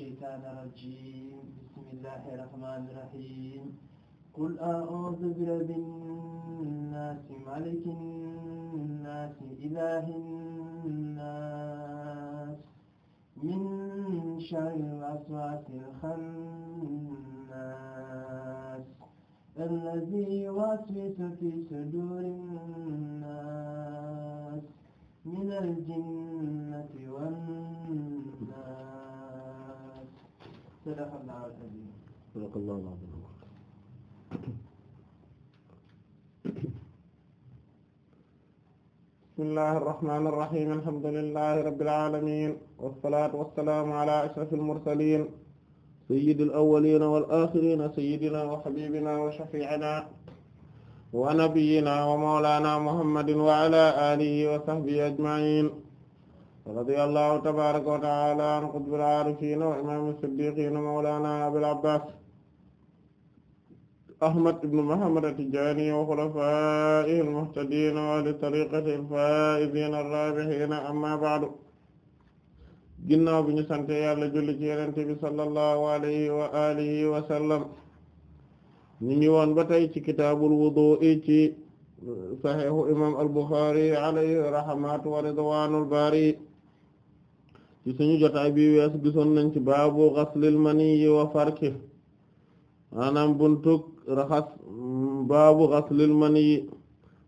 الشيطان الرجيم بسم الله الرحمن الرحيم قل أعوذ برب الناس ملك الناس إله الناس من شر الوسواس الخناس الذي يوسوس في صدور الناس من الجنة والناس sadaqallahu bismillahi irrahmani irrahim alhamdulillahi rabbil alamin wassalatu wassalamu ala ashrafil mursalin sayyidil awwalina wal akhirina sayyidina wa habibina wa shafi'ina wa nabiyyina wa mawlana muhammadin wa ala alihi wa sahbihi ajma'in radiyallahu tabaraka wa ta'ala an qutbil aarifin wa imam as-siddiqin mawlana abil abbas ahmad ibn muhammad at-tijani wa khulafaa'ihi al-muhtadin wa li tariqatihi al-faa'izin ar-raabihin amma ba'du ginnaaw bi ñu sante yàlla julli ci yenente bi sallallahu alayhi wa alihi wa sallam ñu ngi woon ba tey ci kitaabul wudu'i ci saxiixu imam al-Bukhari alayhi rahmatu wa ridwanul baari ci suñu jotaay bi weesu gisoon nañ ci baabu xaslil mani wa farki maanaam buntuk raxas baabu xaslil mani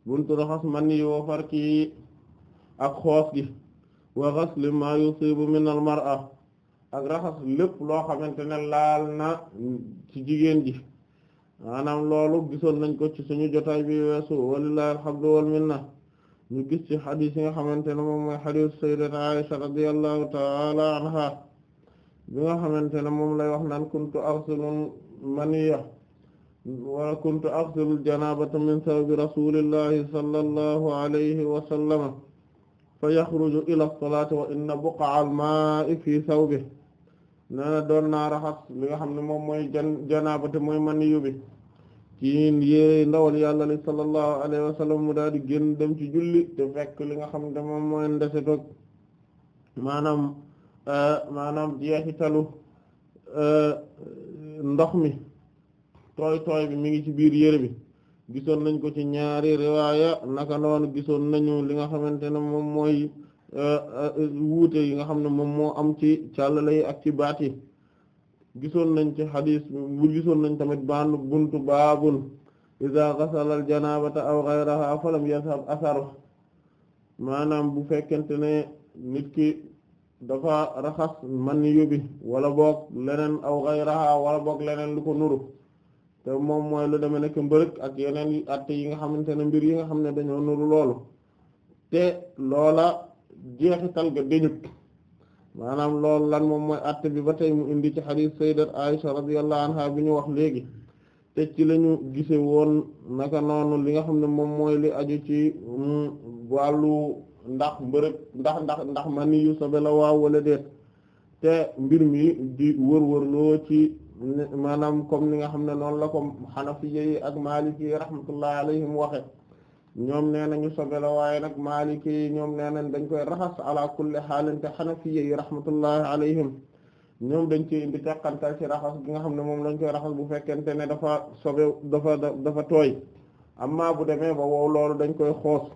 buntu raxas mani wa farki ak xoos gi wa xasli ma yusibu min al mar'a ak raxas lépp loo xamante ne laal na ci jigéen gi maanaam loolu gisoon nañ ko ci suñu jotaay bi weesu walillahi alhamdu wal ñu gis ci xadis yi nga xamante ne moom mooy xadis sayyidat Aisha radiyallahu ta'ala anha bi nga xamante ne moom lay wax naan kuntu aghsilu maniya wa kuntu aghsilu janabata min sawbi rasulillahi sallallahu alayhi wa sallama fa ila as wa inna buqa'a al fi sawbihi nee na doon naa raxas li nga xam ne moom mooy jan mooy maniyu bi ci yére ndawal yàlla li sallallahu alayhi wa mu daal di génn dem ci julli te fekk li nga xam ne moom mooy ndese toog maanaam euh, maanaam jeexitalu euh, ndox mi tooy tooy bi mi ngi ci biir yére bi gisoon nañ ko ci ñaari riwaaya naka noonu gisoon nañu li nga xamante ne moom mooy euh, wuute yi nga xam ne moom moo am ci càllala yi ak ci baat yi gisoon nañ ci xadis bu gisoon nañ tamit baan buntu baabun iza ghasala al janabata aw ghayraha falam yasab asaru maanaam bu fekkente ne nit ki dafa raxas man yóbbi wala boog leneen aw ghayraha wala boog leneen lu ko nuru te moom mooy lu deme nekk mbërëg ak yeneen at yi nga xamante ne mbir yi nga xam ne dañoo nuru loolu te loola jeexital ga deñut maanaam loolu lan moom mooy atte bi ba tey mu indi ci xadiis sayyidat Aisha radiyallahu anha bi ñu wax léegi te ci la ñu gise woon naka noonu li nga xam ne moom mooy li aju ci mm, wàllu ndax mbërëg ndax ndax ndax man yu la waaw wala déet te mbir mi di wër wërwërloo ci maanaam comme li nga xam ne noonu la ko xanafiye yi ak maliki yi rahmatullahi alayhim waxe ñoom nee nañu sobe la waaye nag maliki yi ñoom nee nañ dañ koy raxas ala kulli xaalante xanafiya yi rahmatullahi alayhim ñoom dañ ci indi teqantal ci raxas bu nga xam ne moom lañ koy raxas bu fekkente ne dafa sobe dafa dafa tooy amma bu demee ba wow loolu dañ koy xoos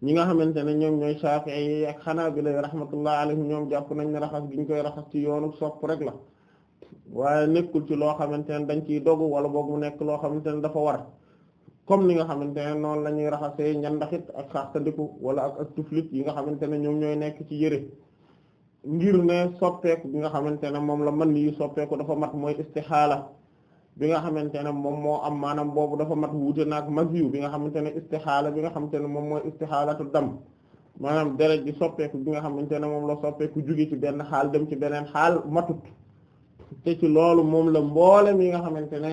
ñi nga xamante ne ñoom ñooy Shafi'i yi ak Hanabila rahmatullahi alayhim ñoom jàpp nañ ne raxas gi ñu koy raxas ci yoonu sopp rek la waaye nekkul ci loo xamante ne dañ ciy dogu wala boog mu nekk loo xamante ne dafa war comme ni nga xamante ne noonu la ñuy raxasee ñandaxit ak xaaxtandiku wala ak ak tuflit yi nga xamante ne ñoom ñooy nekk ci yëre ngir ne soppeeku bi nga xamante ne moom la man yi soppeeku dafa mat mooy istixaala bi nga xamante ne moom moo am maanaam boobu dafa mat wuute naag maziyu bi nga xamante ne istixaala bi nga xamante ne moom mooy istixaalatu dam maanaam deret ji soppeeku bi nga xamante ne moom la soppeeku jóge ci benn xaal dem ci beneen xaal matut te ci loolu moom la mboolem yi nga xamante ne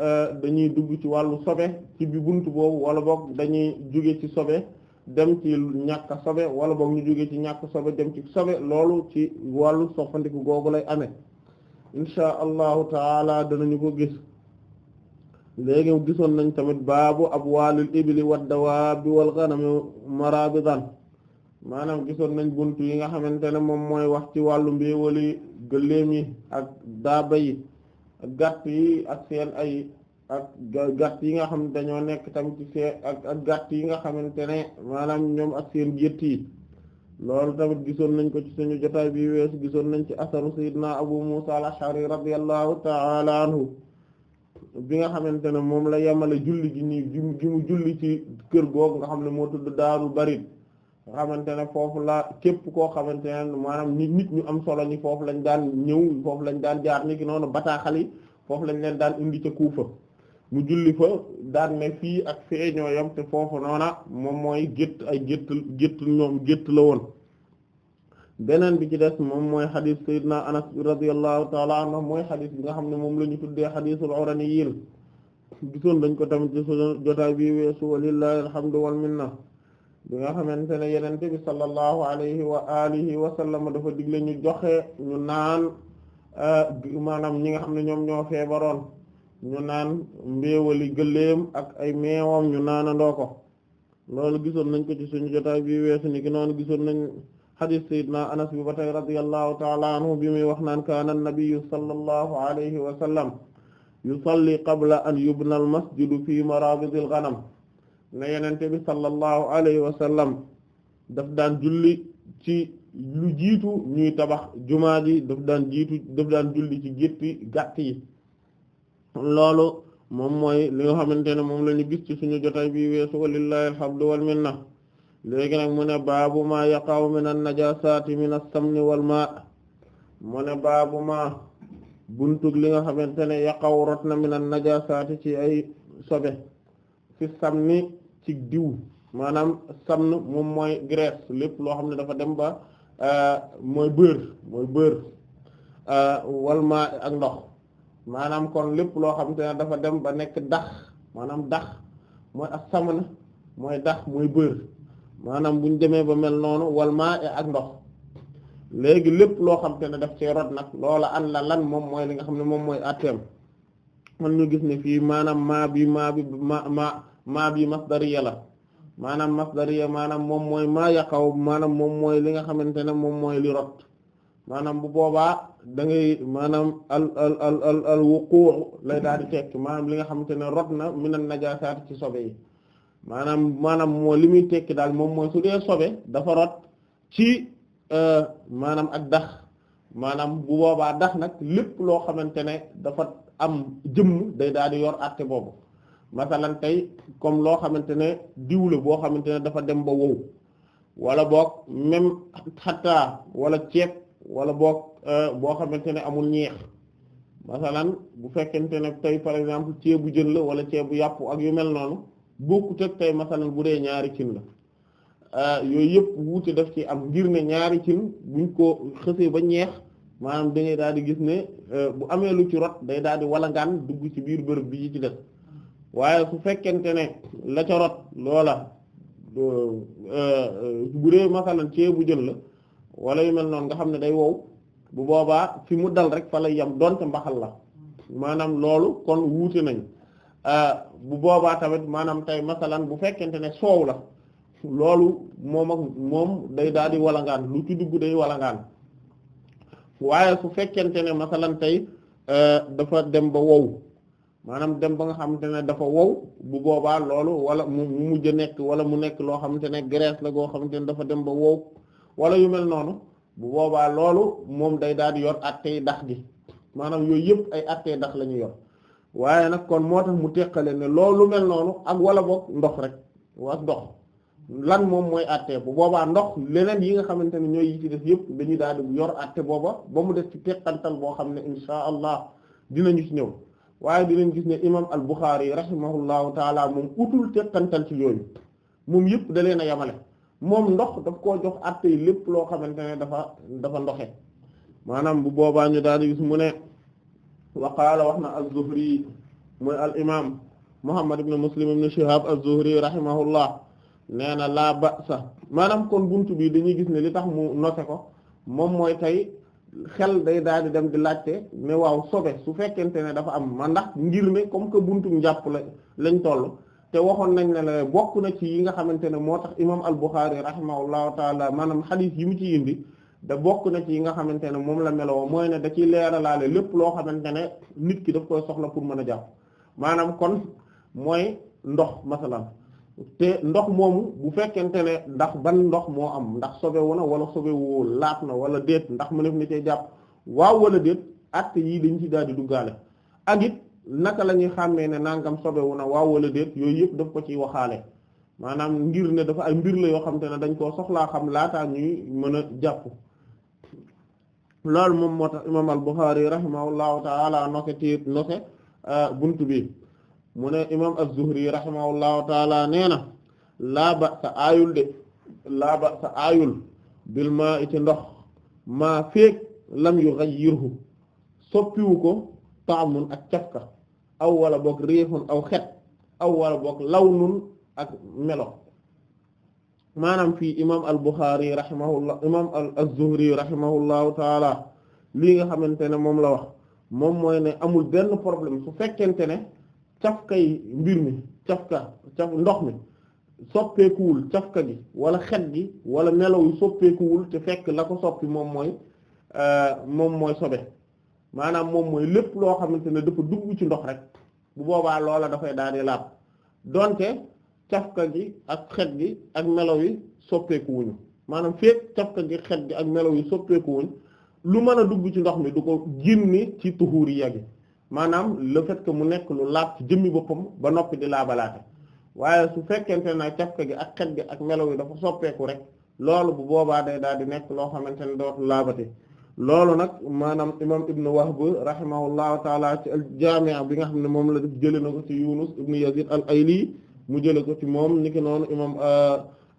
Euh, dañuy dugg ci wàllu sobe ci bi bunt boobu wala boog dañuy jóge ci sobe dem ci ñàkk a sobe wala boog ñu jóge ci ñàkk sobe dem ci sobe loolu ci wàllu soppandiku googu lay amee insha allahu taala danañu ko gis léegi gisoon nañ tamit baabu abwaalil ibli wad dawaabi wal ghanami marabidan maanaam gisoon nañ bunt yi nga xamante ne moom mooy wax ci wàllu mbiiwali gëléem yi ak daaba yi gàtt yi ak seen ay ak gàtt yi nga xam ne dañoo nekk tamit ci seen ak ak gàtt yi nga xamante ne maanaam ñoom ak seen gétt loolu tamit gisoon nañ ko ci suñu jotaay bi weesu gisoon nañ ci asaru sayyidina abu musa al-ash'ari radiyallahu ta'ala anhu bi nga xamante ne moom la yemale julli gi nii gi julli ci kër googu nga xam ne moo tudd daalu barid xamante ne foofu laa képp koo xamante ne maanaam nit ñu am solo ñi foofu lañ daan ñëw foofu lañ daan jaar ni ki noonu bataa yi foofu lañ leen daan indi ca Kuufa mu julli fa daan ne fii ak fee yam te foofu noona moom mooy gétt ay gétt gétt ñoom gétt la woon beneen bi ci des moom mooy xadis Seydina Anas radiyallahu taala anhu mooy xadis bi nga xam ne moom la ñu tuddee xadisul uraniyin gisoon dañ ko tamit ci jotaay bi weesu walillahi alhamdu wal minna bi nga xamante ne yenente bi sallallahu alayhi wa alihi wa sallam dafa digle ñu joxe ñu naan euh, maanaam ñi nga xam ne ñoom ñoo feebaroon ñu naan mbéewali gëléem ak ay meewam ñu naanandoo ko loolu gisoon nañ ko ci suñu jotaay bi weesu ni ki noonu gisoon nañ xadis sayyidina anas bi ba tay radiyallahu taala anhu bi muy wax naan kaana nabiyyu sallallahu alayhi wa sallam yusalli qabla an yubna al masjidu fi marabidil ghanam ne yenente bi sallallahu alayhi wa sallam daf daan julli ci lu jiitu ñuy tabax jumaa ji daf daan jiitu daf daan julli ci gétti gàtt yi loolu moom mooy li nga xamante ne moom la ñu gis ci suñu jotaay bi weesu walillahi alhamdu wal minna léegi nag mu ne baabu ma yaqaw min an najasaati min as-samni wal maa moone ne baabu ma buntug li nga xamante ne yaqaw rot na min an najasaati ci ay sobe ci fi samni ci diw maanaam samn moom mooy graisse lépp loo xam ne dafa dem ba euh, mooy beurre mooy beurre euh, wal ma ak ndox maanaam kon lépp loo xam te ne dafa dem ba nekk dax maanaam dax mooy ak samna mooy dax mooy beurre maanaam bu ñu demee ba mel noonu wal ma ak ndox léegi lépp loo xam te ne daf ci rot nag loola an la lan moom mooy li nga xam ne moom mooy atteem man ñu gis ne fii maanaam bi maa bi ma ma maa bi masdariya la maanaam masdariya maanaam moom mooy maa yaqaw maanaam moom mooy li nga xamante ne moom mooy li rot maanaam bu boobaa dangay ngay maanaam al al al al lay daal di tekki maanaam li nga xamante ne rot na minan najaasaat ci sobe yi maanaam maanaam moo li muy tekki daal moom mooy su dee sobe dafa rot ci euh, maanaam ak dax maanaam bu boobaa dax nag lépp loo xamante ne dafa am jëmm day daal di yor àtte boobu masalan tey comme loo xamante ne diw la boo xamante ne dafa dem ba wow wala boog même xattaa wala ceeb wala boog euh, boo xamante ne amul ñeex masalan bu fekkente ne tey par exemple ceebu jën la wala ceebu yàpp ak yu mel noonu bokkut ak tey masalan bu dee ñaari cin la euh, yooyu yëpp wuute daf ci am ngir ne ñaari cin buñ ko xësee ba ñeex maanaam dangay daal di gis ne euh, bu amee lu ci rot day daal di walangaan dugg ci biir bërëb bi yi ci des waaye su fekkente ne la loola euh, bu dee masalan ceebu jën la wala yu mel noonu nga xam ne day wow bu boobaa fi mu dal rek fa lay yem donte mbaxal la maanaam loolu kon wuute nañ euh, bu boobaa tamit maanaam tey masalan bu fekkente ne soow la loolu moom ak moom day daal di walangaan lu ci dugg day walangaan waaye su fekkente ne masalan tey euh, dafa dem ba wow maanaam dem ba nga xamante ne dafa wow bu boobaa loolu wala mu mujj nekk wala mu nekk loo xamante ne graisse la goo xamante ne dafa dem ba wow wala yu mel noonu bu boobaa loolu moom day daal di yor attey dax gi maanaam yooyu yëpp ay attey dax lañu yor waaye nag kon moo tax mu teqale ne loolu lu mel noonu ak wala boog ndox rek waa ndox lan moom mooy àtte bu boobaa ndox leneen yi nga xamante ne ñooy yi ci def yëpp dañuy daal di yor àtte booba ba mu def ci teqantal boo xam ne insha allah dinañu ci ñëw waaye dinañ gis ne imam al Bukhari rahimahullahu taala moom utul teqantal ci yooyu moom yépp da leen a yemale moom ndox daf koo jox àtte yi lépp loo xamante ne dafa dafa ndoxe maanaam bu boobaa ñu daal di gis mu ne wa wax na az-Zuhri mooy al imam Muhammad ibn Muslim ibn Shihab az-Zuhri rahimahullah nee na laa ba sax maanaam kon bunt bi dañuy gis ne li tax mu noté ko moom mooy tey xel day daal di dem di laajte ne waaw sobe su fekkente ne dafa am ma ndax ngir comme que buntu njàpp la lañ toll te waxoon nañ ne bokk na ci yi nga xamante ne moo tax imam al-Bukhari rahimahullahu taala maanaam xadiis yi mu ci indi da bokk na ci yi nga xamante ne moom la meloo mooy ne da ciy leeralaale lépp loo xamante ne nit ki daf koy soxla pour mën a jàpp maanaam kon mooy ndox masalan te ndox moomu bu fekkente ne ndax ban ndox moo am ndax sobewu na wala sobewu laat na wala déet ndax mënef ni cee jàpp waaw wala déet acte yii dañ ci daal di duggaale ak it naka lañuy ñuy xàmmee ne nangam sobewu na waaw wala déet yooyu yëpp daf ko ciy waxaale maanaam ngir ne dafa ay mbir la yoo xamante ne dañ koo soxlaa xam laataa ñuy mën a jàpp loolu moom moo tax imam al Bukhari rahimahullahu taala noke ci euh, bunt bi mu ne imam az-Zuhri rahimahullahu taala nee na laa ba sa aayul de laa sa aayul bil maa ci ndox ma feek lam yughayyirhu soppiwu ko taamun ak cafka aw wala boog riihun aw xet aw wala law lawnun ak melo maanaam fii imam al-Bukhari rahimahullah imam az-Zuhri rahimahullahu taala lii nga xamante ne moom la wax moom mooy amul benn problème su fekkente ne yi mbir mi cafka caf ndox mi soppeekuwul cafka gi wala xet gi wala melaw yi soppeekuwul te fekk la ko soppi moom mooy euh, moom mooy sobe maanaam moom mooy lépp loo xamante ne dafa dugg ci ndox rek bu boobaa loola dafay daal di laab donte cafka gi ak xet gi ak melaw yi soppeekuwuñu maanaam fekk cafka gi xet gi ak melaw yi soppeekuwuñ lu mën a dugg ci ndox mi du ko génne ci tuxuuriya gi maanaam le fait que mu nekk lu laab ci jëmmi boppam ba noppi di laabalaate waaye su fekkente na cafka gi ak xet ak melaw yi dafa soppeeku rek loolu bu boobaa day daal di nekk loo xamante ne dootu laabate loolu nag maanaam imam ibn wahb rahimahullahu taala ci al jaami'a bi nga xam ne moom la def jële na ko ci yunus ibn yazid al ayli mu jële ko ci moom niki noonu imam euh,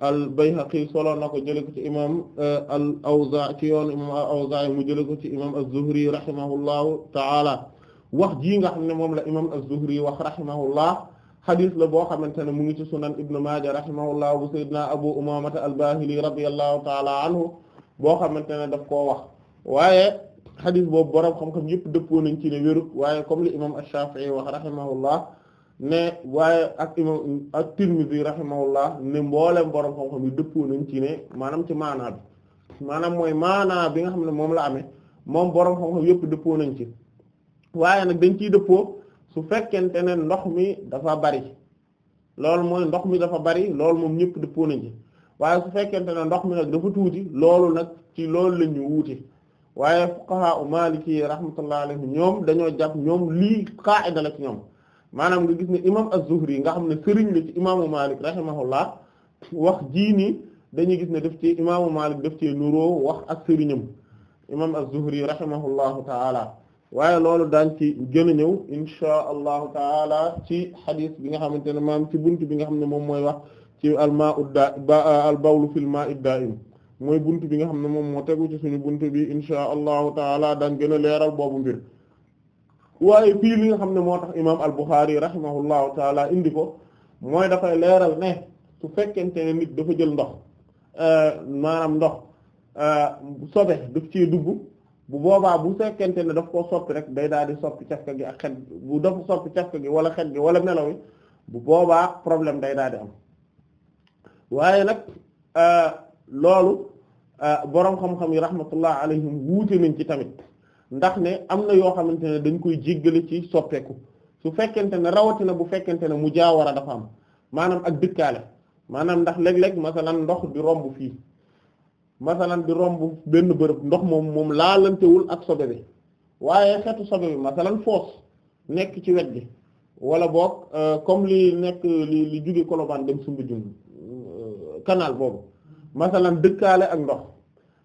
al bayhaqi solo na ko jële ko ci imam euh, al awza ci yoon imam al awza mu jële ko ci imam az-zuhri rahimahullahu taala wax jii nga xam ne moom la imam az-Zuhri wax rahimahullah xadis la boo xamante ne mu ngi ci sunan ibnu Maaja rahimahullah bu sayyidina Abu Umaamata al-Baahili radiyallahu taala anhu boo xamante ne daf koo wax waaye xadis boobu borom xam-xam yëpp dëppoo nañ ci ne wérut waaye comme li imam ash-Shafi'i wax rahimahullah ne waaye ak imam ak Tirmidhi rahimahullah ne mbooleem borom xam-xam yi dëppoo nañ ci ne maanaam ci maanaa bi maanaam mooy maanaa bi nga xam ne moom la amee moom borom xam yëpp dëppoo nañ ci waaye nag dañ ciy dëppoo su fekkente ne ndox mi dafa bari loolu mooy ndox mi dafa bari loolu moom ñëpp dëppoo nañ ci waaye su fekkente ne ndox mi nag dafa tuuti loolu nag ci loolu la ñu wuute waaye fuqaha u maliki yi rahmatullah alayhi ñoom dañoo jàpp ñoom lii qaa'ida la ñoom maanaam nga gis ne imam az-Zuhri nga xam ne sëriñ la ci imaamu Malik rahimahullah wax jii nii dañuy gis ne def ci imaamu Malik def ci nuroo wax ak sëriñam imam az-Zuhri rahimahullahu ta'ala waaye loolu daañ ci gën a ñëw insha allahu taala ci xadis bi nga xamante ne maam ci bunt bi nga xam ne moom mooy wax ci al ma'u da al bawlu fil ma'i da'im mooy bunt bi nga xam ne moom moo tegu ci suñu bunt bi insha allahu taala daan gën a leeral boobu mbir waaye fii li nga xam ne moo tax imam al Bukhari rahimahullahu taala indi ko mooy dafay leeral ne su fekkente ne nit dafa jël ndox euh, maanaam ndox euh, sobe daf ci dugg bu boobaa bu fekkente ne daf koo soppi rek day daal di soppi cafka gi ak xet bu dafa soppi cafka gi wala xet gi wala melo wi bu boobaa problème day daal di am waaye nag euh, loolu euh, boroom xam-xam yi rahmatullah alayhim wuute nañ ci tamit ndax ne am na yoo xamante ne dañ koy jéggale ci soppeeku su fekkente ne rawatina bu fekkente ne mu jaawara dafa am maanaam ak dëkkaale maanaam ndax léeg-léeg masalan ndox di romb fii masalan di romb benn bërëb ndox moom moom laalantewul ak sobe bi waaye xeetu sobe bi masalan foos nekk ci wet bi wala boog euh, comme li nekk li li jóge Colobane dem sumba jum euh, canal boobu masalan dëkkaale ak ndox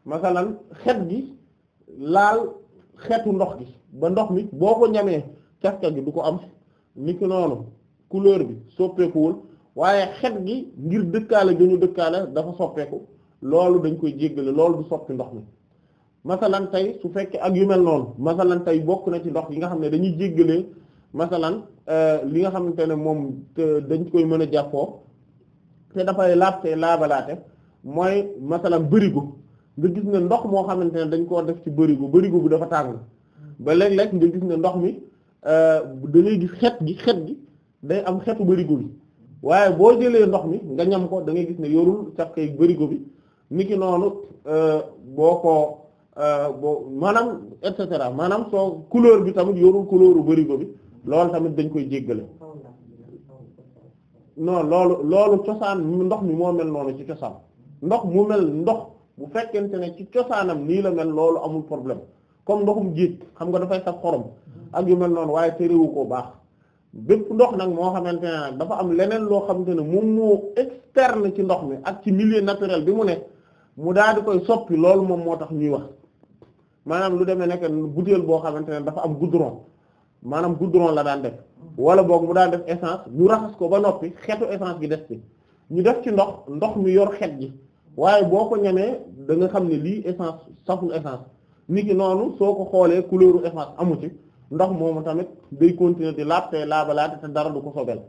masalan xet gi laal xetu ndox gi ba ndox mi boo ko ñamee cafka gi du ko am niki noonu couleur bi soppeekuwul waaye xet gi ngir dëkkaale ga ñu dëkkaale dafa soppeeku loolu dañ koy jéggale loolu du soppi ndox mi masalan tey su fekkee ak yu mel noonu masalan tey bokk na ci ndox yi nga xam ne dañuy jéggale masalan euh, li nga xamante ne moom dañ koy mën a jàppoo te dafay laabte laabalaate mooy masalan bërigo gis ne ndox moo xamante ne dañ koo def ci bërigo bërigo bu dafa tàng ba léeg gis ne ndox mi euh, da ngay gis xet gi xet gi day am xetu bërigo bi waaye boo jëlee ndox mi nga ñam ko da ngay gis ne yorul càq bërigo bi mi ngi noonu euh, boo ko euh, bo maanaam et cetera maanaam soo couleur bi tamit yorul couleur u barigo bi loolu tamit dañ koy jéggale non loolu loolu cosaan ndox mi moo mel noonu ci cosaan ndox mu mel ndox bu fekkente ne ci cosaanam nii la mel loolu amul problème comme ndoxum géej xam nga dafay sax xorom ak yu mel noonu waaye terewu ko baax bépp ndox nag moo xamante ne dafa am leneen loo xamante ne mu moo externe ci ndox mi ak ci milieu naturel bi mu ne mu daal di koy soppi loolu moom moo tax ñuy wax maanaam lu demee nekk butéel boo xamante ne dafa am goudron maanaam goudron la daan def wala boog mu daan def essence ñu raxas ko ba noppi xetu essence gi def ci ñu def ci ndox ndox mi yor xet gi waaye boo ko ñamee da nga xam ne lii essence saful essence nit ki noonu soo ko xoolee couleur essence amu ci ndox moomu tamit day continuer di laab te laabalaate te dara du ko sobel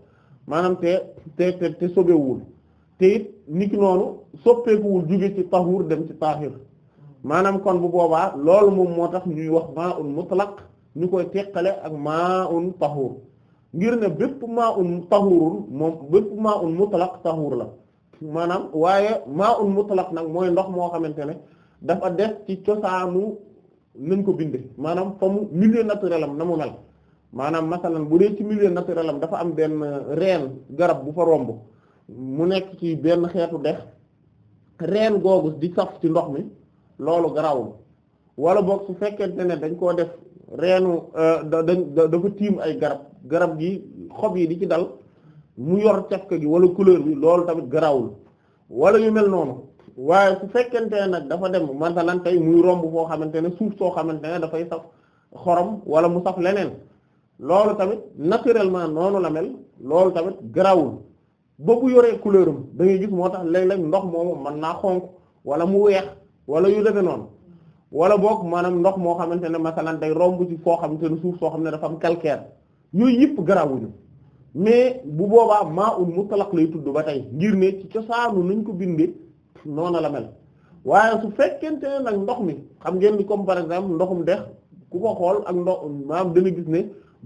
maanaam te te te te sobewul te it niki noonu soppeekuwul jóge ci tahur dem ci tahir maanaam kon bu boobaa loolu moom moo tax ñuy wax maa un mutlaq ñu koy teqale ak maa un tahur ngir ne bépp maa un tahurun moom bépp maa un mutlaq tahur la maanaam waaye maa un mutlaq nag mooy ndox moo xamante ne dafa def ci cosaanu nañ ko binde maanaam fa mu milieu naturel am na mu mel maanaam masalan bu dee ci milieu naturel am dafa am benn reen garab bu fa romb mu nekk ci benn xeetu dex reen googu di saf ci ndox mi loolu garawul wala boog su fekkente ne dañ koo def reenu euh, da dafa tiim ay garab garab gi xob yi di ci dal mu yor cafka gi wala couleur bi loolu tamit garawul wala yu mel noonu waaye su fekkente ne nag dafa dem masalan tey muy romb foo xamante ne suuf soo xamante ne dafay saf xorom wala mu saf leneen loolu tamit naturellement noonu la mel loolu tamit garawul ba bu yoree couleur am da ngay gis moo tax léeg-léeg ndox moomu mën naa xonk wala mu weex wala yu demee noonu wala boog maanaam ndox moo xamante ne masalan day romb ci foo xamante ne suuf soo xam ne dafa am calcaire yooyu yëpp garaawuñu mais bu boobaa maa un mutlaq lay tudd ba tey ngir ne ci cosaanu nañ ko bindee noona la mel waaye su fekkente ne nag ndox mi xam ngeen ni comme par exemple ndoxum dex ku ko xool ak ndox maanaam dana gis ne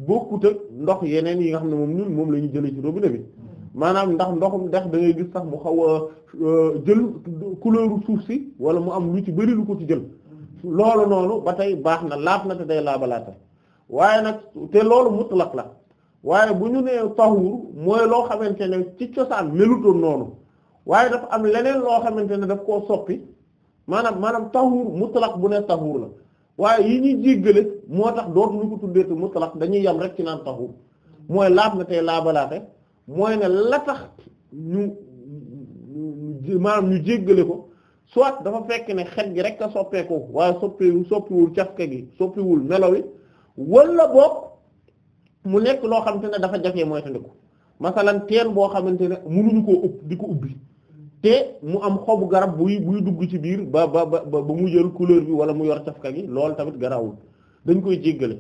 bokkut ak ndox yeneen yi nga xam ne moom ñun moom la ñu jëlee ci robinet bi. maanaam ndax ndoxum dex da ngay gis sax mu xaw a euh, jël couleur suuf si wala mu am lu ci bari lu ko ci jël loolu noonu ba tey baax na laab na te day laabalaata waaye nag te loolu mutlaq la waaye bu ñu nee tahur mooy loo xamante ne ci cosaan melutoon noonu waaye dafa am leneen loo xamante ne daf koo soppi maanaam maanaam tahur mutlaq bu ne tahur la waaye yi ñuy jéggale moo tax dootuñu ko tuddeetu mutlaq dañuy yam rek ci naan tahur mooy laab na tey laabalaate mooy ne la tax ñu maanaam ñu jéggale ko soit dafa fekk ne xet gi rek a soppeeku waaye soppiwul soppiwul cafka gi soppiwul melo yi wala boog mu nekk loo xamante ne dafa jafee mooy tandiku masalan teen boo xamante ne mënuñu koo ëpp di ko ubbi te mu am xobu garab buy buy dugg ci biir ba ba ba ba mu jël couleur bi wala mu yor cafka gi lool tamit garawul dañ koy jéggale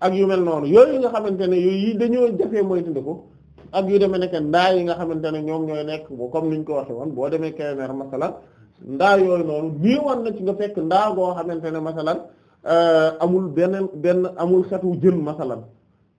ak yu mel noonu yooyu nga xamante ne yooyu yi dañoo jafee mooy tandiku ak yu demee nekk ndaa yi nga xamante ne ñoom ñooy nekk bu comme niñ ko waxe woon boo demee Kébémer masalan ndaa yooyu noonu néewoon na ci nga fekk ndaa goo xamante ne masalan euh, amul benn benn amul xetu jën masalan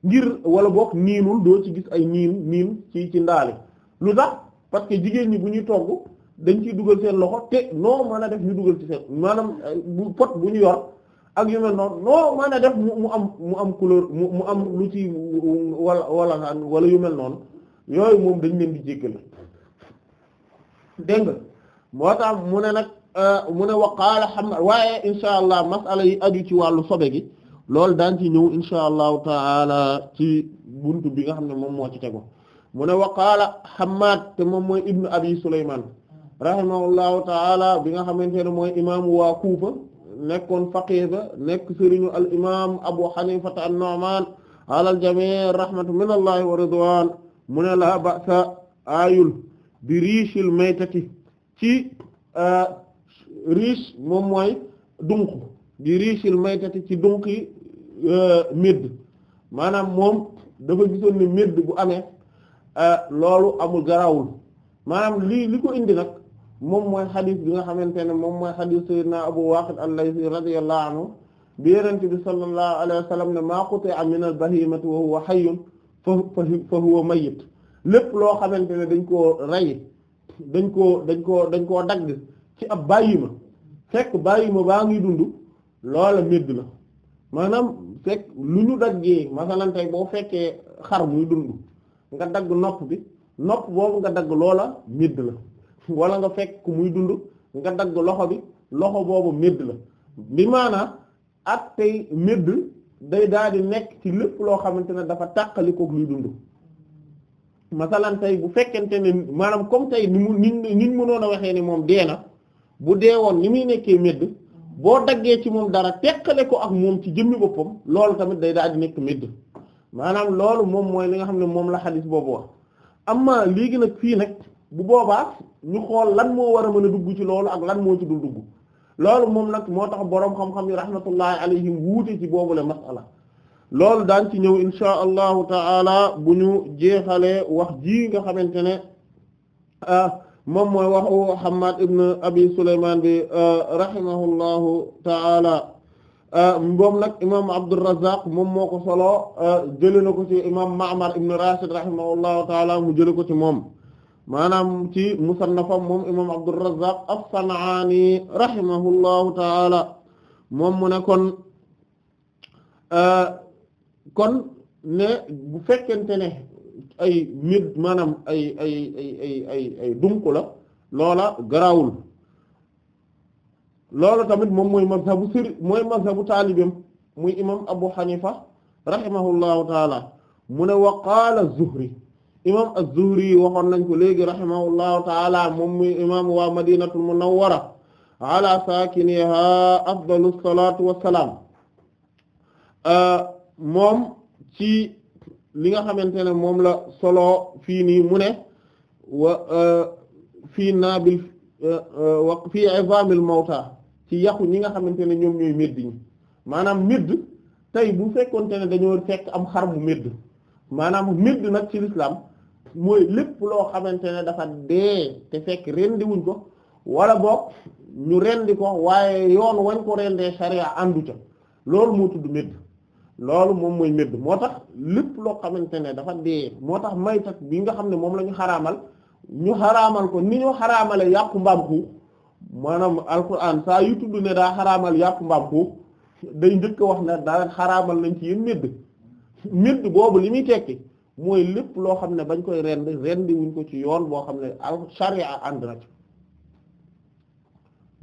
ngir wala bokk niinul doo ci gis ay niin niin ci ci ndaali lu tax parce que jigéen ñi bu ñuy togg dañ ciy dugal seen loxo te noo mën a def ñu dugal ci seen maanaam euh, pot bu ñu yor ak yu mel noonu noo mën def mu am mu am couleur mu am lu ci wala wala wala yu mel noonu yooyu moom dañ leen di jéggal dégg nga moo tax mu ne nag euh, mu ne waqaala xam na waaye insha allah masala yi aju ci wàllu sobe gi loolu daan ci ñëw insha allahu taala ci buntu bi nga xam ne moom moo ci tegu mu ne waqaala Hammaad te moom mooy ibnu abi Sulaymaan rahimahullahu taala bi nga xamante ne mooy imaamu waa nekkoon faqih ba nekk sëriñu al imam Abu Hanifa an-Nu'man ala al jami' rahmatu min allahi wa ridwan mu ne la ba'sa ayul bi riichil maytati ci riche moom mooy dunk bi riichil maytati ci dunk yi médd maanaam moom dafa gisoon ne médd bu ame loolu amul garawul maanaam lii li ko indi nag moom mooy xadis bi nga xamante ne moom mooy xadis sayyidina Abu Waqid al-Laythi radiyallahu anhu bi Yonent bi sallallahu alayhi wa sallam ne maa quti'a min al-bahimati wa huwa hayyun fa huwa mayyit lépp loo xamante ne dañ koo rey dañ koo dañ koo dañ koo dagg ci ab bàyyima fekk bàyyima baa ngi dund loola médd la maanaam fekk lu ñu daggee masalan tey boo fekkee xar muy dund nga dagg nopp bi nopp boobu nga dagg loola médd la wala nga fekk ku muy dund nga dagg loxo bi loxo boobu médd la bi maanaam ak tey médd day daal nekk ci lépp loo xamante ne dafa tàqalikoog luy dund masalan bu fekkente ne maanaam comme tey ni mu ni mënoon a waxee ni moom dee na bu dee woon muy nekkee médd boo daggee ci moom dara teqale ko ak moom ci jëmmi boppam loolu tamit day daal di nekk médd maanaam loolu moom mooy li nga xam ne moom la xadis boobu wax amma léegi nag fii nag bu boobaa ñu xool lan moo war a mën a dugg ci loolu ak lan moo ci dul dugg loolu moom nag moo tax boroom xam-xam yi rahmatullahi alayhim wuute ci boobu boobule masala loolu daan ci ñëw insha allahu ta'ala bu ñu jeexalee wax ji nga xamante ne ah, moom mooy waxu Hammad ibn Abi Sulaymaan bi ah, rahimahullahu ta'ala ah, moom nag imaam moom moo ko solo jëlee na ko ci imaam Ma'mar ibn Rashid mu jëlee ko ci moom. maanaam ci musannafam moom imam Abdurrazzaq as-San'ani rahimahullahu taala moom mu ne kon euh, kon ne bu fekkente ne ay nit maanaam ay ay ay ay ay ay loola garaawul loolu tamit moom mooy mazhabu sëri mooy mazhabu taalibam muy imam Abu Hanifa rahimahullahu taala mu ne wa Zuhri imam az-Zuhri waxoon nañ ko léegi rahimahullahu taala moom muy imam waa madinatul munawwara ala saakiniha afdalu salatu wassalaam euh, moom ci li nga xamante ne moom la solo fii nii mu ne wa euh, fii naabil euh, wa fii izamil mawta ci yàqu ñi nga xamante ne ñoom ñooy médd maanaam médd tey bu fekkonte ne dañoo fekk am xar mu médd maanaam médd nag ci lislaam mooy lépp loo xamante ne dafa dee te fekk rendiwuñ ko wala boog ñu rendi ko waaye yoon wañ ko rendee sharia àndu ca loolu moo tudd médd loolu moom mooy médd moo tax lépp loo xamante ne dafa dee moo tax maytat bi nga xam ne moom lañu ñu ñu xaraamal ko ni ñu xaraamale yàpp mbaam xuux maanaam alquran saa yu tudd ne daa xaraamal yàpp mbaam xuux day njëkk wax ne daal xaraamal nañ ci yéen médd médd boobu li muy tekki mooy lépp loo xam ne bañ koy rend rendi wuñ ko ci yoon boo xam ne al sharia ànd na ci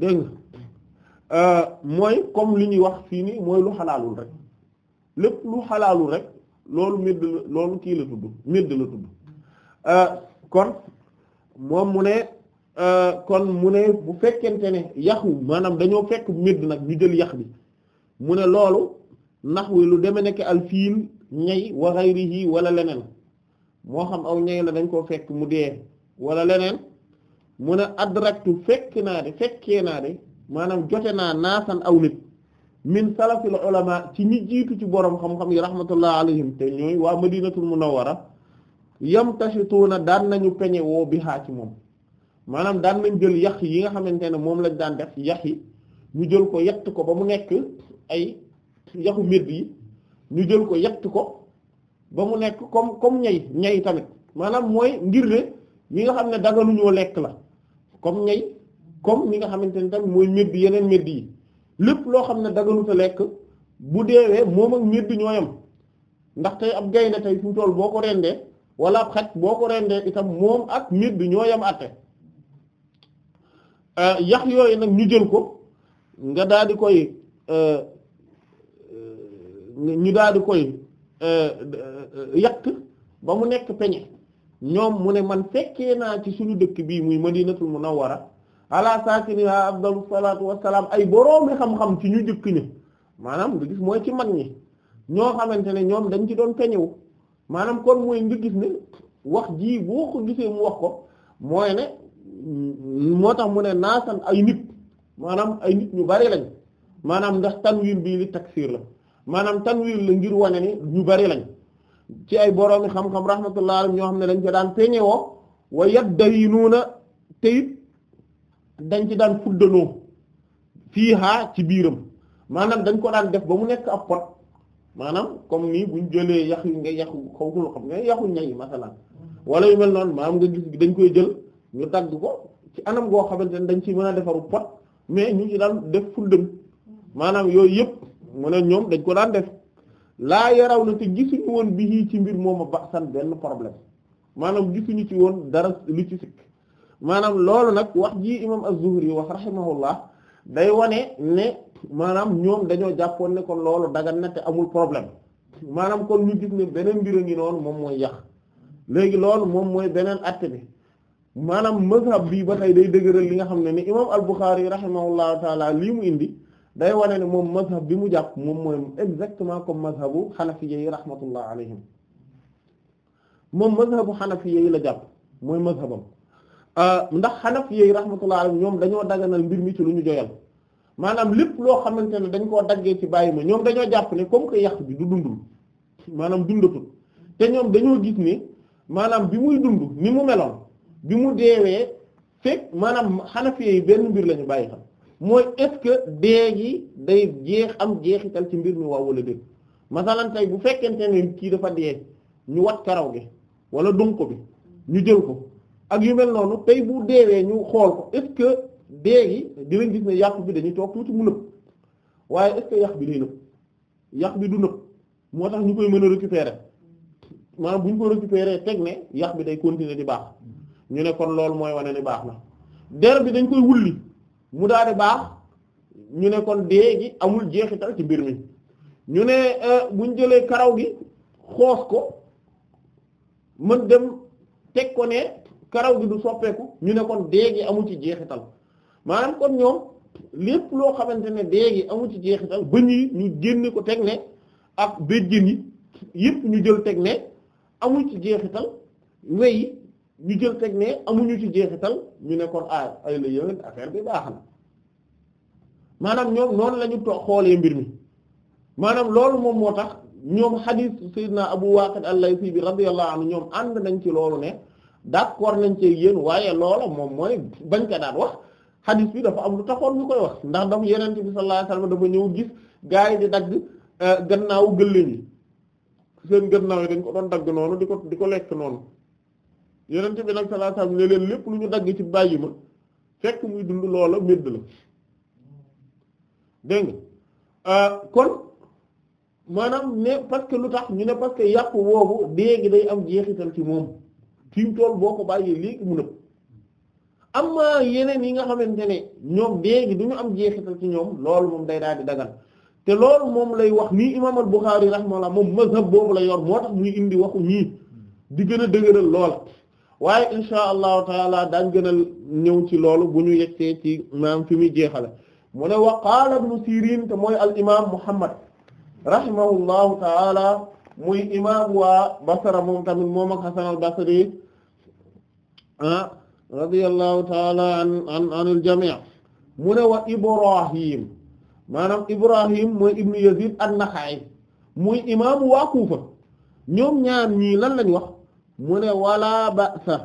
dégg nga euh, mooy comme li ñuy wax fii nii mooy lu xalaalul rek lépp lu xalaalul rek loolu médd la loolu kii la tudd médd la tudd euh, kon moom mu ne euh, kon mu ne bu fekkente ne yaxu maanaam dañoo fekk médd nag ñu jël yax bi mu ne loolu nax wi lu deme nekk al ñay wa ghayrihi wala leneen moo xam aw ñay la dañ koo fekk mu dee wala leneen mu ne adraktu fekk naa de fekkee naa de maanaam jote naa naasan aw nit min salafil ulama ci ñi jiitu ci borom xam-xam yi rahmatullah alayhim te ñooy waa madinatul munawwara yam tashituuna daan nañu peñe woo bi xaa ci moom maanaam daan nañ jël yax yi nga xamante ne moom lañ daan def yax yi ñu jël ko yett ko ba mu nekk ay yaxu médd yi ñu jël ko yett ko ba mu nekk comme comme ñay ñay tamit maanaam mooy ngir ne ñi nga xam ne dagaluñoo lekk la comme ñay comme ñi nga xamante ne tamit mooy médd yeneen médd yi lépp loo xam ne dagaluta lekk bu deewee moom ak médd ñooyam ndax tey ab gaynde mu toll boo ko rendee wala ab boo ko rendee itam moom ak médd ñooyam àtte euh, yax yooyu nag ñu jël ko nga daal di koy euh, ñu daal di koy euh, euh, yàq ba mu nekk peñe ñoom mu ne man fekkee naa ci suñu dëkk bii muy madinatul munawwara ala saakiniha afdalu salaatu wassalaam ay boroomi xam-xam ci ñu jëkk ñi maanaam nga gis mooy ci mag ñi ñoo xamante ne ñoom dañ ci doon peñewu maanaam kon mooy nga gis ne wax jii boo ko gisee mu wax ko mooy ne moo tax mu ne naasan ay nit maanaam ay nit ñu bari lañ maanaam ndax tanwin bii li taksiir la maanaam tanwiir la ngir wane ni ñu bari lañ ci ay boroomi xam-xam rahmatullah alayhim ñoo xam ne dañ ca daan peñewoo wa yaddayinuuna te it dañ ci daan fuddanoo fiihaa ci biiram maanaam dañ ko daan def ba mu nekk ab pot maanaam comme nii ñu jëlee yax yi nga yaxu xaw ko xam nga yaxu ñayi masalan wala yu mel noonu maanaam nga gis dañ koy jël ñu dagg ko ci anam goo xamante ne dañ ci mën a defaru pot mais ñu ci daan def fuddam maanaam yooyu yëpp mu ne ñoom dañ ko daan def laa yaraw na te gisuñu woon bi ci mbir moom ba san benn problème maanaam gisuñu ci woon dara lu ci sikk maanaam loolu nag wax ji imam az-Zuhri wax rahimahullah day wane ne maanaam ñoom dañoo jàppoon ne kon loolu dagan na te amul problème maanaam kon ñu gis ne beneen mbir a ngi noonu moom mooy yax léegi loolu moom mooy beneen atte bi maanaam mazhab bii ba tey day dëgëral li nga xam ne ni imam al-Bukhari rahimahullahu taala lii mu indi day wane ne moom mazhab bi mu jàpp moom mooy exactement comme mazhabu xanafiya yi rahmatullah alayhim moom mazhabu xanafiya yi la jàpp mooy mazhabam euh, ndax xanafiya yi rahmatullah alayhim ñoom dañoo daganal mbir mi ci lu ñu joyal maanaam lépp loo xamante ne dañ koo daggee ci bàyyi ma ñoom dañoo jàpp ne comme que yàq bi du dundul maanaam dundatul te ñoom dañoo gis ne maanaam bi muy dund ni mu meloon bi mu deewee fekk maanaam xanafiya yi benn mbir lañu bàyyi xam mooy est-ce que dee gi day jeex am jeexital ci mbir mi waaw wala déet masalan tey bu fekkente ne kii dafa dee ñu wat karaw gi wala dun bi ñu jël ko ak yu mel noonu tey bu deewee ñu xool ko est-ce que dee gi dinañ gis ne yàq bi dañuy toog tuuti mu nëb waaye est yàq bi day nëb yàq bi du nëb moo tax ñu koy mën a récupérer maanaam bu ñu ko récupérer teg ne yàq bi day continuer di baax ñu ne kon loolu mooy wane ni baax na der bi dañ koy wulli mu daal di baax ñu ne kon dee amul jeexital ci mbir mi ñu ne euh, bu jëlee karaw gi xoos ko mën dem teg ko ne karaw gi du soppeeku ñu ne kon dee amul ci jeexital maanaam kon ñoom lépp loo xamante ne déegi gi amul ci jeexital bëñ yi ñu génne ko teg ne ak béjjën yi yépp ñu jël teg ne amul ci jeexital wey ñu jël teg ne amuñu ci jeexital ñu ne kon a ah ay la yéwén affaire bi baax na maanaam ñoom noonu la ñu xoolee mbir mi maanaam loolu moom moo tax ñoom xadiis Seydina Abu Waaqid al-Laythi bi radiyallahu anhu ñoom ànd nañ ci loolu ne war nañ ci yéen waaye loola moom mooy bañ ko daan wax xadiis bi dafa am lu taxoon ñu koy wax ndax dafa Yonent bi sallallahu alayhi wasallam dafa ñëw gis gaa di dagg eh, gannaawu gëléem yi seen gannaaw yi dañ ko doon dagg noonu di ko di ko lekk noonu. yonent bi nag sallallahu alayhi wasallam ne leen lépp lu ñu dagg ci bàyyi ma fekk muy dund loola médd la dégg euh, kon maanaam ne parce que lu tax ñu ne parce que yàpp woobu dee gi day am jeexital ci moom fi mu tool boo ko bàyyee léegi mu nëb amma yeneen yi nga xamante ne ñoom dee gi du ñu am jeexital ci ñoom loolu moom day daal di dagal te loolu moom lay wax nii imaam al Bukhari rahimahullah moom mazhab boobu la yor moo tax muy indi waxu ñii di gën a dëgëral loola waaye insha allahu taala daañ gën a ñëw ci loolu bu ñu yeggee ci maam fi mi jeexale mu ne wa qaala ibnu sirin te mooy al imam muhammad rahimahullahu taala muy imam waa basara moom tamit moom ak hasan al basri ah radiyallahu taala an al jami' mu ne wa ibrahim maanaam ibrahim mooy ibnu yazid an-naxa'i muy imaamu waa kuufa ñoom ñaar ñii lan lañ wax mu ne wala ba'sa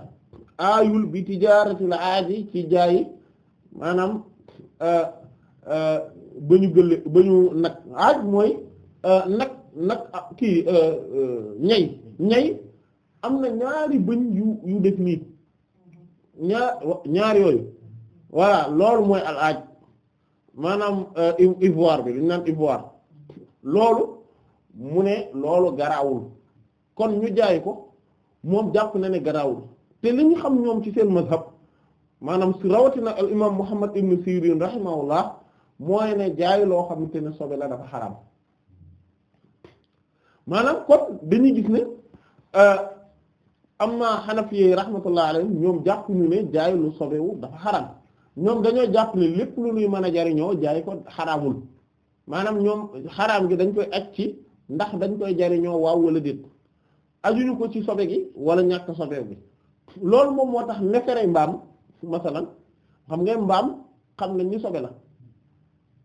aayul bi tijaaratil aadi ci jaay maanaam euh, euh, ba ñu gëlle ba ñu nag aaj mooy euh, nag nag ah, kii ñay ñay am na ñaari bëñ yu yu def nii ñaar ñaar yooyu voilà loolu mooy al aaj maanaam ivoire bi lu ñu naan ivoire loolu mu ne loolu garaawul kon ñu jaay ko moom jàpp na ne garaawul te li ñu xam ñoom ci seen mazhab maanaam si rawatina al imam Muhammad ibn Sirin rahimahullah mooy ne jaay loo xamante ne sobe la dafa xaraam maanaam kon dañuy gis ne euh, amma Hanafi rahmatullah alayhim ñoom jàpp ñu jaay lu sobewu dafa xaraam ñoom dañoo jàpp ne lépp lu ñuy mën a jariñoo jaay ko xaraamul maanaam ñoom xaraam gi dañ koy aj ci ndax dañ koy jariñoo waaw wala déet ajuñu ko ci sobe gi wala ñàkk sobe bi loolu moom moo tax neefere mbaam masalan xam nga mbaam xam nañ ni sobe la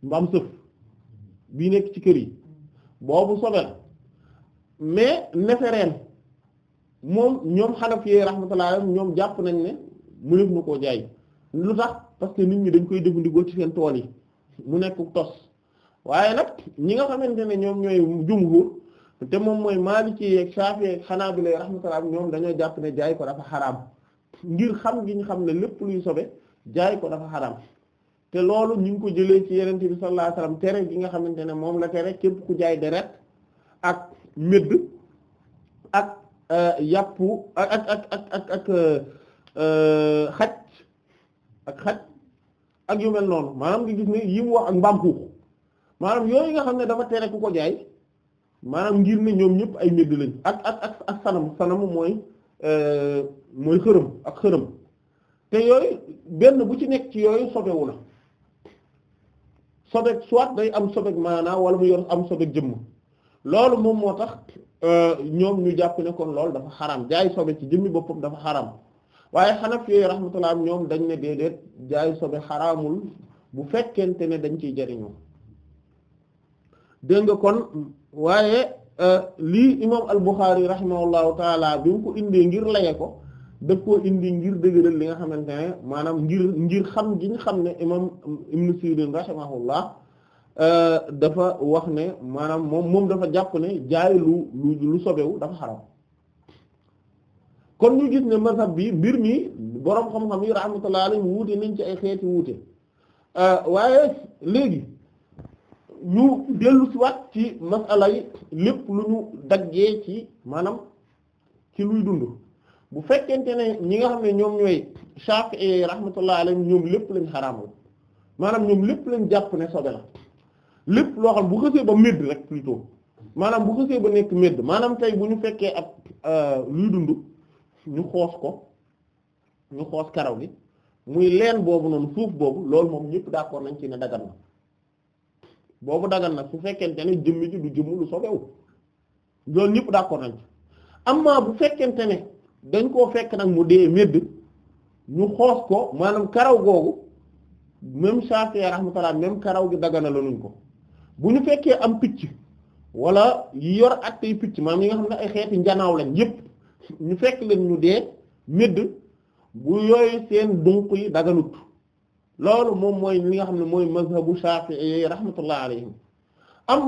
mbaam sëf bii nekk ci kër yi boobu sobe mais nefereen moom ñoom xanaf yi rahmatullah ñoom jàpp nañ ne mu nekk na koo jaay lu tax parce que nit ñi dañ koy jëfandikoo ci seen tool yi mu nekk tos waaye nag ñi nga xamante ne ñoom ñooy jumhur te moom mooy Maliki ak Shafi'i ak Hanabila rahmatullah ñoom dañoo jàpp ne jaay ko dafa xaraam ngir xam gi xam ne lépp luy sobe jaay ko dafa xaram te loolu ñu ngi ko jëlee ci Yonent bi sallallahu alayhi wasallam gi nga xamante ne moom la tere képp ku jaay deret ak médd ak euh, yàpp ak ak ak ak ak euh, xaj ak xaj noonu maanaam nga gis ne yi mu wax ak mbaam xuux maanaam yooyu nga xam ne dafa tere ku ko jaay maanaam ngir ne ñoom ñëpp ay médd lañ ak ak ak ak sanam sanam mooy euh, mooy xërëm ak xërëm te yooyu benn bu ci nekk ci yooyu sobewu na sobeg soit day am sobeg maanaa wala mu yor am sobeg jëmm loolu moom moo tax euh, ñoom ñu jàpp ne kon loolu dafa xaraam jaay sobe ci jëmmi boppam dafa xaram waaye xanaf yooyu rahmatullah ñoom dañ ne déedéet jaay sobe xaraamul bu fekkente ne dañ ciy jariñoo dégg nga kon waaye euh, lii imaam al-Bukhari rahimahullahu taala bi mu ko indee ngir laye ko daf koo indi ngir dëgëral li nga xamante ne maanaam ngir ngir xam gi ñu xam ne imaam Ibn Sirin rahimahullah euh, dafa wax ne maanaam moom moom dafa jàpp ne jaay lu lu sobewu dafa xaram kon ñu gis ne mazhab bi mbir mi boroom xam-xam yi rahmatullahi alayhi wuute nañ ci ay xeeti wuute euh, waaye léegi. ñu dellu waat ci masala lépp lu ñu daggee ci maanaam ci luy dund bu fekkente ne ñi nga xam ne ñoom ñooy Shafi'i rahmatullah alayhi ñoom lépp lañ xaraamal maanaam ñoom lépp lañ jàpp ne sobe la lépp loo xam bu xësee ba medd rek plutôt maanaam bu xësee ba nekk medd maanaam tey bu ñu fekkee ab euh, luy dund ñu xoos ko ñu xoos karaw gi muy leen boobu noonu suuf boobu loolu moom ñëpp d'accord nañ ci ne dagan na boobu dagan nag su fekkente ne jëmm ji du jëmm lu sobewu loolu ñëpp d'accord nañ amma bu fekkente ne dañ koo fekk nag mu dee medd ñu xoos ko maanaam karaw googu même Shafi'i rahmatullah même karaw gi dagana la nuñ ko bu ñu fekkee am picc wala yi yor attey picc maanaam yi nga xam ne ay xeeti njanaaw lañ yëpp ñu fekk leen ñu dee medd bu yooyu seen dunq yi daganut loolu moom mooy li nga xam ne mooy mazhabu Shafi'i rahmatullah alayhim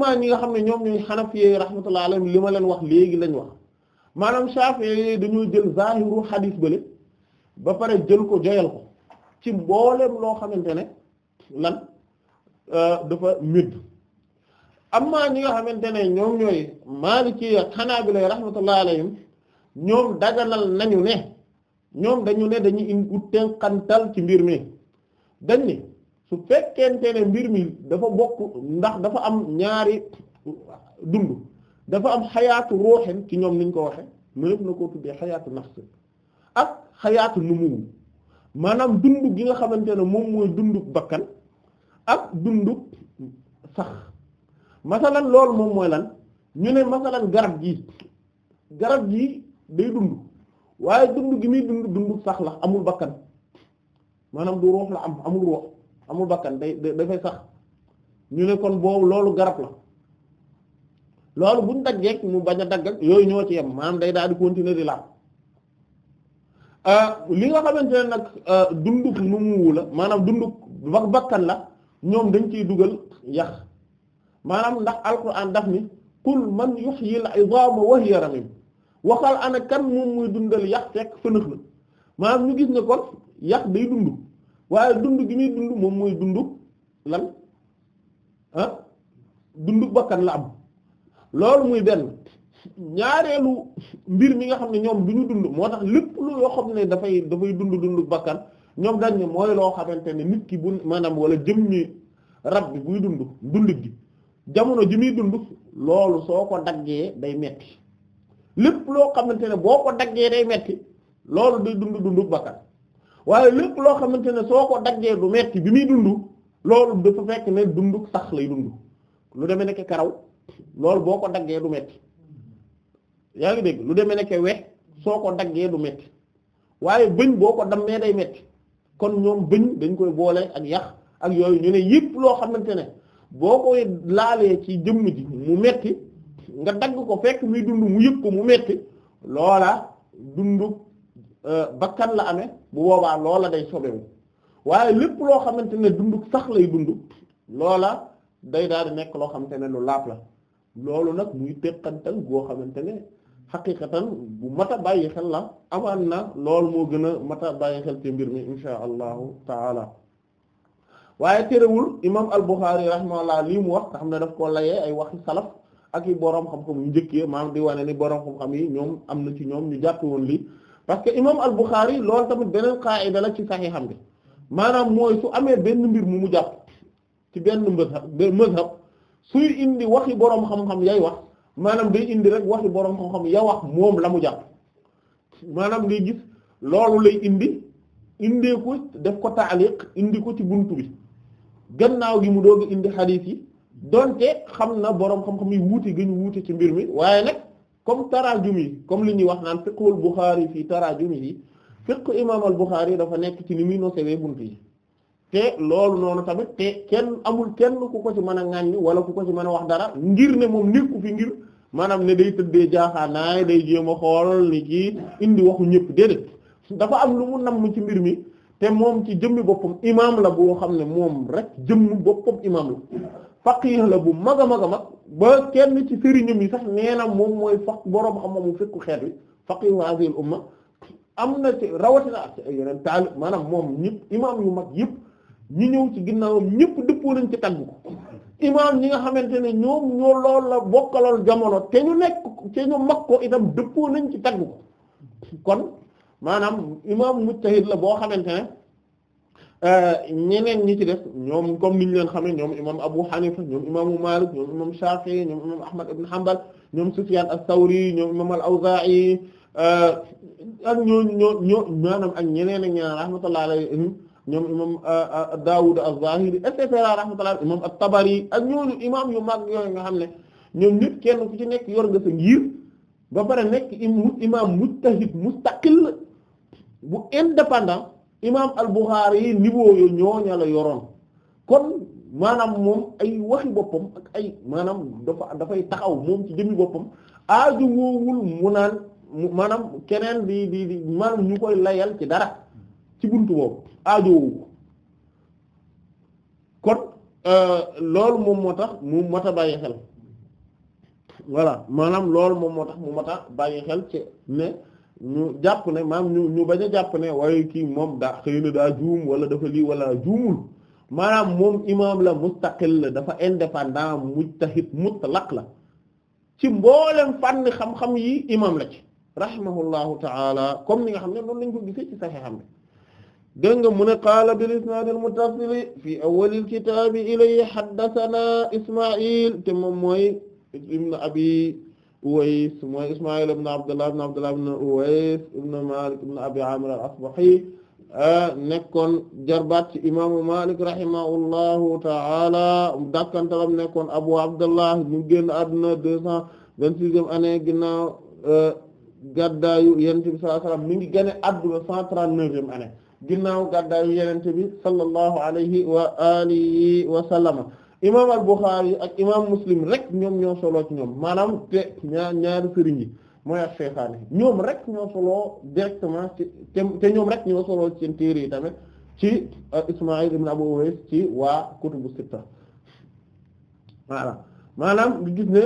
maa ñi nga xam ne ñoom ñooy Hanafi rahmatullah alayhim li ma leen wax léegi lañ wax maanaam Shafi'i dañoo jël zahiru hadith bële ba pare jël ko joyal ko ci loo xamante ne lan euh, dafa mëdd amma ñi nga xamante ne ñoom ñooy Maliki ak Hanabila rahmatullah alayhim ñoom daganal nañu ne ñoom dañu ne dañuy in ut tenkantal ci mbir mi dañ ni su fekkente ne mbir mi dafa bokk ndax dafa am ñaari dund dafa am xayaatu ruuxin ci ñoom niñ ko waxe mënef na koo tuddee xayaatu nafs ak xayaatu numu maanaam dund gi nga xamante ne moom mooy dundu bakkan ak dundu sax masalan lool moom mooy lan ñu ne masalan garab gi garab gi day dund waaye dund gi muy dund dundu sax la amul bakkan maanaam du ruux la am amul ruux amul bakkan day dafay sax ñu ne kon boobu loolu garab la loolu buñ daggeeg mu bañ a dagg yooyu ñoo ci yem maanaam day daal di continuer di laal euh, li nga xamante ne nag euh, dunduk nu muwu la maanaam dunduk ba bakkan la ñoom dañ ciy dugal yax maanaam ndax alquran daf ni qul man yuhyil idama wa hiya ramim waxal ana kan moom muy dundal yax fekk fënëx la maanaam ñu gis ne kon yàq day dund waaye dund gi muy dund moom mooy dund lan ah dundu bakkan la am loolu muy benn ñaareelu mbir mi nga xam ne ñoom du ñu dund moo tax lépp lu yoo xam ne dafay dafay dund dundu bakkan ñoom dañ mooy loo xamante ne nit ki bu maanaam wala jëmmi rab bi buy dund dund gi jamono ji muy dund loolu soo ko daggee day metti lépp loo xamante ne boo ko daggee day metti loolu day dund dundu bakkan waaye lépp loo xamante ne soo ko daggee du metti bi muy dund loolu dafa fekk ne dundu sax lay dund lu demee nekk karaw loolu boo ko daggee du metti yaa ngi dégg lu demee nekk we soo ko daggee du metti waaye bëñ boo ko dammee day metti kon ñoom bëñ dañ koy boole ak yax ak yooyu ñu ne yépp loo xamante ne boo koy laalee ci jëmm ji mu metti nga dagg ko fekk muy dund mu yëg ko mu metti loola dundu Euh, bakkan la amee bu boobaa loola day sobewu waaye lépp loo xamante ne dund sax lay dund loola day daal di nekk loo xamante ne lu laap la loolu nag muy teqantal goo xamante ne xaqiqatan bu mat a bàyyi xel la amaan na loolu moo gën a mat a bàyyi xel ci mbir mi insha allahu taala waaye terewul imam al-Bukhari rahimahullah lii mu wax nga xam ne daf koo layee ay waxi salaf ak i boroom xam-xam yu njëkkee maanaam di wane ni boroom xam-xam yi ñoom am na ci ñoom ñu jàpp woon lii parce que imam al-Bukhari loolu tamit beneen qaida la ci saxiixam bi maanaam mooy su amee benn mbir mu mu jàpp ci benn mazhab mazhab suy indi waxi boroom xam-xam yay wax maanaam day indi rek waxi boroom xam-xam ya wax moom la mu jàpp maanaam ngay gis loolu lay indi indee def ko taaliq indi ko ci buntu bi gannaaw gi mu doog indi xadiis yi donte xam na boroom xam-xam yi wuute gi ñu wuute ci mbir mi waaye nag comme tarajum yi comme li ñuy wax naan fiqhul Bukhari fii tarajum yi fiqh imam al Bukhari dafa nekk ci ni muy nosewee bunt yi te loolu noonu tamit te kenn amul kenn ku ko ci mën a ŋàññ wala ku ko ci mën a wax dara ngir ne moom nekku fi ngir maanaam ne day tëddee jaaxaanaay day jéem a xool ni kii indi waxu ñëpp déedéet dafa am lu mu namm ci mbir mi te moom ci jëmmi boppam imam la boo xam ne moom rek jëmm boppam imam la faqih la bu mag a mag a mag ba kenn ci sëriñam yi sax nee na moom mooy faq boroom xam mu fekku xeet wi faqihu hadhihi al umma am na ci rawatina ak yeneen taalib maanaam moom ñëpp imaam yu mag yëpp ñu ñëw ci ginnaawam ñëpp dëppoo nañ ci tagg ko imaam ñi nga xamante ne ñoom ñoo lool la bokkalool jamono te ñu nekk te ñu mag ko itam dëppoo nañ ci tagg ko kon maanaam imaam mujtahid la boo xamante ne Euh, ñeneen ñi ci def ñoom comme niñ leen xamee ñoom imam Abu Hanifa ñoom imaamu Malik ñoom imam Shafi'i ñoom imam Ahmad ibn Hanbal ñoom Sufyan as-Sawri ñoom imam al-Awza'i euh, ak ñooñu ñoo ñoo maanaam ak ñeneen ak ñeneen rahmatullahi alayhim ñoom imam euh, Dawud az-Zahiri et cetera rahmatullahi imam at-Tabari ak ñooñu imam yu mag yooyu nga xam ne ñoom nit kenn ku ci nekk yor nga sa ngir ba pare nekk imam mujtahid mustaqil bu indépendant imaam al-Bukhari yi niveau yo ñooña la yoroon kon maanaam moom ay waxi boppam ak ay maanaam dafa dafay taxaw moom ci jëmi boppam aaju woowul mu naan maanaam keneen di di di maanaam ñu koy layal ci dara ci buntu boobu aaju woowu kon euh, loolu moom moo tax mu mat a bàyyi xel voilà maanaam lool moom moo tax mu mat a bàyyi xel ci ne. ñu jàpp na maam ñu ñu bañ a jàpp ne waaye kii moom daa xëy na daa juum wala dafa lii wala juumul maanaam moom imaam la mustaqil la dafa indépendant mujtahid mutlaq la ci mboolem fànn xam-xam yi imaam la ci rahimahullahu taala comme ni nga xam ne noonu lañ ko gisee ci saxe xam ne dégg nga mu ne qaala bil isnaad al muttasil fi awwal al kitaab ilayhi haddathana isma'il te moom mooy ibn abi Uways mooy Ismaïl ibn Abdullah ibn Abdullah ibn Uways ibn Malik ibn Abi Amir al-Asbahi eh, nekkoon jarbaat ci imaamu Malik rahimahullahu ta'ala dakkantalam nekkoon Abu Abdullah ñu génn àdduna deux cent vingt-sixième eh, année ginnaaw gàddaayu Yonent bi sallallahu alayhi wasallam mi ngi génn ginnaaw gàddaayu Yonent bi sallallahu alayhi wa imaam al-Bukhari ak imaam Muslim rek ñoom ñoo solo ci ñoom maanaam te ñaar ñaari sëriñ yi mooy ak ñoom rek ñoo solo directement te ñoom rek ñoo solo ci téere yi tamit ci euh, Ismaïl ibn Abu Uways ci waa maanaam di gis ne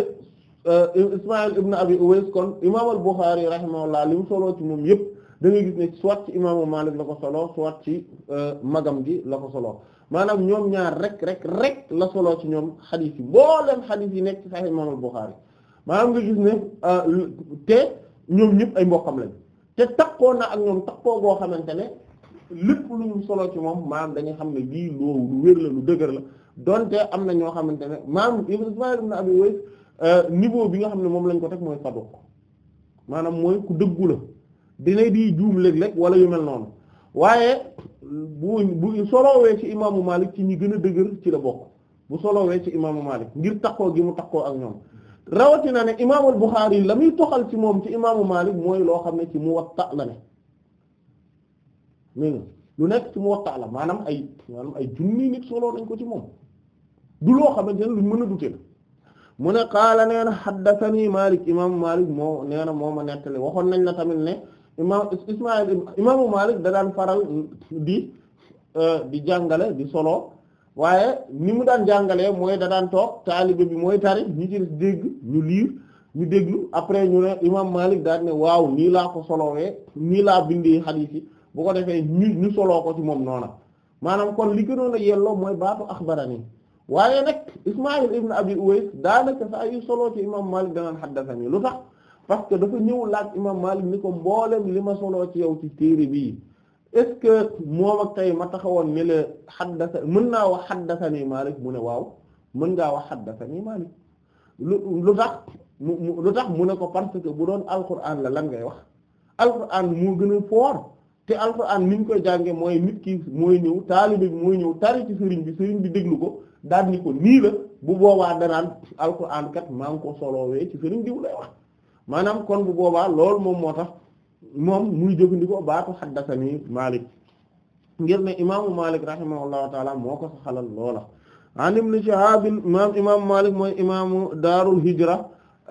euh, Ismaïl ibn Abi Uways kon imaam al-Bukhari rahimahullah li mu solo ci moom yëpp da nga gis ne soit ci imaamu Maalik la ko solo soit ci euh, magam gi la ko solo maanaam ñoom ñaar rek rek rek la solo ci ñoom xadiis yi mboolem xadiis yi nekk ci Sahih Imam Bukhari maanaam nga gis ne euh, te ñoom ñëpp ay mboqam lañ te takkoo na ak ñoom takkoo goo xamante ne lépp lu ñu solo ci moom maanaam dañuy xam ne lii loowu lu wér la lu dëgër la donte am na ñoo xamante ne maam Ismaïl ibn Abi Uways euh, bi nga xam ne moom lañ ko teg mooy saduq maanaam mooy ku dëggu la dina di juum léeg-léeg wala yu mel noonu waaye bu bu solowee ci imaamu Malik ci ñi gën a dëgër ci la bokk bu solowee ci imaamu Malik ngir tax takkoo gi mu tax takkoo ak ñoom rawatina ne imaamul Buxaari la muy toxal ci moom ci imaamu Malik mooy loo xam ne ci mu la ne mais nekk ci Muwatta la maanaam ay maanaam junni nit soloo nañ ko ci moom du loo xamante ne lu mën a dute la mu ne qaala nee na Malik imaamu Malik moo nee na moo ma waxoon nañ la tamit ne imaam Ismaïl imaamu Maalik da daan faral di euh, di jàngale di solo waaye ni mu daan jàngalee mooy da daan toog taalibe bi mooy tari ñu ci dégg ñu liir ñu déglu après ñu ne imaam Maalik daan ne waaw nii laa ko solowee nii laa bindee xadiis yi bu ko defee ñu ñu soloo ko ci moom noona maanaam kon li gënoon a yelloo mooy baatu axbarani waaye nag Ismaïl ibn Abi Uways daanaka saa yu soloo ci imaam Maalik danaan xaddasani lu tax parce que dafa ñëw laaj imam Malik ni ko mboole li ma soloo ci yow ci téere bii est-ce que moom ak tey ma taxawoon ne la xaddasa mën naa wax xaddasani Malik mu ne waaw mën ngaa wax xaddasani Malik lu lu tax mu lu tax mu ne ko parce que bu doon alquran la lan ngay wax alquran moo gën a fort te alquran ni ñu koy jànge mooy nit ki mooy ñëw taalibe bi mooy ñëw tari ci sëriñ bi sëriñ bi déglu ko daal ni ko nii la bu boobaa danaan alquran kat maa ngi ko soloowee ci sëriñ diw wax maanaam kon bu boobaa loolu moom moo tax moom muy jëfandikoo baatu xaddasani Malik ngir ne imaamu Malik rahimahullahu taala moo ko saxalal loola an ibn Shihab imaam imaamu Malik mooy imaamu daarul hijra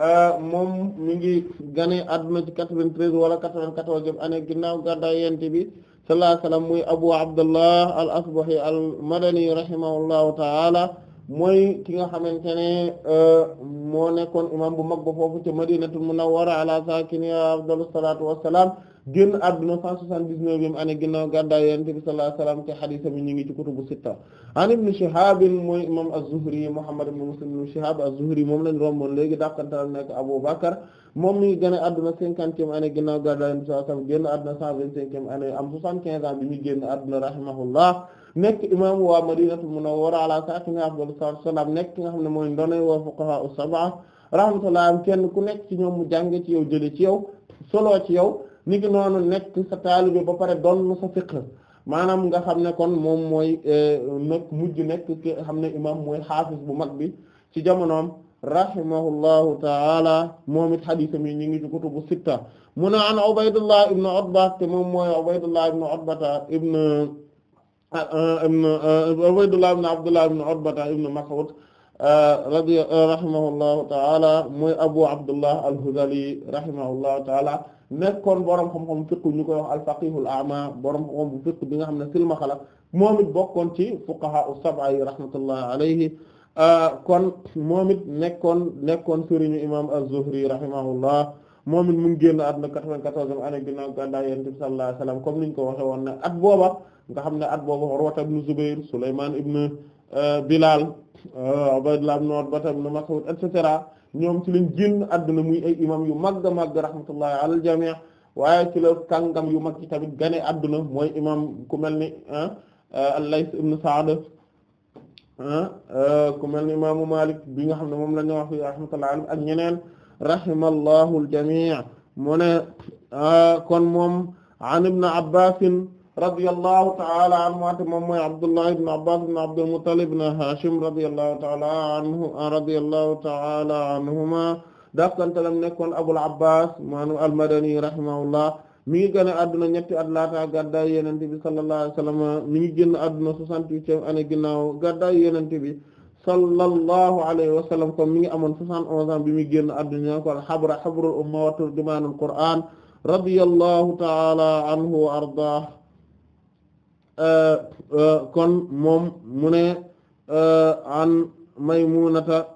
euh, moom mi ngi gane adduna ci quatre-vingt-treize wala quatre-vingt-quatorze année ginnaaw gàddaay yonent bi sallallahu alayhi muy Abu Abdullah al-Asbahi al-Madani rahimahullahu taala mooy ki nga xamante ne euh, moo nekkoon imam bu mag ba foofu ca madinatul munawwara ala sakiniha afdalu salatu wassalam génn àdduna 179e année ginnaaw gàddaay yonent bi sallallahu alayhi wasallam te hadith bi ñu ngi ci kutubu sitta an ibn Shihab mooy imam az Muhammad ibn Muslim ibn Shihab moom lañ romboon léegi dàqantal nekk Abu Bakar moom mi ngi génn àdduna 50e année ginnaaw gàddaay yonent bi sallallahu alayhi wasallam génn àdduna 125e nekk imaamu waa madinatul munawwara ala saakinihaa afdalu salaatu wa salaam nekk ki nga xam ne mooy ndonay waa fuqahaa as-sab'a rahmatullah kenn ku nekk ci ñoom mu jàng ci yow jële ci yow solo ci yow ni ngi noonu nekk sa taalibe ba pare doon sa fiqh maanaam nga xam ne kon moom mooy e, nag mujj nekk ki xam ne imaam mooy xaafis bu mag bi ci jamonoom rahimahullahu taala moom it xadiisam yi ñu ngi ci kutubu sitta mu ne an Ubaydullah ibn Utba te moom mooy Ubaydullah ibn Utba ibn Ah, ah, ah, Ubaydullah ibn Abdullah ibn Utbata ibn Mas'ud radi rahimahullahu taala mooy Abu Abdullah al-Hudhali rahimahullahu taala nekkoon borom xam-xam fiqh ñu koy wax al-faqihul a'ma borom xam-xam fiqh bi nga xam ne silmaxa la moom it bokkoon ci fuqaha as-sab'a yi rahmatullahi alayhi kon moom it nekkoon nekkoon sëriñu imam az-Zuhri rahimahullah moom it mu ngi génn àdduna 94 ane ginnaaw gàddaay Yonent bi sallallahu alayhi wasallam comme niñ ko waxe woon ne at booba nga xam ne at boobu Urwata ibn Zubayr Sulaymaan ibn euh, Bilal euh, Ubaydullah ibn Utbata ibn Mas'ud et cetera ñoom ci lañ génn àdduna muy ay imam yu màgg a màgg rahmatullahi alal jamii waaye ci la kàngam yu mag ci tamit gane àdduna mooy imam ku mel ni euh, al-Layth ibn Sa'd ku mel ni imaamu Malik bi nga xam ne moom la ñu wax fi rahmatullahi alayhi ak ñeneen rahimallahu al-jamii mu ne kon moom an ibn Abbasin radiyallahu ta'ala anhuma te moom mooy Abdullah ibn Abbas ibn Abdul Muttalib ibn Hashim radiyallahu ta'ala anhu radiyallahu ta'ala anhuma daftantalam nekkoon Abul Abbas maanaam al-Madani rahimahullah mi ngi gën a adduna ñetti at laata gàddaay Yonent bi sallallahu alayhi wa sallam mi ngi génn adduna soixante-huitième année ginnaaw gàddaay Yonent bi sallallahu alayhi wa sallam kon mi ngi amoon soixante-onze ans bi mi génn adduna kon xabra xabrul umma wa turjumaanul Qur'aan radiyallahu ta'ala anhu wa ardaah Euh, euh, kon moom mu ne euh, an maymunata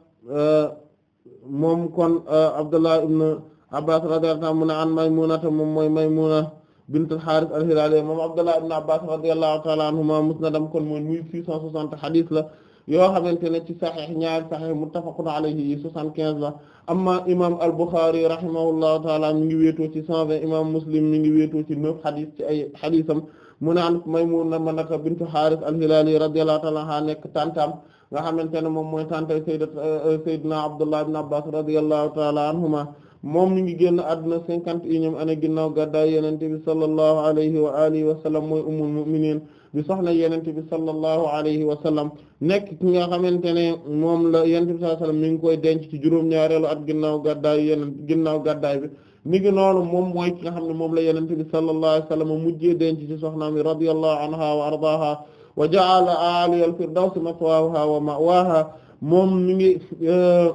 moom kon abdullah ibn abbas radiyallahu anhu mu ne an maymunata moom mooy maymuna bint al-Harith al-Hilaliya moom abdullah ibn abbas radiyallahu ta'ala anhuma musnadam kon mooy mille six cent soixante la yoo xamante ne ci saxiix ñaari saxiix muttafaqun alayhi yi soixante-quinze la amma imam al-Bukhari rahimahullahu ta'ala mi ngi wéetoo ci cent vingt Muslim mi ngi wéetoo ci neuf hadith ci ay haditham mu naan Maymunata bintu Haaris al-Hilaali radiyallahu ta'ala anha nekk tantam nga xamante ne moom mooy tantay sayyidat euh, sayyidina Abdullah ibn Abbas radiyallahu ta'ala anhuma moom ñu ngi génn àdduna cinquante et unième année ginnaaw gàddaay Yonent bi sallallahu alayhi wa alihi wa sallam mooy ummul mu'minin bi soxna Yonent bi sallallahu alayhi wa sallam nekk ki nga xamante ne moom la Yonent bi sallallahu alayhi wa sallam mi ngi koy denc ci juróom-ñaareelu at ginnaaw gàddaay Yonent ginnaaw gàddaay bi ni ngi noonu moom mooy ki nga xam ne moom la yenente bi sallallahu alayhi mujje sallam mujjee denc ci soxnaam yi radiyallahu anha wa ardaha wa ja'ala aliyal firdawsi maswaha wa mawaha moom mi ngi euh,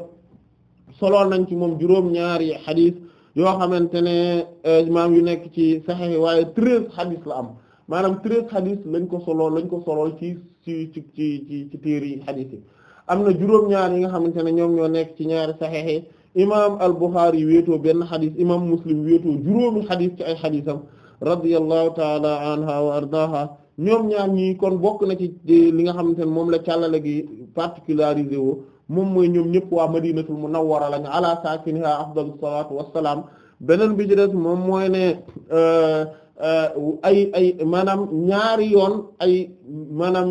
soloon nañ ci moom juróom ñaari xadis yoo xamante ne euh, maam yu nekk ci saxex waaye treize xadis la am maanaam treize xadis lañ ko solool lañ ko solool ci ci ci ci ci téere yi xadis am na juróom ñaar yi nga xamante ne ñoom ñoo nekk ci ñaari saxex imam al-Bukhari wéetoo benn xadis imam Muslim wéetoo juróomi xadis ci ay xadisam radiyallahu taala anha wa ardaha ñoom ñaar ñii kon bokk na ci li nga xamante ne moom la càllale gi particularisé woo moom mooy ñoom ñëpp waa madinatul munawwara lañu ala saakiniha afdalu salaatu wassalaam beneen bi ci moom mooy ne ay ay maanaam ñaari yoon ay maanaam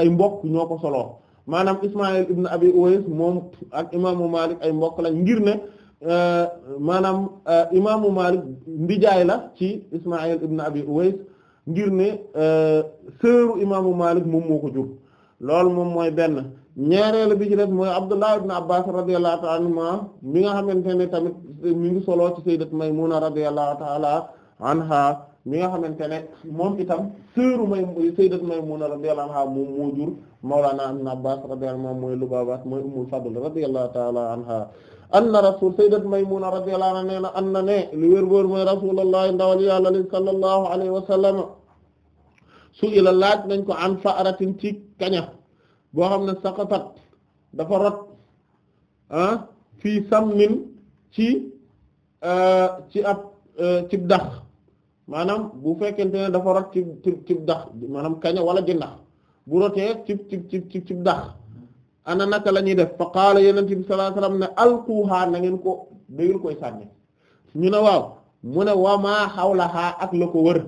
ay mbokk ñoo maanaam Ismaïl ibn Abi Uways moom ak imaamu Malik ay mbokk lañ ngir ne euh, maanaam euh, imaamu Malik ndijaay la ci Ismaïl ibn Abi Uways ngir ne euh, sœuru imaamu Malik mu moo ko jur loolu moom mooy benn ñaareelu bi ci mooy Abdullah ibn Abbas radiyallahu ta'ala anhuma mi nga xamante ne tamit mi ngi solo ci sayyidat Maymuna radiyallahu ta'ala anha mi nga xamante ne moom itam seeru may sayyidat Maymuna radiyallahu anha moom moo jur Mawlana Ibn Abbas radiyallahu anhu mooy Lubaabaat mooy Ummu Fadl radiyallahu ta'ala anha anna rasul sayyidat Maymuna radiyallahu anha nee na an na ne li wér wóor mooy rasulullah ndawal yàlla li sallallahu alayhi wa laaj nañ ko an fa'ratin ci kaña boo xam ne saqatat dafa rot ah fii ci ah, ci ab ah, ci dax maanaam bu fekkee ne dafa rot ci ci ci dax maanaam kaña wala ji bu rotee ci ci ci ci dax ana naka lañuy def fa qaala yonent bi sallallahu alayhi wasallam ne alquha na ngeen ko da koy sànni ñu ne waaw mu ne wa maa hawlaha ak la ko wër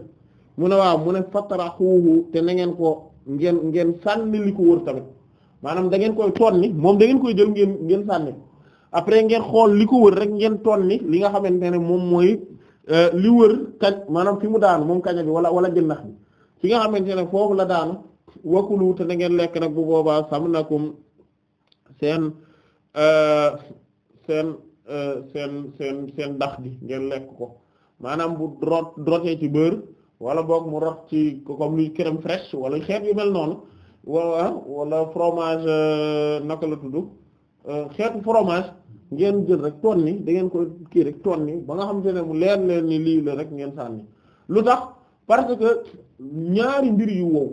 mu ne waaw mu ne fatrahuhu te na ngeen ko ngeen ngeen sànni li ko wër tamit maanaam da ngeen koy ni moom da koy jël ngeen ngeen sànni après ngeen xool li ko wër rek ngeen tonni li nga xamante ne moom mooy Euh, li wër kaj maanaam fi mu daanu moom kaña bi wala wala jënnax bi fi nga xamante ne foofu la daanu wakulu te na ngeen lekk nag bu boobaa samnakum seen euh, seen euh, seen seen seen ndax gi ngeen lekk ko maanaam bu drot drotee ci bër wala boog mu rot ci comme luy crème fraîche wala xeet yu mel noonu wala wala fromage naka la tudd xeetu fromage ngeen jël rek tonni da ngeen ko kii rek tonni ba nga xamante ne mu leer leen ni lii la rek ngeen sànni lu tax parce que ñaari mbir yu wow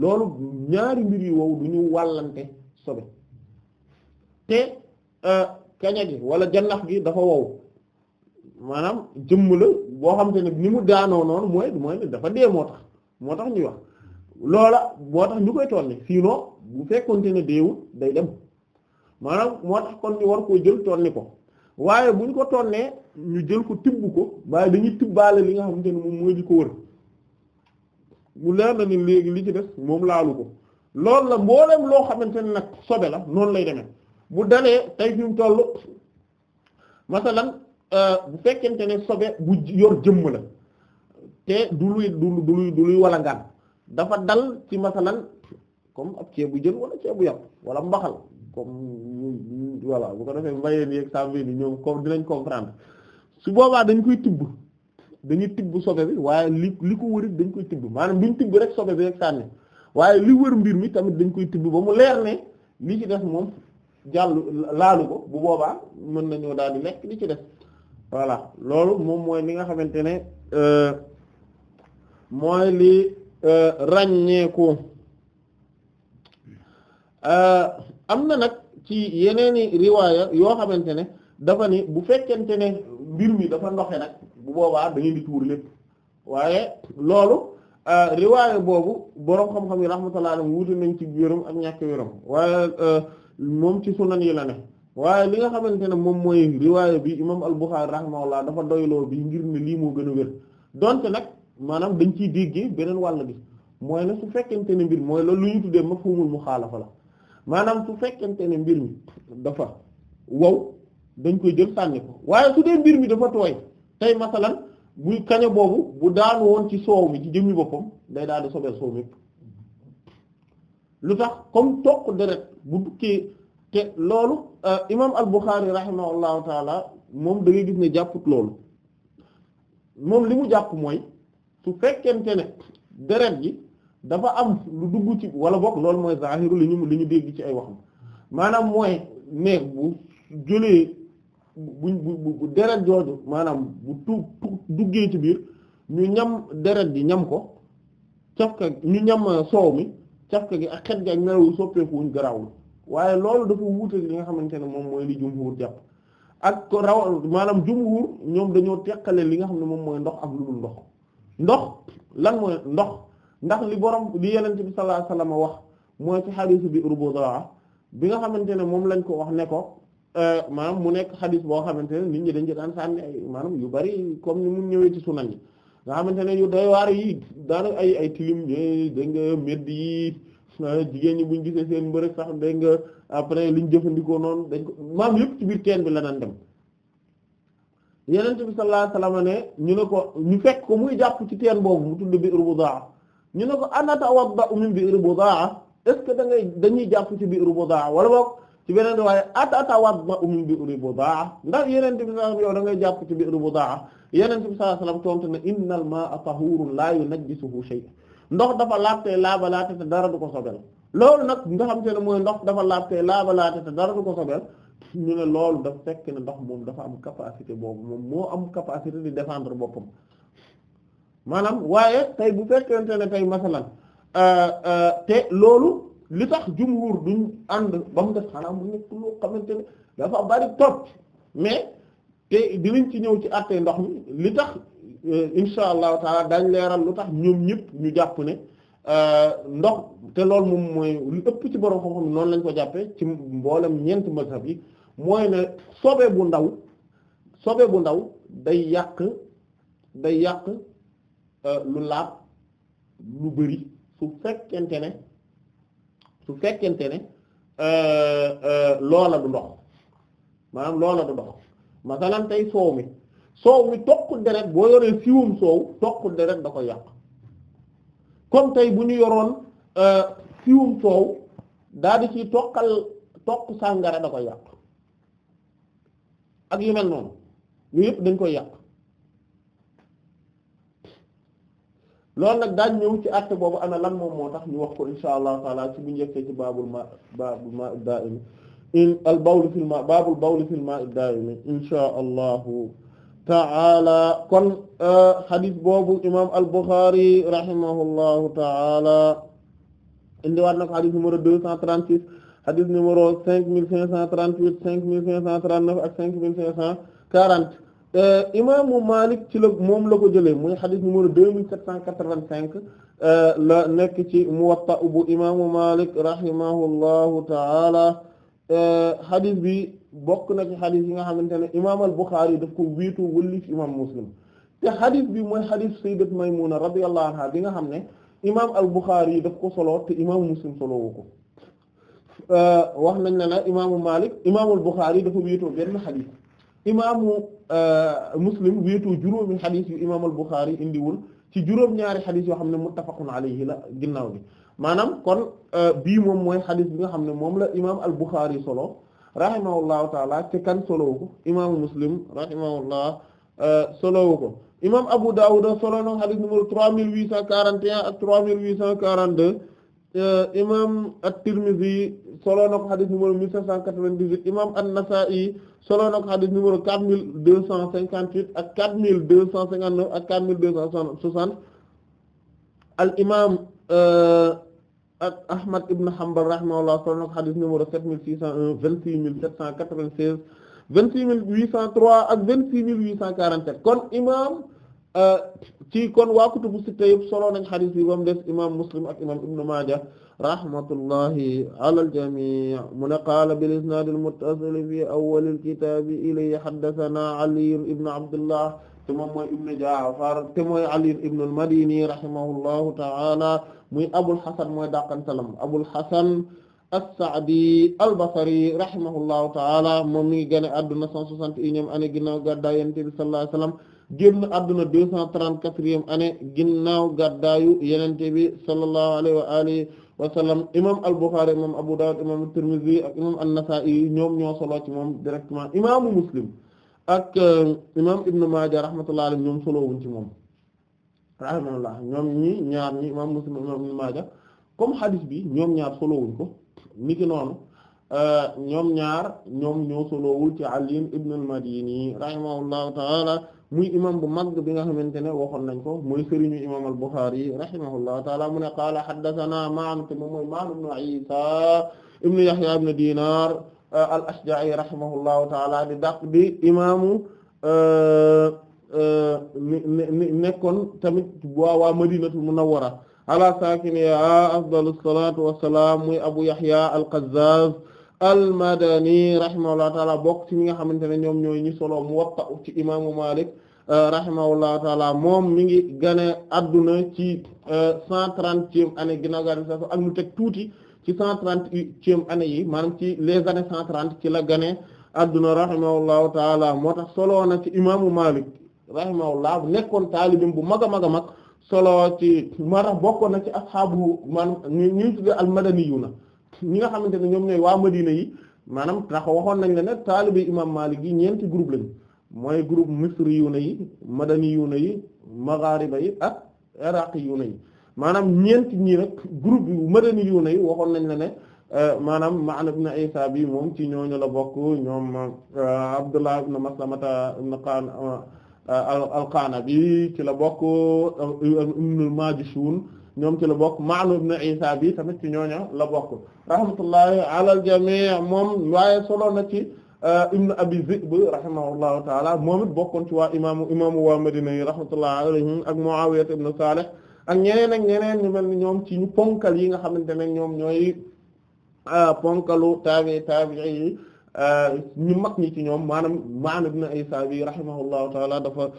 loolu ñaari mbir yu wow du ñu wàllante sobe te euh, kaña gi wala jannax gi dafa wow maanaam jëmm la boo xamante ne ni mu daanoo noonu mooy mooy ne dafa dee moo tax moo tax ñuy wax loola moo tax ñu koy tonni sinon bu fekkonte ne deewul day dem maanaam moo tax kon ñu war koo jël ni ko waaye bu ñu ko tonnee ñu jël ko tibb ko waaye dañuy tibbaale li nga xamante ne moom mooy li ko wër mu leer na ni léegi li ci des moom laalu ko loolu la mboolem loo xamante ne nag sobe la noonu lay demee bu dalee tey fi mu toll masalan euh, bu fekkente ne sobe bu yor jëmm la te du luy du du luy du luy walangaan dafa dal ci masalan comme ab ceebu jën wala ceebu yàpp wala mbaxal comme voilà bu ko defee mbayeen yeeg sàmmi ni ñoom comme dinañ comprendre su boobaa dañ koy tibb dañuy tibb sobe waaye li li ko wër dañ koy tibb maanaam duñ tibb rek sobe bi rek sànni waaye li wër mbir mi tamit dañ koy tibb ba mu leer ne li ci def moom jàll bu boobaa mën nañoo daal di lekk li ci def voilà loolu moom mooy li nga xamante ne euh, mooy li euh, ràññeeku euh, am na nag ci yeneeni riwaaya yoo xamante ne dafa ni bu fekkente ne mbir mi dafa ndoxe nag bu boobaa da di tuur lépp waaye loolu euh, riwaaya boobu boroom xam-xam yi rahmatullahi alayhi wuute nañ ci wéram ak ñàkk wéram waaye euh, moom ci sunan yi la ne waaye li nga xamante ne moom mooy riwaaya bi imam al-Bukhari rahimahullah dafa doyloo bi ngir ne lii moo gën a wér donte nag maanaam dañ ciy dégg beneen wàll bi mooy ne su fekkente ne mbir mooy loolu lu ñu tuddee mafhumul muxaalafa la maanaam su fekkente ne mbir mi dafa wow dañ koy jël sànni ko waaye su dee mbir mi dafa tooy tey masalan buy kaña boobu bu daanu woon ci soow mi ci jëmmi boppam day daal di sobeel soow mi lu tax comme toq deret bu dukkee te loolu euh, imaam al-Bukhari rahimahullahu taala moom dangay gis ne jàpput loolu moom li mu jàpp mooy su fekkente ne deret gi dafa am lu dugg ci wala boog loolu mooy zahiru li ñu li ñu dégg ci ay waxam maanaam mooy ne bu jëlee bu bu bu deret jooju maanaam bu tu duggee ci biir ñu ñam deret ji ñam ko cafka ñu ñam soow mi cafka gi ak xet gi ak melawu soppeeku wuñ garaawul waaye loolu dafa wuute li nga xamante ne moom mooy li jumhur jàpp ak ko maanaam jumhur ñoom dañoo teqale li nga xam ne moom mooy ndox am lu dul ndox ndox lan mooy ndox. ndax li borom li yeneen bi sallallahu alayhi wa sallam wax mooy ci xadiis bi urbudaa bi nga xamante ne moom lañ ko wax ne ko euh, maanaam mu nekk xadiis boo xamante ne nit ñi dañ ci daan ay maanaam yu bari comme ni mu ñëwee ci sunan yi nga xamante ne yu doy waar yi daanaka ay ay tilim eh, dégg nga medd yi ah, jigéen ñi buñ gisee seen mbërëg sax dégg nga après liñ jëfandikoo noonu dañ ko maam yëpp ci biir teen bi la daan dem yeneen bi sallallahu alayhi ne ñu ne ko ñu fekk ko muy jàpp ci teen boobu mu tudd bi urbudaa ñu ne ko ana tawadda'u min bi'r budaa est ce que da ngay dañuy jàpp ci bi'r budaa wala boog ci beneen waaye ata tawadda'u min bi'r budaa ndax yeneen bi sallallahu alayhi wasallam yow da ngay jàpp ci bi'r budaa yeneen bi sallallahu alayhi wasallam tontu ne innal maa'a tahuurun laa yunajjisuhu shay' ndox dafa laabtee laabalaate te dara du ko sobel loolu nag nga xam te ne mooy ndox dafa laabtee laabalaate te dara du ko sobel ñu ne loolu dafa fekk ne ndox moom dafa am capacité boobu moom moo am capacité di défendre boppam maanaam waaye tey bu fekkente ne tey masalan euh, euh, te loolu li tax jumhur duñ ànd ba mu def xanaa mu nekk loo xamante ne dafa bari topp mais te di lañ ci ñëw ci àttee ndox mi li tax euh, insha allah taala dañ leeral lu tax ñoom ñëpp ñu jàpp ne ndox te loolu moom mooy ëpp ci borom xam-xam noonu lañ ko jàppee ci mboolem ñeent mazhab yi mooy ne sobe bu ndaw sobe bu ndaw day yàq day yàq Euh, lu laab lu bari su fekkente ne su fekkente ne euh, euh, loola du ndox maanaam loola du ndox masalan tey soow mi soow mi toq deret boo yoree siwum soow toq deret da koy yàq comme tey bu ñu yoroon siwum soow daa di ci toqal toq sàngara da koy yàq ak yu mel noonu yooyu yëpp dañ koy yàq loolu nag daañ ñëw ci àtte boobu ana lan moom moo tax ñu wax ko insha allahu taala ci bu njëkkee ci baabul ma baabul ma daa'imi in al bawlu fil ma baabul bawlu fil ma daa'imi insha allahu taala kon euh, xadis boobu imam al Bukhari rahimahullahu taala indiwaat na ko xadis numéro deux cent trente-six xadis numéro cinq mille cinq cent trente-huit cinq mille cinq cent trente-neuf ak cinq mille cinq cent quarante Euh, imaamu Malik ci la moom la ko jëlee muy xadis numéro deux mille sept cent quatre-vingt-cinq euh, la nekk ci Muwatta bu imaamu Malik rahimahullahu taala euh, xadis bi bokk na ci xadis yi nga xamante ne imaam al-Bukhari daf ko wiitu wëlli ci imaam Muslim te xadis bi mooy xadis sayyidat Maymuna radiyallahu anha bi nga xam ne imaam al-Bukhari daf ko solo te imaamu Muslim solo wu wax nañ ne nag imaamu Malik imaamul Bukhari dafa wiitoo benn xadis imaamu euh, muslim wéetoo juróomi xadis yu imaam al Buxaari indiwul ci juróom-ñaari xadis yoo xam ne muttafaqun alayhi la ginnaaw bi maanaam kon euh, bii moom mooy xadis bi nga xam ne moom la imaam al Buxaari solo rahimahullahu taala te kan solowu ko imaamu muslim rahimahullah euh, solowu ko imaam Abu Dawud solo na xadis numéro 3841 ak 3842. imaam at-Tirmidhi solo na ko xadis numéro 1798 imaam an-Nasa'i. solo na ko xadis numéro 4258 ak 4259 ak 4260 al imam euh, ak Ahmad ibn Hanbal rahimahullah solo na ko xadis numéro 7601 26796 26803 ak mille 26847 kon imam euh, ci kon waa kutubu sitta yëpp solo nañ xadis bi ba mu des imam Muslim ak imam Ibn Maaja rahmatullahi ala al-jamii mu ne qaala bil-isnaad al-muttasil fi awwal al-kitaab ilayhi haddathanaa Ali ibn Abdullah te moom mooy ibn Ja'far te mooy Ali ibn al-Madini rahimahullahu ta'ala muy Abul Hasan mooy dàqantalam Abul Hasan as-Sa'di al-Basri rahimahullahu ta'ala moom mi ngi génn àdduna 161 ane ginnaaw gàddaay Yonent bi sallallahu alayhi wa sallam génn àdduna 234e ane ginnaaw gàddaayu Yonent bi sallallahu alayhi wa alihi wa sallam imam al-Bukhari imam Abu Dawud imam at-Tirmidhi ak imam an-Nasa'i ñoom ñoo solo ci moom directement imaamu Muslim ak euh, imam Ibn Maaja rahmatullahi alayhi ñoom solo wuñ moom rahimahullah ñoom ñi ñaar ñi imam Muslim imam Ibn Maaja comme hadith bi ñoom ñaar solo wuñ ko niki noonu euh, ñoom ñaar ñoom ñoo solowul ci Ali ibn al-Madini rahimahullahu ta'ala muy imam bu mag bi nga xamante ne waxoon nañ ko muy sëriñu imam al-Bukhari rahimahullahu taala mu qaala haddathana Ma'n te moom mooy Ma'n ibn Yahya ibn Dinar euh, al-Ashja'i rahimahullahu taala di dàq imaamu euh, euh, nekkoon tamit waa waa Madinatul Munawwara ala saakinihaa afdalus salaatu wassalaam muy Abu Yahya al-Qazzaz al-Madani rahimahullahu taala bokk ci ñi nga xamante ne ñoom ñooy ñi solo Muwatta ci imaamu Malik Euh, rahimahullahu taala moom mi ngi gane adduna ci euh, cent trentième année ginnaaw ga ak lu teg tuuti ci cent trentième année yi maanaam ci les années cent trente ci la gane adduna rahimahullahu moo tax soloo na ci imaamu Malik rahimahullah nekkoon taalibim bu mag a mag a mag solo ci moo tax bokkoon na ci asxaabu maanaam ñu ñu tudde almadaniyuna ñi nga xamante ne ñoom ñooy waa Madina yi maanaam tax waxoon nañ la ne taalibi imam Malik yi ñeenti groupe lañu mooy groupe misri yu na yi madani yu na yi maghariba yi ak iraqi yu na yi maanaam ñeenti ñii nag groupe madani yu na yi waxoon nañ la ne euh, maanaam Ma'an ibn Isa bi moom ci ñooñu la bokk ñoom euh, Abdullah ibn Maslamata ibn Qan euh, al-Qanabi ci la bokk ibn Majishun ñoom ci la bokk Ma'an ibn Isa bi tamit ci ñooñu la bokk rahmatullahi ala al moom waaye solo na ci Euh, ibnu abi zib rahimahullahu taala moom it bokkoon ci waa imaamu imaamu waa madina yi rahmatullahi alayhim ak muawiya ibn salih ak ñeneen ak ñeneen ñu mel ni ñoom ci ñu ponkal yi nga xamante ne ñoom ñooy euh, ponkalu taabi taabi yi euh, ñu mag ñi ci ñoom maanaam Ma'in ibn Isa bi rahimahullahu taala dafa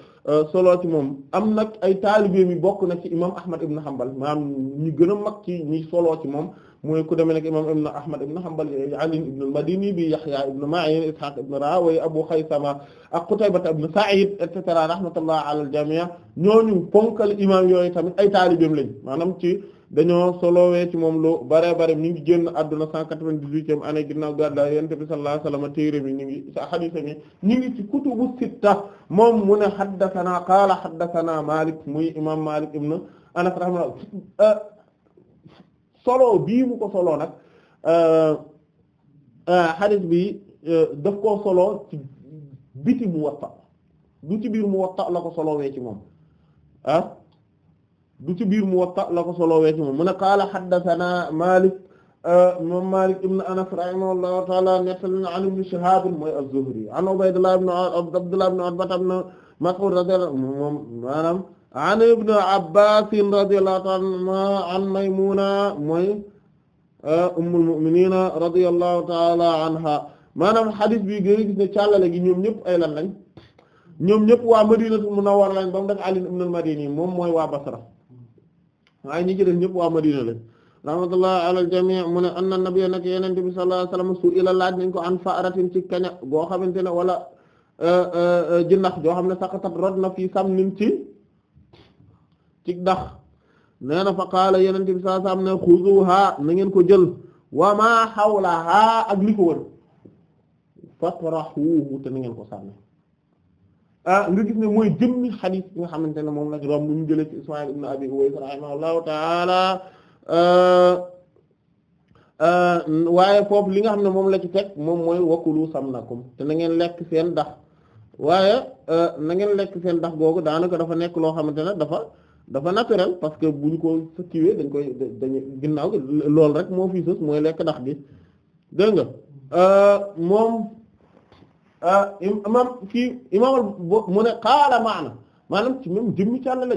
solo ci moom am nag ay taalibe mi bokk na ci imam Ahmad ibn Hanbal maanaam ñu gën a mag ci ñi solo ci moom muy ku demee nag imam ibn ahmad ibn hanbal ali ibn al-madini bi yahya ibn ma'in ishaq ibn rahawayh abu khaysama ak qutaybah ibn sa'id et rahmatullah ala al-jami' ñooñu ponkal imam yooyu tamit ay taalibeem lañ maanaam ci dañoo solowee ci moom lu bare bare ñu ngi génn adduna cent quatre-vingt-dix-huitième année ginnaaw gàddaay yonent bi sallallahu mi ñu ngi sa hadith mi ñu ngi ci kutubu sitta moom mu ne haddathana qaala haddathana malik muy imam malik ibn anas rahmatullah solo bii mu ko solo nag xadis euh, euh, bi euh, daf koo solo ci biti mu watta du ci biir mu watta la ko solowee ci moom ah du ci biir mu watta la ko solowee ci moom mu ne qaala xaddathana Malik moom Malik ibn Anas rahimahullahu taala nettali na an ibn Shihab mooy az-Zuhri an Ubaydullah ibn Abdullah ibn Utba ibn Mas'ud radiyallahu anhu moom maanaam an ibn Abbas radiyallahu anhuma an Maymuna mooy ummul mu'minina radiyallahu ta'ala anha maanaam xadis bi gën a gis ne càllale gi ñoom ñëpp ay lan lañ ñoom ñëpp waa Madinatu Munawwara lañ ba mu def Ali ibn al-Madini moom mooy waa Basra waaye ñi ci def ñëpp waa Madina lañ rahmatullah ala al-jami' mu ne anna nabiyya nak yonent bi sallallahu alayhi laaj nañ ko an fa'ratin ci kaña goo xamante ne wala euh, euh, euh, jinax joo xam ne saqatat rod na fii sam ci ci ndax nee na fa qaala yenente bi sallallahu alayhi ne xuzuha na ngeen ko jël wa xawla hawlaha ak li ko wër fatrahuhu te na ngeen ko sànni ah nga gis ne mooy jëmmi xadiis nga xamante ne moom lañ rom ñu jëlee ci Ismaïl ibn Abi ah, ah, waaye foofu li nga xam ne moom la ci teg moom mooy wakulu samnakum te na ngeen lekk seen dax waaye ah, na ngeen lekk seen dax googu daanaka dafa nekk loo xamante ne dafa dafa naturel parce que bu ñu ko kiiwee dañ koy dañu ginnaaw gi loolu rek moo fi sos mooy lekk ndax gi dégg nga euh, moom euh, imam kii imamal mu ne qaala maana maanaam ci même jëmmi càll la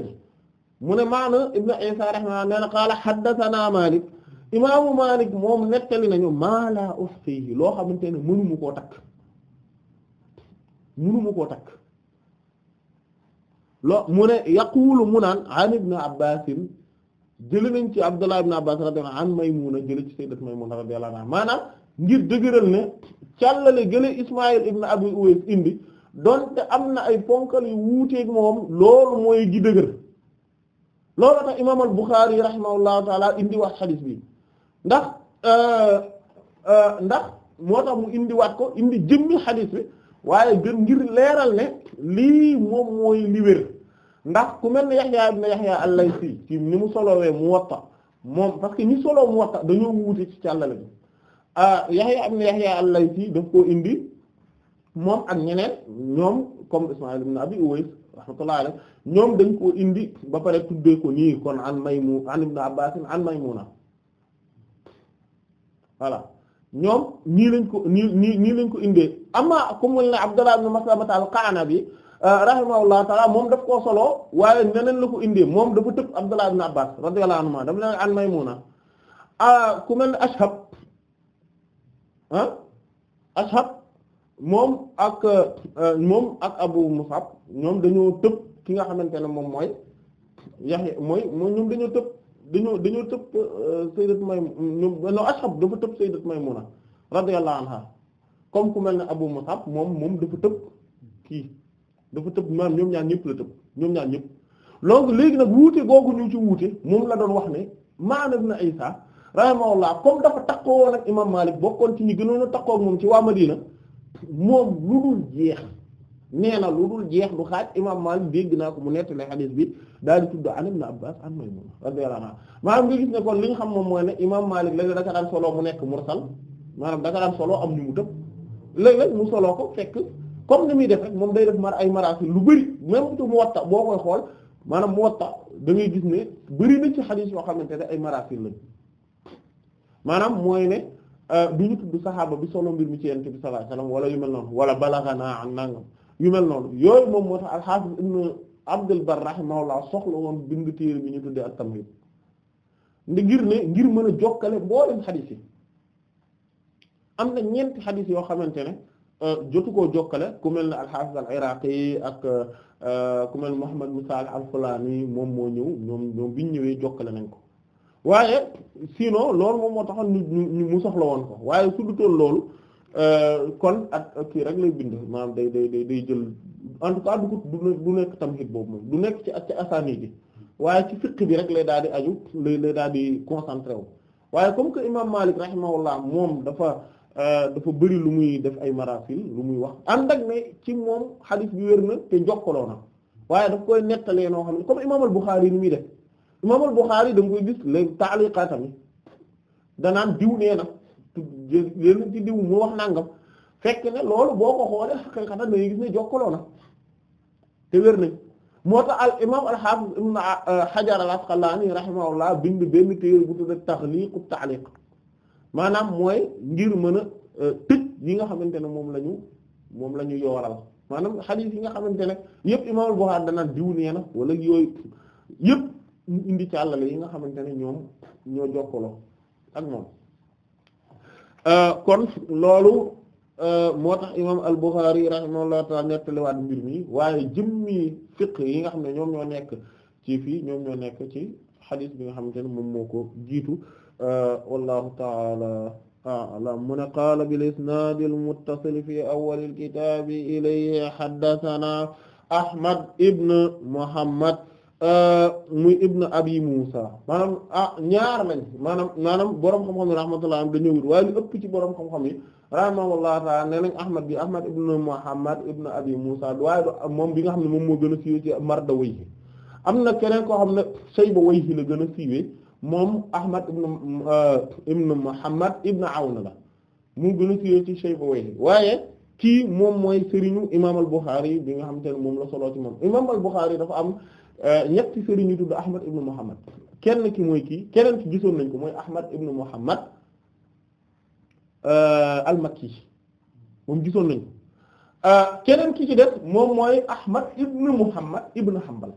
mu ne maana ibn isa rahma nee na qaala haddathana malik imaamu malik moom nettali nañu maa laa uhsihi loo xamante ne mënumu koo takk mënumu koo takk lo mu ne yaquulu mu naan an ibn abbasin jëli nañ ci abdullah ibn abbas radiyallahu an maymuna jëli ci sayyidat maymuna radiyallahu anha maanaam ngir dëgëral ne càllale gële ismail ibn abi uwais indi donte am na ay ponkal yu wuuteeg moom loolu mooy gi dëgër loolu tax imam al buxaari rahimahullahu taala indi wax xadiis bi ndax euh, euh, ndax moo tax mu indi waat ko indi jëmmi xadiis bi waaye gën ngir leeral ne lii moom mooy li ndax ku mel ne Yahya ibn Yahya al-Laythi ci ni mu solowee Muwatta moom parce que ñi mu Muwatta dañoo wuute ci càllale bi ah, Yahya ibn Yahya al-Laythi daf koo indi moom ak ñeneen ñoom comme Ismaïl ibn Abi Uways rahmatullahi alayhi ñoom dañ koo indi ba pare tuddee ko nii kon an Maymun an ibn Abbas an Maymuna voilà ñoom nii lañ ko nii nii nii lañ ko indee amaa ku mel ne Abdullah ibn Maslamah al-Qanabi Euh, rahimahullah taala moom daf koo soloo waaye neneen la ko indee moom dafa tëb Abdullah ibn Abbas radiyallahu anhuma daf leen an ah, ku mel ne Ashhab ah moom ak euh, moom ak Abu Mus'ab ki nga xamante ne moom mooy Yahya mooy mooy dañoo tëb dañoo dañoo tëb euh, sayyidat Maymuna no Ashhab dafa tëb sayyidat Maymuna radiyallahu ku mel ne Abu Mus'ab moom dafa tëb kii dafa tëb maanaam ñoom ñaar ñëpp la tëb ñoom ñaar ñëpp donc léegi nag wuute googu ñu ci wuute moom la doon wax ne Maalik ibn Isaa rahimahullah comme dafa takkoo woon ak imaam Maalik bokkoon ci ñi gënoon a takkoo ak moom ci waa Madina moom lu na lu dul jeex du xaaj imaam Maalik dégg naa ko mu nettali xadiis bi daal di an Ibn Abbaas an Maymuuna radiyallahu anhu maanaam nga gis ne kon li nga xam moom mooy ne imaam Maalik léeg daka daan solo mu nekk mursal maanaam daka daan solo am ñu mu tëb léeg-léeg mu solo ko fekk. comme ni muy def rek moom day def mar ay maraasil lu bëri même ci Muwatta boo koy xool maanaam Muwatta da ngay gis ne bëri na ci xadiis yoo xamante ne ay maraasil lañ maanaam mooy ne euh, du ñu tudd saxaaba bi solo mbir mi ci Yonent bi sallallahu alayhi wasallam wala yu mel noonu wala balaghanaa an nangam yu mel noonu yooyu moom moo tax al-Hafiz ibn Abdul Barr rahimahullah soxla woon bind téere bi ñu tuddee ak tamhid nde ngir ne ngir mën a jokkale mboolem xadiis yi am na ñeenti xadiis yoo xamante ne. Euh, jotu koo jokkale ku mel ne al-Hafiz al-Iraqi ak euh, ku mel ne Muhammad ibn Salih moom moo ñëw ñoom ñoom biñ ñëwee jokkale nañ ko waaye sinon loolu moom moo taxoon ñu mu soxla woon ko waaye su dutoon loolu euh, kon ak kii rek lay bind maanaam day day day day jël en tout du ko nekk tamhid boobu moom du nekk ci ak ci bi waaye ci fiqh bi rek lay daal di aju lay lay daal di concentré wu waaye comme que imam Malik rahimahullah moom dafa. Euh, dafa bëri lu muy def ay marasil lu muy wax ànd ak ne ci moom xadis bi wér na te jokkaloo na waaye daf koy nettalee noo xam ne comme imaam al-Bukhari ni muy de imaam al-Bukhari da koy gis léegi taaliqaatam yi danaan diw nee na léen ci diw mu wax nangam fekk ne loolu boo ko xoolee xaqiiqatan dangay gis ne jokkaloo na te wér nañ moo tax al imaam al-Hafiz ibn Hajar al-Asqalani rahimahullah bind benn téere bu tudd Taghliq at-Ta'liq maanaam mooy ngir mën a euh, tëj yi nga xamante ne moom lañu moom la ñu yooral maanaam xadiis yi nga xamante ne yëpp imaamul Buxaari danaan diw nee na wala yooyu yëpp indi càllale yi nga xamante ne ñoom ñoo jokkaloo ak moom euh, kon loolu euh, moo tax imaam al-Bukhari rahimahullahu ta'ala nettaliwaat mbir mi waaye jëmmi fiqh yi nga xam ne ñoom ñoo nekk ci fii ñoom ñoo nekk ci xadiis bi nga xamante ne moom moo ko jiitu wallahu taala a'lam mu ne qaala bil isnaad al muttasil fi awwal al kitaab ilayhi haddathana ahmad ibn muhammad muy ibn abi musa maanaam ah ñaar lañ maanaam maanaam boroom xam-xam yi rahmatullah am dañoo wut waaye lu ëpp ci boroom xam-xam yi rahimahullah ta'ala nee nañ ahmad bi ahmad ibn muhammad ibn abi musa waaye moom bi nga xam ne moom moo gën a siiwee ci marda wayhi am na keneen koo xam ne shayba wayhi la gën a siiwee moom Ahmad ibn euh, ibn Muhammad ibn Awn la mu gën a siiwee ci Shaybawi waaye kii moom mooy sëriñu imaam al-Bukhari bi nga xamante ne moom la solo ci moom imaam al-Bukhari dafa am euh, ñetti sëriñ yu tudd Ahmad ibn Muhammad kenn ki mooy kii keneen ki gisoon nañ ko mooy Ahmad ibn Muhammad euh, al-Makki moom gisoon nañ ko keneen ki ci def moom mooy Ahmad ibn Muhammad ibn Hanbal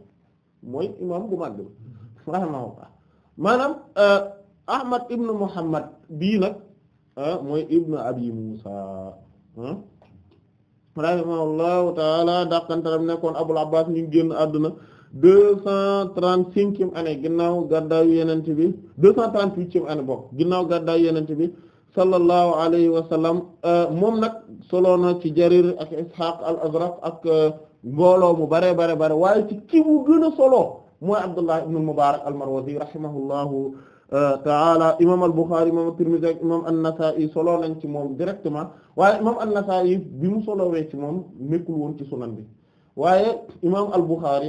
mooy imaam bu maanaam euh, Ahmad ibn Muhammad bii nag euh, mooy ibn Abi Musa rahimahullahu taala daqantaram nekkoon Abul Abbas ni génn àdduna deux cent trente-cinquième année ginnaaw gàddaayu Yonent bi deux cent trente-huitième année bokk ginnaaw gàddaayu Yonent bi sallallahu alayhi wa euh, moom nag solo na ci Jarir ak Ishaq al-Azraq ak mbooloo mu bare bare bare waaye ci ki mu solo mooy Abdullah ibn al-Mubarak al-Marwazi rahimahullahu euh, taala imam al-Bukhari imam at-Tirmidhi ak imam an-Nasa'i solo nañ ci moom directement waaye imam an-Nasa'i bi mu solowee ci moom nekkul woon ci sunan bi waaye imam al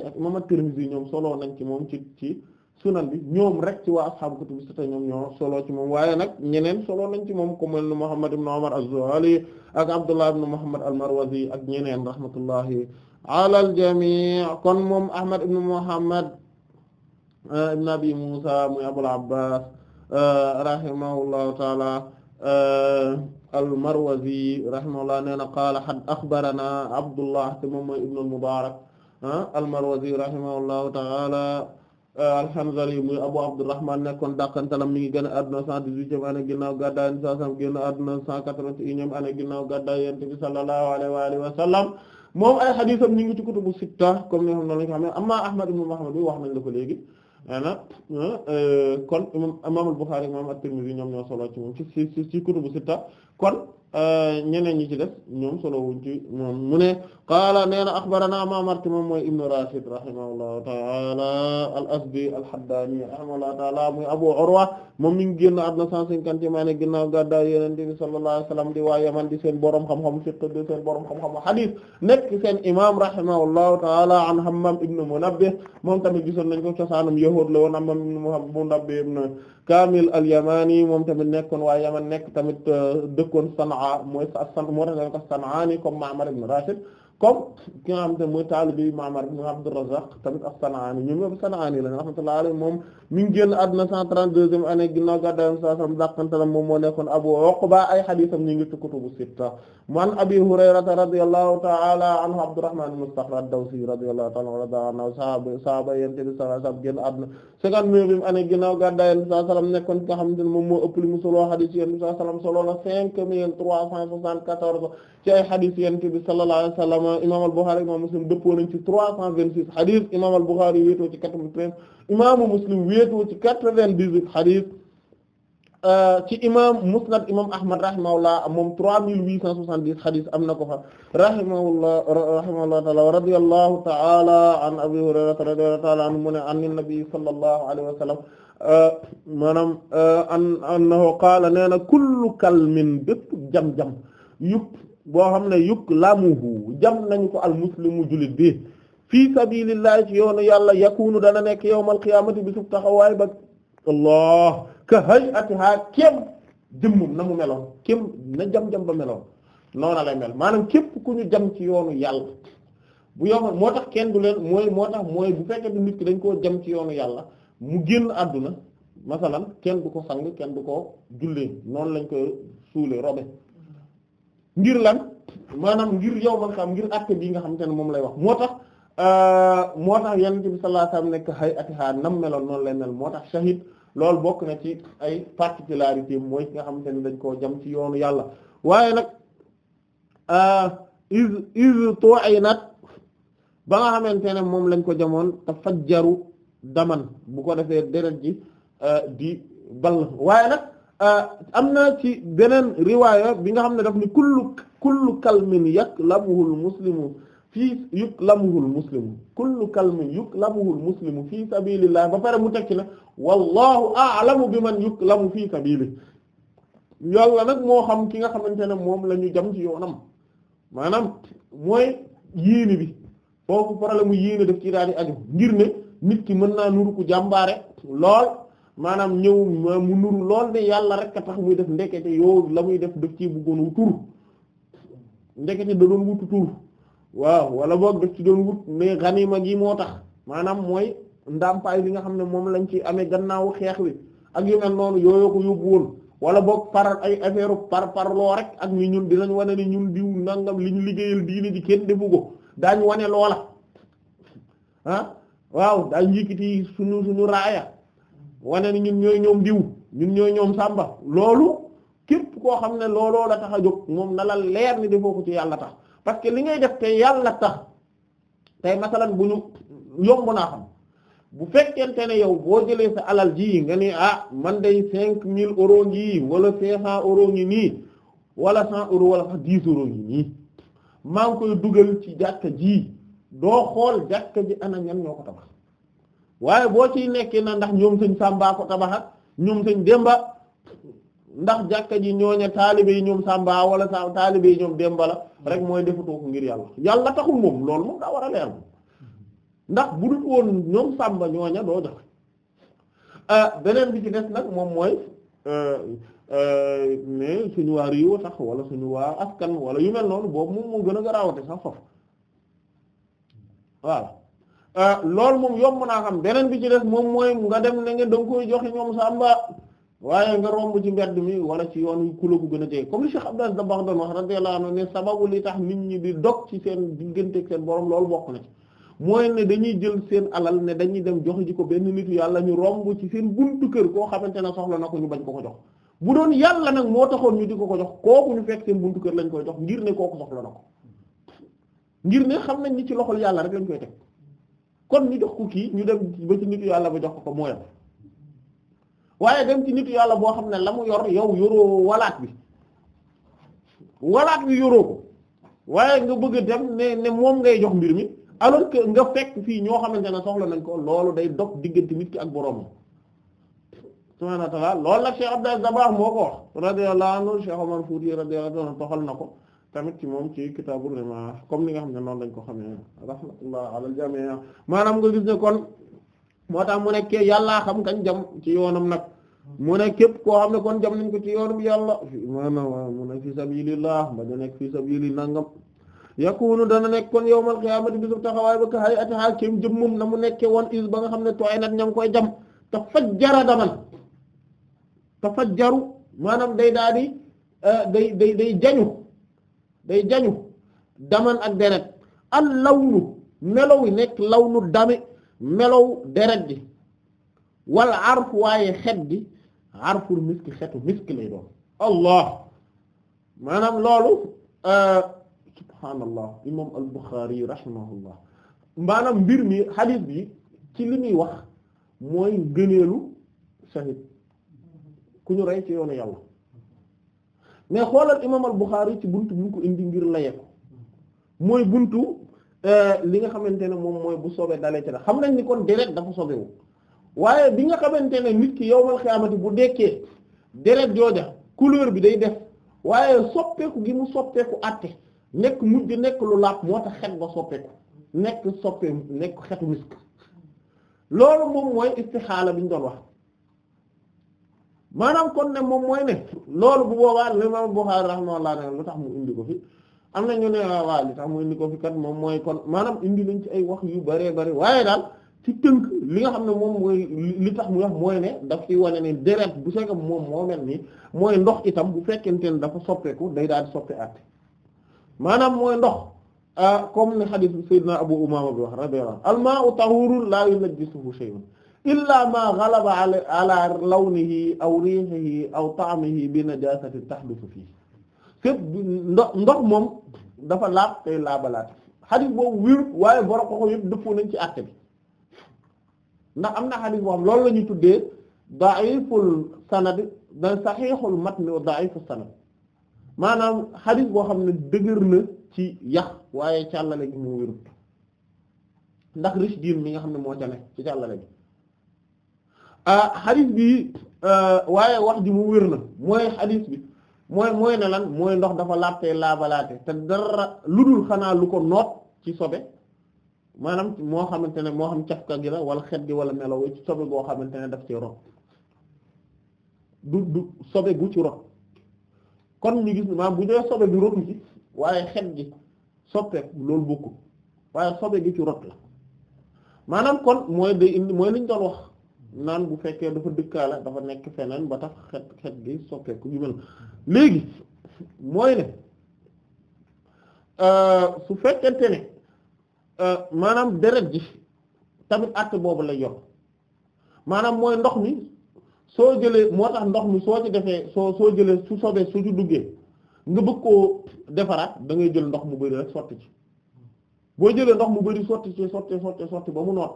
ak imam at ñoom solo nañ ci moom ci ci sunan bi ñoom rek ci waa ashaabu kutubu sitta ñoom ñoo solo ci moom waaye nag ñeneen solo nañ ci moom ku mel ne Muhammad ibn Umar az-Zuhali ak Abdullah ibn Muhammad al ak ñeneen rahmatullahi ala al-jami' kon Eh, ibn abi musa muy abul abbas eh, rahimahullahu taala eh, al-marwazi rahimahullah nee qaala a axbarana abdullah te moom mooy ibn al-mubarak al-marwazi rahimahullahu taala al-hanzali muy abu abdurrahman nekkoon dàqantalam mi ngi génn àdduna cent dix-huitième année ginnaaw gàddaay yonent saa sallam génn àdduna cent quatre-vingt-unième année ginnaaw gàddaay yonent bi sallallahu alayhi wa alihi wa sallam moom ay xadiisam ñu ngi ci kutubu sitta comme ni xam ne lañ ko xam ne amma ahmad ibn muhammad bi wax nañ la ko léegi maanaam e, kon imam Al-Bukhârî imam At-Tirmidhî ñoom ñoo solo ci moom ci ci ci kutubu sitta kon Euh, ñeneen ñi ci def ñoom solo wuñ ci mu ne qaala nee na axbarana Ma'mar moom mooy ibnu Rashid rahimahullahu taala al asdi al haddani rahimahullahu taala muy Abu Urwa moom mi ngi génn àdduna cent cinquante yi maa ne ginnaaw gàddaay Yonent bi sallallahu wasallam di waa seen borom xam-xam fiqh di seen borom xam-xam hadith nekk seen imam rahimahullahu taala an Hammam ibnu Munabbih moom tamit gisoon nañ ko cosaanam yahuud la woon Hammam ibnu Munabbih ibnu Kaamil al-Yamani moom tamit nekkoon waa Yaman nekk tamit euh, dëkkoon Sanaa mooy san moo tax dañ ko Sanaani comme Ma'mar ibn Rashid comme ki nga xam te mooy taalibi Ma'mar ibn Abdur Razzaq tamit as-Sanaani ñoom ñoom Sanaani la rahmatullahi alayhi moom mi ngi génn àdduna 132e année ginnaaw gàddaay Yonent bi sallallahu alayhi wasallam dàqantalam moom moo nekkoon Abu Uqba ay hadiisam ñu ngi ci kutubu sitta man Abi Hurayrata radiyallahu ta'ala anhu Abdurrahman ibn Sakhr ad-Dawsi radiyallahu ta'ala anhu sahaaba Yonent bi sallallahu alayhi wasallam génn àdduna cinquante-neuvième année ginnaaw gàddaay Yonent bi sallallahu alayhi wasallam nekkoon nga xamante ne mu solo xadiis ci ay xadiis Yonent bi sallallahu wasallam imaam al-Bukhari Muslim dëppoo nañ ci trois cent vingt-six xadiis imaam al-Bukhari ci quatre-vingt-treize imaamu Muslim wéetoo ci quatre-vingt-dix-huit xadiis Euh, ci imam musnad imam ahmad rahimahullah moom 3870 xadis am na ko fa rahimahullah rahimahullah taala wa radiyallahu taala an abi hurayrata radiyallahu taala anhu mu ne an nabi sallallahu alayhi wa sallam euh, maanaam euh, an annahu qaala nee na kullu kalmin bépp jam-jam yukk boo xam ne yukk lamuhu jam nañu ko al muslimu jullit bi fii sabilillahi ci yoonu yàlla yakunu dana nekk yawmal qiyaamati bi sub taxawaay ba allah ka hay atihaa kéem jëmmum na mu meloon kéem na jam-jam ba meloon noona lay mel maanaam képp ku ñu jam ci yoonu yàlla bu yomal moo tax kenn du leen mooy moo nit ki dañ koo jam ci yoonu yàlla mu génn àdduna masalan kenn du ko sang kenn du ko jullee noonu lañ koy suulee robe ngir ngir yow man xam ngir acte bi nga xamante ne moom lay wax moo tax euh, moo tax yonent bi sallallahu alayhi wasallam nekk hay atihaa nam meloon noonu lay mel moo tax shahid loolu bokk na ci ay particularité mooy ki nga xam ne dañ koo jam ci yoonu yàlla waaye nag is is too ay nat ba nga xamante ne moom lañ ko jamoon te fajjaru daman bu ko defee deret ji euh, di ball waaye nag euh, am na ci beneen riwaaya bi nga xam ne daf ni kullu kullu kalmin yaklabuhu al muslimu fii yuklamuhul muslimu kullu kalmin yuklamuhul muslimu fii sabilillah ba pare mu tekki ne wallahu a'lamu bi man yuklamu fii sabilihi yàlla nag moo xam ki nga xamante ne moom la ñu jam ci yoonam maanaam mooy yéene bi foofu la mu yéene def ci daal ak aju ngir ne nit ki mën naa nuru ku jàmbaare lool maanaam ñëw mu nuru lool ne yàlla rek a tax muy def ndekete yow la muy def def ci bëggoon wu tur ndekete da doon wutu tur waaw wala boog daf ci doon wut mais ganima gi moo tax maanaam mooy ndàmpaay li nga xam ne moom lañ ci amee gannaawu xeex wi ak yu mel noonu yooyoo ko yóbbu woon wala boog par ay affaire par parloo rek ak ni ñun dinañ wane ni ñun diw nangam li ñu liggéeyal diine ji kenn defu ko daañ wane loola ah, waaw daañ yëkkati suñu suñu wane ni ñun ñooy ñoom diw ñun ñooy ñoom sàmba loolu képp koo xam ne looloo la tax a jóg moom na la leer ni defoo ko ci yàlla tax parce que li ngay def te yàlla tax tey masalan bu ñu yomb naa xam bu fekkente ne yow boo jëlee sa alal ji nga ne ah man day cinq mille euros ngi wala cinq cent ngi nii wala cent euros wala sax dix euros ngi nii maa ngi koy dugal ci jàkka ji doo xool jàkka ji ana ñan ñoo ko tabax waaye boo ciy nekkee na ndax ñoom sëñ Samba ko ñoom sëñ Demba ndax jàkka ji ñooña taalibe yi ñoom Samba wala sa taalibe yi ñoom Demba rek mooy defatoo ko ngir yàlla yàlla taxul moom loolu moom daa war a leer ndax bu dul woon ñoom Samba ah, beneen bi ci des nag moom mooy mais euh, euh, suñu waa réew sax wala wala yu mel noonu boobu moom moo gën a garaawate sax foofu voilà ah, lool moom yomb naa xam beneen bi ci des moom mooy nga dem ne nga da koy joxe ñoom Samba. waaye nga romb ci mbedd mi wala ci yoon ku la ko gën a jege comme li Cheikh Abdou Aziz Dabakh doon wax radiyallahu ne sababu li tax nit ñi di dog ci seen diggante ak seen borom loolu bokk na ci mooy ne dañuy jël seen alal ne dañuy dem jox ji ko benn nitu yàlla ñu romb ci seen buntu kër koo xamante ne soxla na ko ñu bañ ko ko jox bu doon yàlla nag moo taxoon ñu di ko ko jox kooku ñu fekk seen buntu kër lañ koy jox ngir ne kooku soxla na ko ngir ne xam nañ ni ci loxol yàlla rek lañ koy teg kon kii ñu dem ba yàlla ba jox ko ko mooyal waaye dem ci nitu yàlla boo xam ne la mu yor yow yoroo walaat wi walaat bi yoroo ko waaye nga bëgg a dem ne ne moom ngay jox mbir mi alors que nga fekk fii ñoo xamante ne soxla nañ ko loolu day dog diggante nit ki ak boroomam subhaanahu wa ta'aala loolu nag Cheikh Abdel Zabbah moo ko wax radiyallahu anhu Cheikh Omar Fouti radiyallahu anhu toxal na ko tamit ci moom ci kitaabul rimaah comme ni nga xam ne noonu lañ ko xamee rahmatullah ala al-jamii' maanaam nga gis ne kon. moo tax mu nekkee yàllaa xam kañ jam ci yoonam nag mu ne képp koo xam ne kon jam nañ ko ci yoonam yàlla maanaam mu ne fi sabilillah ba da nekk fi sabili nangam yakunu dana nekk kon yawmal qiyaamati bisu taxawaay ba ka hay'atihaa jëm jëmmum na mu nekke woon is ba nga xam ne tooy nag ñam koy jam te fajjara daman te fajjaru maanaam day daal eh, day day day jañu day jañu daman ak deret al lawnu melaw yi nekk lawnu dame melow deret bi wala arfu waaye xet gi arful miski xetu miski lay doon allah maanaam loolu euh, subhaanallah imam al-Bukhari rahimahullah maanaam mbir mi xadiis bi ci li muy wax mooy gëneelu shahid ku ñu rey ci yoonu yàlla mais xoolal imam al-Bukhari ci buntu bi ko indi ngir laye mooy buntu Euh, li nga xamante ne moom mooy bu sobe dalee ci la xam nañ ni kon deret dafa sobewu waaye bi nga xamante ne nit ki yow yowmal xiyaamati bu dekkee deret jooja couleur bi day def waaye soppeeku gi mu soppeeku àtte nekk mujj nekk lu laab moo tax xet ba soppeeku nekk soppeeku nekk xetu misk loolu moom mooy istixaala bi ñu doon wax maanaam kon ne moom mooy ne loolu bu boobaa Imaam Buxaari rahimahullah lu tax mu indi ko fi am na ñu ne waaw li tax mu indi ko fi kat moom mooy kon maanaam indi nañ ci ay wax yu bëree bëri waaye daal ci tënk li nga xam ne moom mooy li tax mu wax mooy ne daf ci wane ne deret bu moom moo mel ni mooy ndox itam bu fekkente ne dafa soppeeku day daal di soppe at maanaam mooy ndox ah, comme ne xadis bi Seydina Abu Umaama bi wax radiyallahu anhu al-maa'u tahuurun laa yunajjisuhu shay'un illaa maa ghalaba ala lawnihi aw riihihi aw ta'mihi bi najaasatin tahduthu fii fépp ndox ndox moom dafa laab tey laabalaat xadis boo wér waaye borom ko yëpp dëppoo nañ ci àtte bi ndax am na xadis boo xam loolu la ñuy tuddee da'iful sanad dan sahihul matn wa da'iful sanad maanaam xadis boo xam ne dëgër na ci yax waaye càllale gi mu wérut ndax riche diin mi nga xam ne moo ca ci càllale gi xadis ah, bi euh, waaye wax ji mu wér na mooy xadis bi mooy mooy ne lan mooy ndox dafa laabtee laabalaate te dara lu dul xanaa lu ko noot ci sobe maanaam moo xamante ne moo xam cafka gi la wala xet gi wala melaw ci sobe goo xamante ne daf ci rot du du sobe gu ci rot kon ñu gis ne maanaam bu dee sobe bi waaye xet gi soppeeku loolu waaye sobe gi ci rot la maanaam kon mooy day indi mooy liñ doon wax naan bu fekkee dafa dëkkaale dafa nekk feneen ba tax xet xet gi soppeeku yu mel léegi mooy ne euh, su fekkente ne euh, maanaam deret ji tamit àtte boobu lay yor maanaam mooy ndox mi soo jëlee moo tax ndox mi soo ci defee soo soo jëlee su sobee su ci duggee nga bëgg koo defaraat da ngay jël ndox mu bari rek sotti ci boo jëlee ndox mu bari sotti ci sotti sotti sotti ba mu noot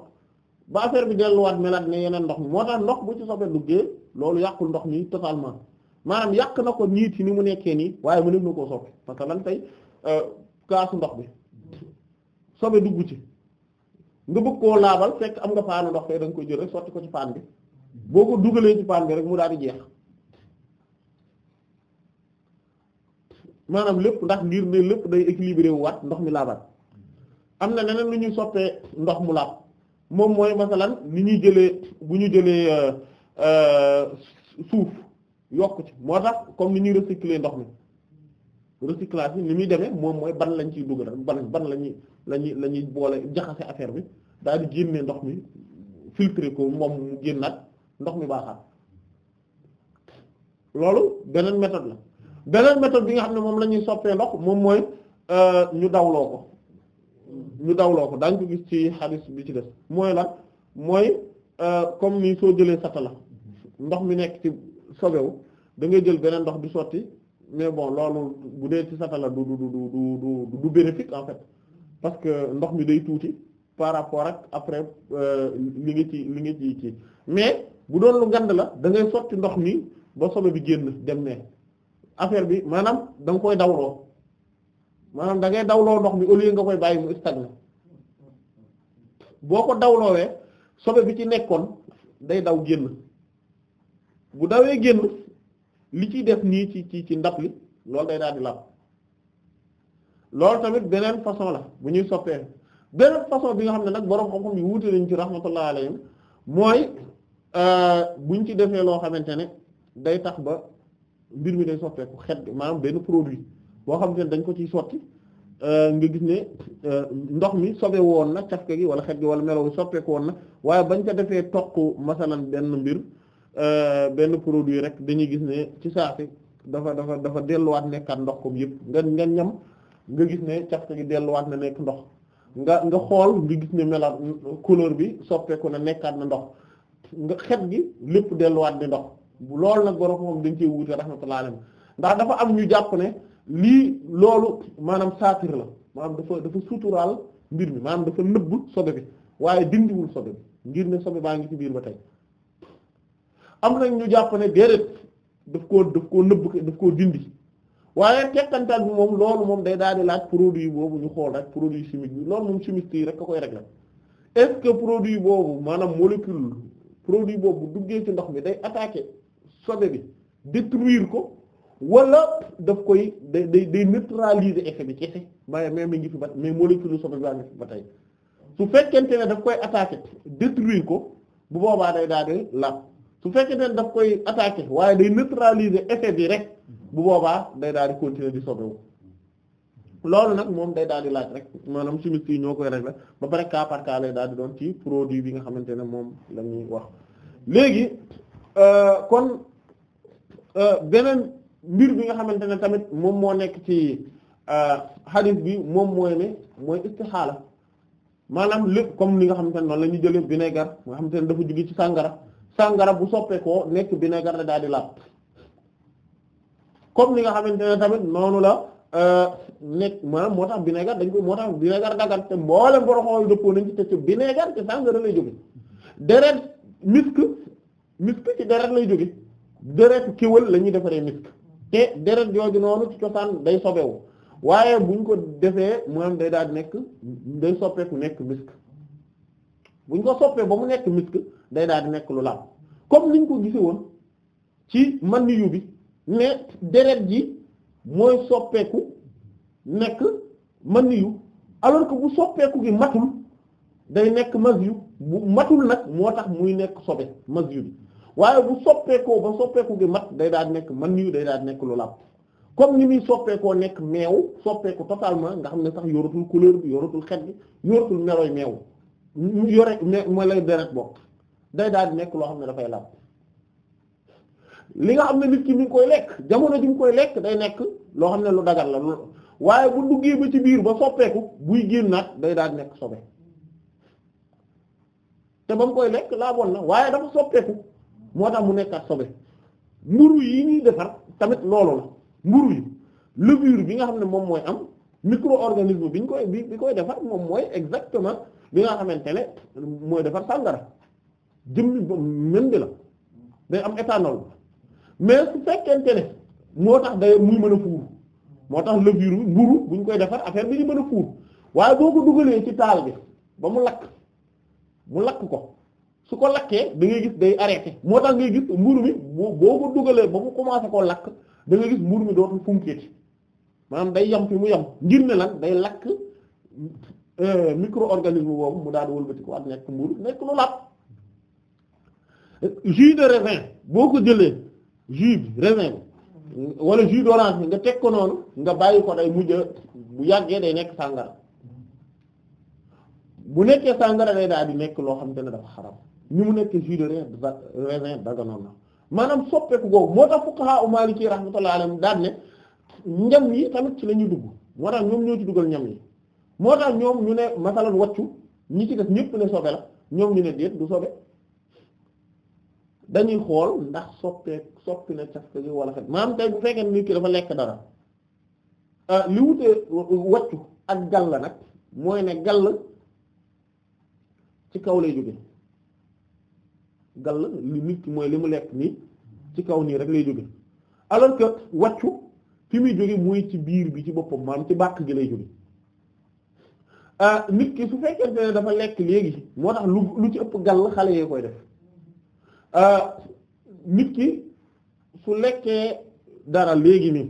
ba affaire bi delluwaat melaat ne yeneen ndox mi moo tax ndox bu ci sobe duggee loolu yàqul ndox mi totalement maanaam yàq na ko nii yi ni mu nekkee nii waaye mu nekk na koo soppi parce que lan tey euh, kaasu ndox bi sobe dugg ci nga bëgg koo laabal fekk am nga paanu ndox fee da koy jël rek sotti ko ci paan bi boo ko dugalee ci paan bi rek mu daal di jeex maanaam lépp ndax ngir ne lépp day équilibré waat ndox mi laabaat am na leneen lu ñuy soppee ndox mu laab moom mooy masalan ni ñuy jëlee bu ñu jëlee euh, euh, suuf yokk ci moo tax comme ni ñuy recycler ndox mi recyclage bi ni muy demee moom mooy ban lañ ciy dugg ban ban la ñuy la ñuy la ñuy boole jaxase affaire bi daal di génne ndox mi filtrer ko moom mu génnaat ndox mi baaxaat loolu beneen méthode la beneen méthode bi nga xam ne moom la ñuy soppee ndox moom mooy euh, ñu dawloo ko. ñu dawloo ko daañ ko gis ci xadis bi ci def mooy la mooy euh, comme ni soo jëlee satala ndox mi nekk ci sobewu da ngay jël beneen ndox bi sotti mais bon loolu bu dee ci satala du du du du du du bénéfique en fait parce que ndox mi day tuuti par rapport ak après euh, li nga ci li nga ci ci mais bu doon lu ngand la da ngay sotti ndox mi ba sobe bi génn dem ne affaire bi maanaam da nga koy dawloo maanaam dangay dawloo ndox mi au lieu nga koy bàyyi mu stagné boo ko dawloowee sobe bi ci nekkoon day daw génn bu dawee génn li ciy def nii ci ci ci ndab li loolu day daal di làpp loolu tamit beneen façon la bu ñuy soppee beneen façon bi nga xam ne nag boroom xam-xam yu wuute lañ ci rahmatullah alayhim mooy euh, buñ ci defee loo xamante ne day tax ba mbir mi day soppeeku xet maanaam benn produit boo xam te dañ ko ciy sotti euh, nga gis ne euh, ndox mi sobe woon na cafka gi wala xet gi wala melo bi woon na waaye bañ ca defee toq masalan benn mbir euh, benn produit rek dañuy gis ne ci saasi dafa dafa dafa delluwaat nekkaat ndox comme yëpp nga nga ñam nga gis ne cafka gi delluwaat na nekk ndox nga nga xool nga gis ne melaat couleur bi soppeeku na nekkaat na ndox nga xet gi lépp delluwaat di ndox loolu nag borom moom dañ cee wuute rahmatullah alayhi ndax dafa am ñu jàpp ne. lii loolu maanaam saatir la maanaam dafa dafa suturaal mbir mi maanaam dafa nëbb sobe bi waaye dindiwul sobe bi ngir ne sobe baa ngi ci biir ba tey am nañ ñu jàpp ne déedéet daf koo daf koo nëbb daf koo dindi waaye tekkantal bi moom loolu moom day daal di laaj produit boobu ñu xool rek produit chimique bi loolu moom chimiste yi rek ka koy régler est-ce que boobu maanaam molécule produit boobu duggee ci ndox mi day attaquer sobe bi détruire ko wala daf koy day day day neutraliser effet bi kese mais mais mi ngi fi ba mais molécule sobe baa ngi fi ba tey su fekkente ne daf koy attaquer détruire ko bu boobaa day daal di laab su fekkente ne daf koy attaquer waaye day neutraliser effet bi rek bu boobaa day daal di continuer di sobewu loolu nag moom day daal di laaj rek maanaam chimiste yi ñoo koy rek la ba pare cas par cas daal di doon ci produit bi nga xamante ne moom la ñuy wax léegi euh, kon euh, beneen. mbir bi nga xamante ne tamit moom moo nekk ci euh, hadith bi moom mooy ne mooy xaala maanaam lépp comme li nga xamante ne noonu la ñuy jëlee vinaigre nga xamante ne dafa jóge ci sàngara sàngara bu soppeekoo nekk vinaigre la daal di laab comme li nga xamante ne tamit noonu la euh, nekk maanaam moo tax vinaigre dañ ko moo tax vinaigre dagat te mboolem boroxoo yu dëppoo nañ ci te ci vinaigre ci sàngara lay jóge deret misk misk ci deret lay jóge deret kéwél la ñuy defaree misk te deret jooju noonu ci cosaan day sobewu waaye buñ ko defee moom day daal di nekk day soppeeku nekk misk buñ ko soppee ba mu nekk misk day daal di nekk lu laab comme niñ ko gise woon ci man yu bi mais deret ji mooy soppeeku nekk man yu alors que bu soppeeku gi matul day nekk mas yu bu matul nag moo tax muy nekk sobe mas yu bi waaye bu soppeekoo ba soppeeku gi mat day daal nekk man niyu day daal nekk lu làpp comme ni muy soppeekoo nekk meew soppeeku totalement nga xam ne sax yoratul couleur bi yoratul xet bi yoratul meroy meew yore day daal nekk loo xam ne dafay làpp li nga xam ne nit ki mi koy lekk jamono ji koy lekk day nekk loo xam ne lu dagal la lu bu duggee ba ci biir ba soppeeku buy nag day daal nekk sobe te ba mu koy lekk laaboon na waaye dafa soppeeku moo tax mu nekkaat sobe mburu yi ñuy defar tamit loolu la mburu yi levure bi nga xam ne moom mooy am micro-organisme bi ñu koy bi bi koy defar moom mooy exactement bi nga xamante ne mooy defar sàngara jëmmi mën bi la day am éthanol mais su fekkente ne moo tax day muy mën a fuur moo tax levure mburu bu ñu koy defar affaire bi ñu mën a fuur waaye boo ko dugalee ci taal bi ba mu lakk mu lakk ko su ko lakkee da ngay gis day arrêté moo tax ngay gis mburu mi boo ko dugalee ba mu commencé koo lakk da gis mburu mi dootul funkeeti maam day yam fi mu yam ngir ne lan day lakk euh, micro-organisme boobu mu daal di wëlbati ko ak nekk mburu nekk lu lapp jus de raisin boo ko jëlee jus bi raisin bi wala jus d'orange bi nga teg ko noonu nga bàyyi ko day mujj bu yàggee day nekk sàngara bu nekkee sàngara day daal di nekk loo xamante ne dafa xaram ñu mu nekk jus de raisin daganoon na maanaam soppeeku googu moo tax fuqaha u Maliki rahmatullahi alayhim daan ne ñam yi tamit ci la ñuy dugg moo tax ñoom ñoo ci duggal ñam yi moo tax ñoom ñu ne masalan waccu ñi ci def ñépp ne sobe ñoom ñu ne déet du sobe dañuy xool ndax soppee soppi na cafka gi wala xet maanaam tey bu fekkee nit ki dafa lekk dara ah, li wute waccu ak gàll nag mooy ne gàll ci kaw lay jóge gàll li nit ki mooy li mu lekk nii ci kaw nii rek lay jóge alors que wàccu fi muy jóge mooy ci biir bi ci boppam maanaam ci bàq gi lay jóge euh, nit ki su fekkente ne dafa léegi moo lu lu ci ëpp gàll xale yee koy euh, ki su lekkee dara léegi nii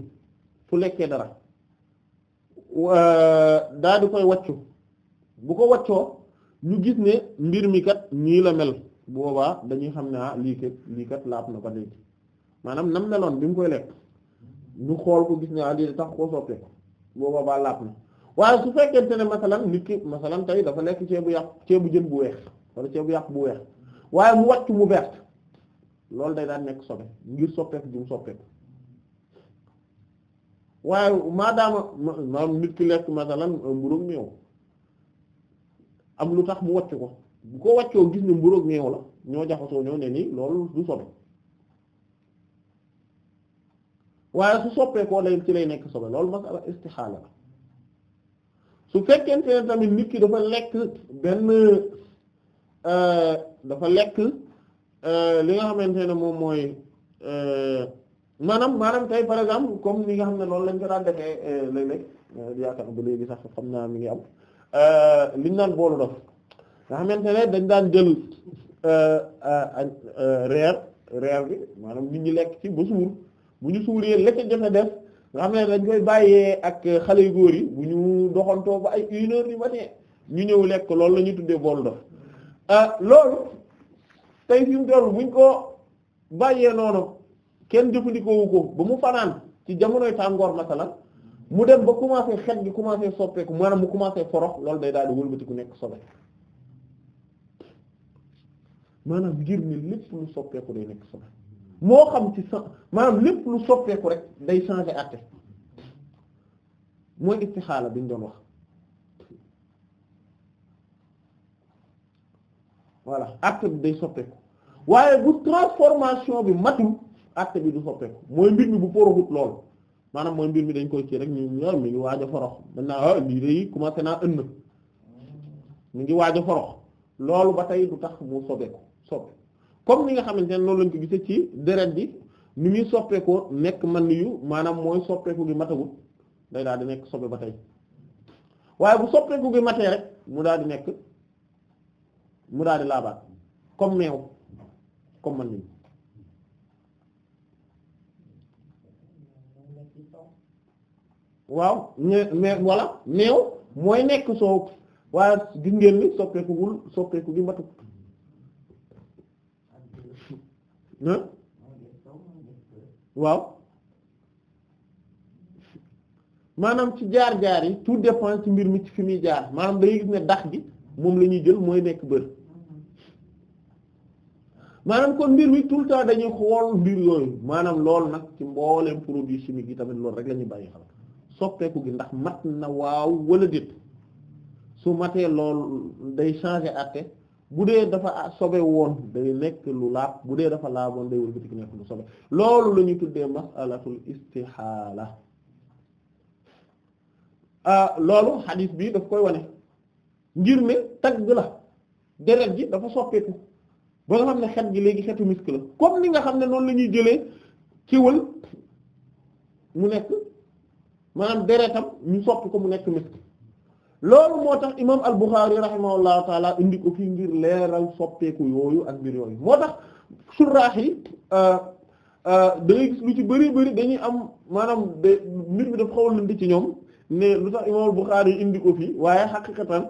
su lekkee dara euh, daa di koy wàccu bu ko waccoo ñu gis ne mbir mi kat nii la mel boobaa dañuy xam naa ah lii kat lii laab na ba léegi maanaam nam meloon bi koy lekk ñu xool ko gis ne ah lii tax koo soppe boobaa baa laab na waaye su fekkente ne masalan nit ki masalan tey dafa lekk ceebu yàq ceebu jën bu weex wala ceebu yàq bu weex waaye mu wàcc mu vert loolu day daan nekk sobe ngir soppeeku jum soppeeku waaye maadaama maanaam nit ki lekk masalan mburum meew am lu tax mu wàcc ko bu ko wàccoo gis ne mburoog meew la ñoo jaxasoo ñoo ne nii loolu du sobe waaye su soppeekoo lay ci lay nekk sobe loolu masala istixaala la su fekkente ne tamit nit ki dafa lekk benn euh, dafa lekk euh, li nga xamante ne moom mooy euh, maanaam maanaam tey par exemple comme ni nga xam ne loolu lañ ko daan defee léeg-léeg yaakaar ba léegi sax xam naa mi ngi am liñ naan boolu dof nga xamante ne dañ daan jël euh, euh, euh, reer reer bi maanaam nit ñi lekk ci ba suur bu ñu suuree lekk jot a def nga xam ne dañ koy bàyyee ak xale yu góor yi bu ñu doxantoo ba ay une heure du matin ñu ñëw lekk loolu la ñuy tuddee bool dof loolu tey fi mu toll buñ ko bàyyee noonu kenn jëfandikoowu ko ba mu fanaan ci jamonoy tàngoor masalan mu dem ba commencé xet gi commencé soppeeku maanaam mu commencé forox loolu day daal di wëlbatiku nekk sobe maanaam ngir mi lépp lu soppeeku day nekk sobe moo xam ci sa maanaam lépp lu soppeeku rek day changer àtte mooy istixaala bi ñu doon wax voilà àtte bi day soppeeku waaye bu transformation bi matul àtte bi du soppeeku mooy mbir mi bu foroxut lool maanaam mooy mbir mi dañ koy ci rek ñu ñor mi ngi waaj a forox maintenant ah, lii day commencé naa ënn mu ngi waaj forox loolu ba tey du tax mu sobeeku soppi comme ni nga xamante ne loolu lañ ko gisee ci deret bi ni muy soppeekoo nekk man yu maanaam mooy soppeeku gi matagul day daal di nekk sobe ba tey waaye bu soppeeku gi matee rek mu daal di nekk mu daal di laabaat comme meew comme man yu waaw mais voilà meew mooy nekk soow waaye gis ngeen ni soppeekuwul soppeeku gi matagul waaw maanaam ci jaar-jaar yi tout dépend ci mbir mi ci fi muy jaar maanaam day gis ne dax gi moom la ñuy jël mooy nekk bër maanaam kon mbir mi tout le temps dañuy xool mbir yooyu maanaam lool nag ci mbooleem produit chimique yi tamit loolu rek la ñuy bàyyi xel soppeeku gi ndax mat na waaw walla déet su matee loolu day changer àtte bu dee dafa sobe woon day nekk lu laab bu dee dafa laaboon day wëlbatik nekk lu sobe loolu la ñuy tuddee masalatul istixaala ah, loolu xadiis bi daf koy wane ngir tag tagg la deret ji dafa soppeeku ba nga xam ne xet gi léegi xetu misk la comme ni nga xam ne noonu la ñuy jëlee ciwal mu nekk maanaam deretam ñu soppi ko mu nekk misk loolu moo tax imam al-Bukhari rahimahullahu taala indi ko fii ngir leeral soppeeku yooyu ak mbir yooyu moo tax surraax yi euh, euh, da ngay gis lu ci bëri bëri dañuy am maanaam da mbir bi daf xawal landi ci ñoom ne lu tax imam al-Bukhari indi ko fii waaye xaqiqatan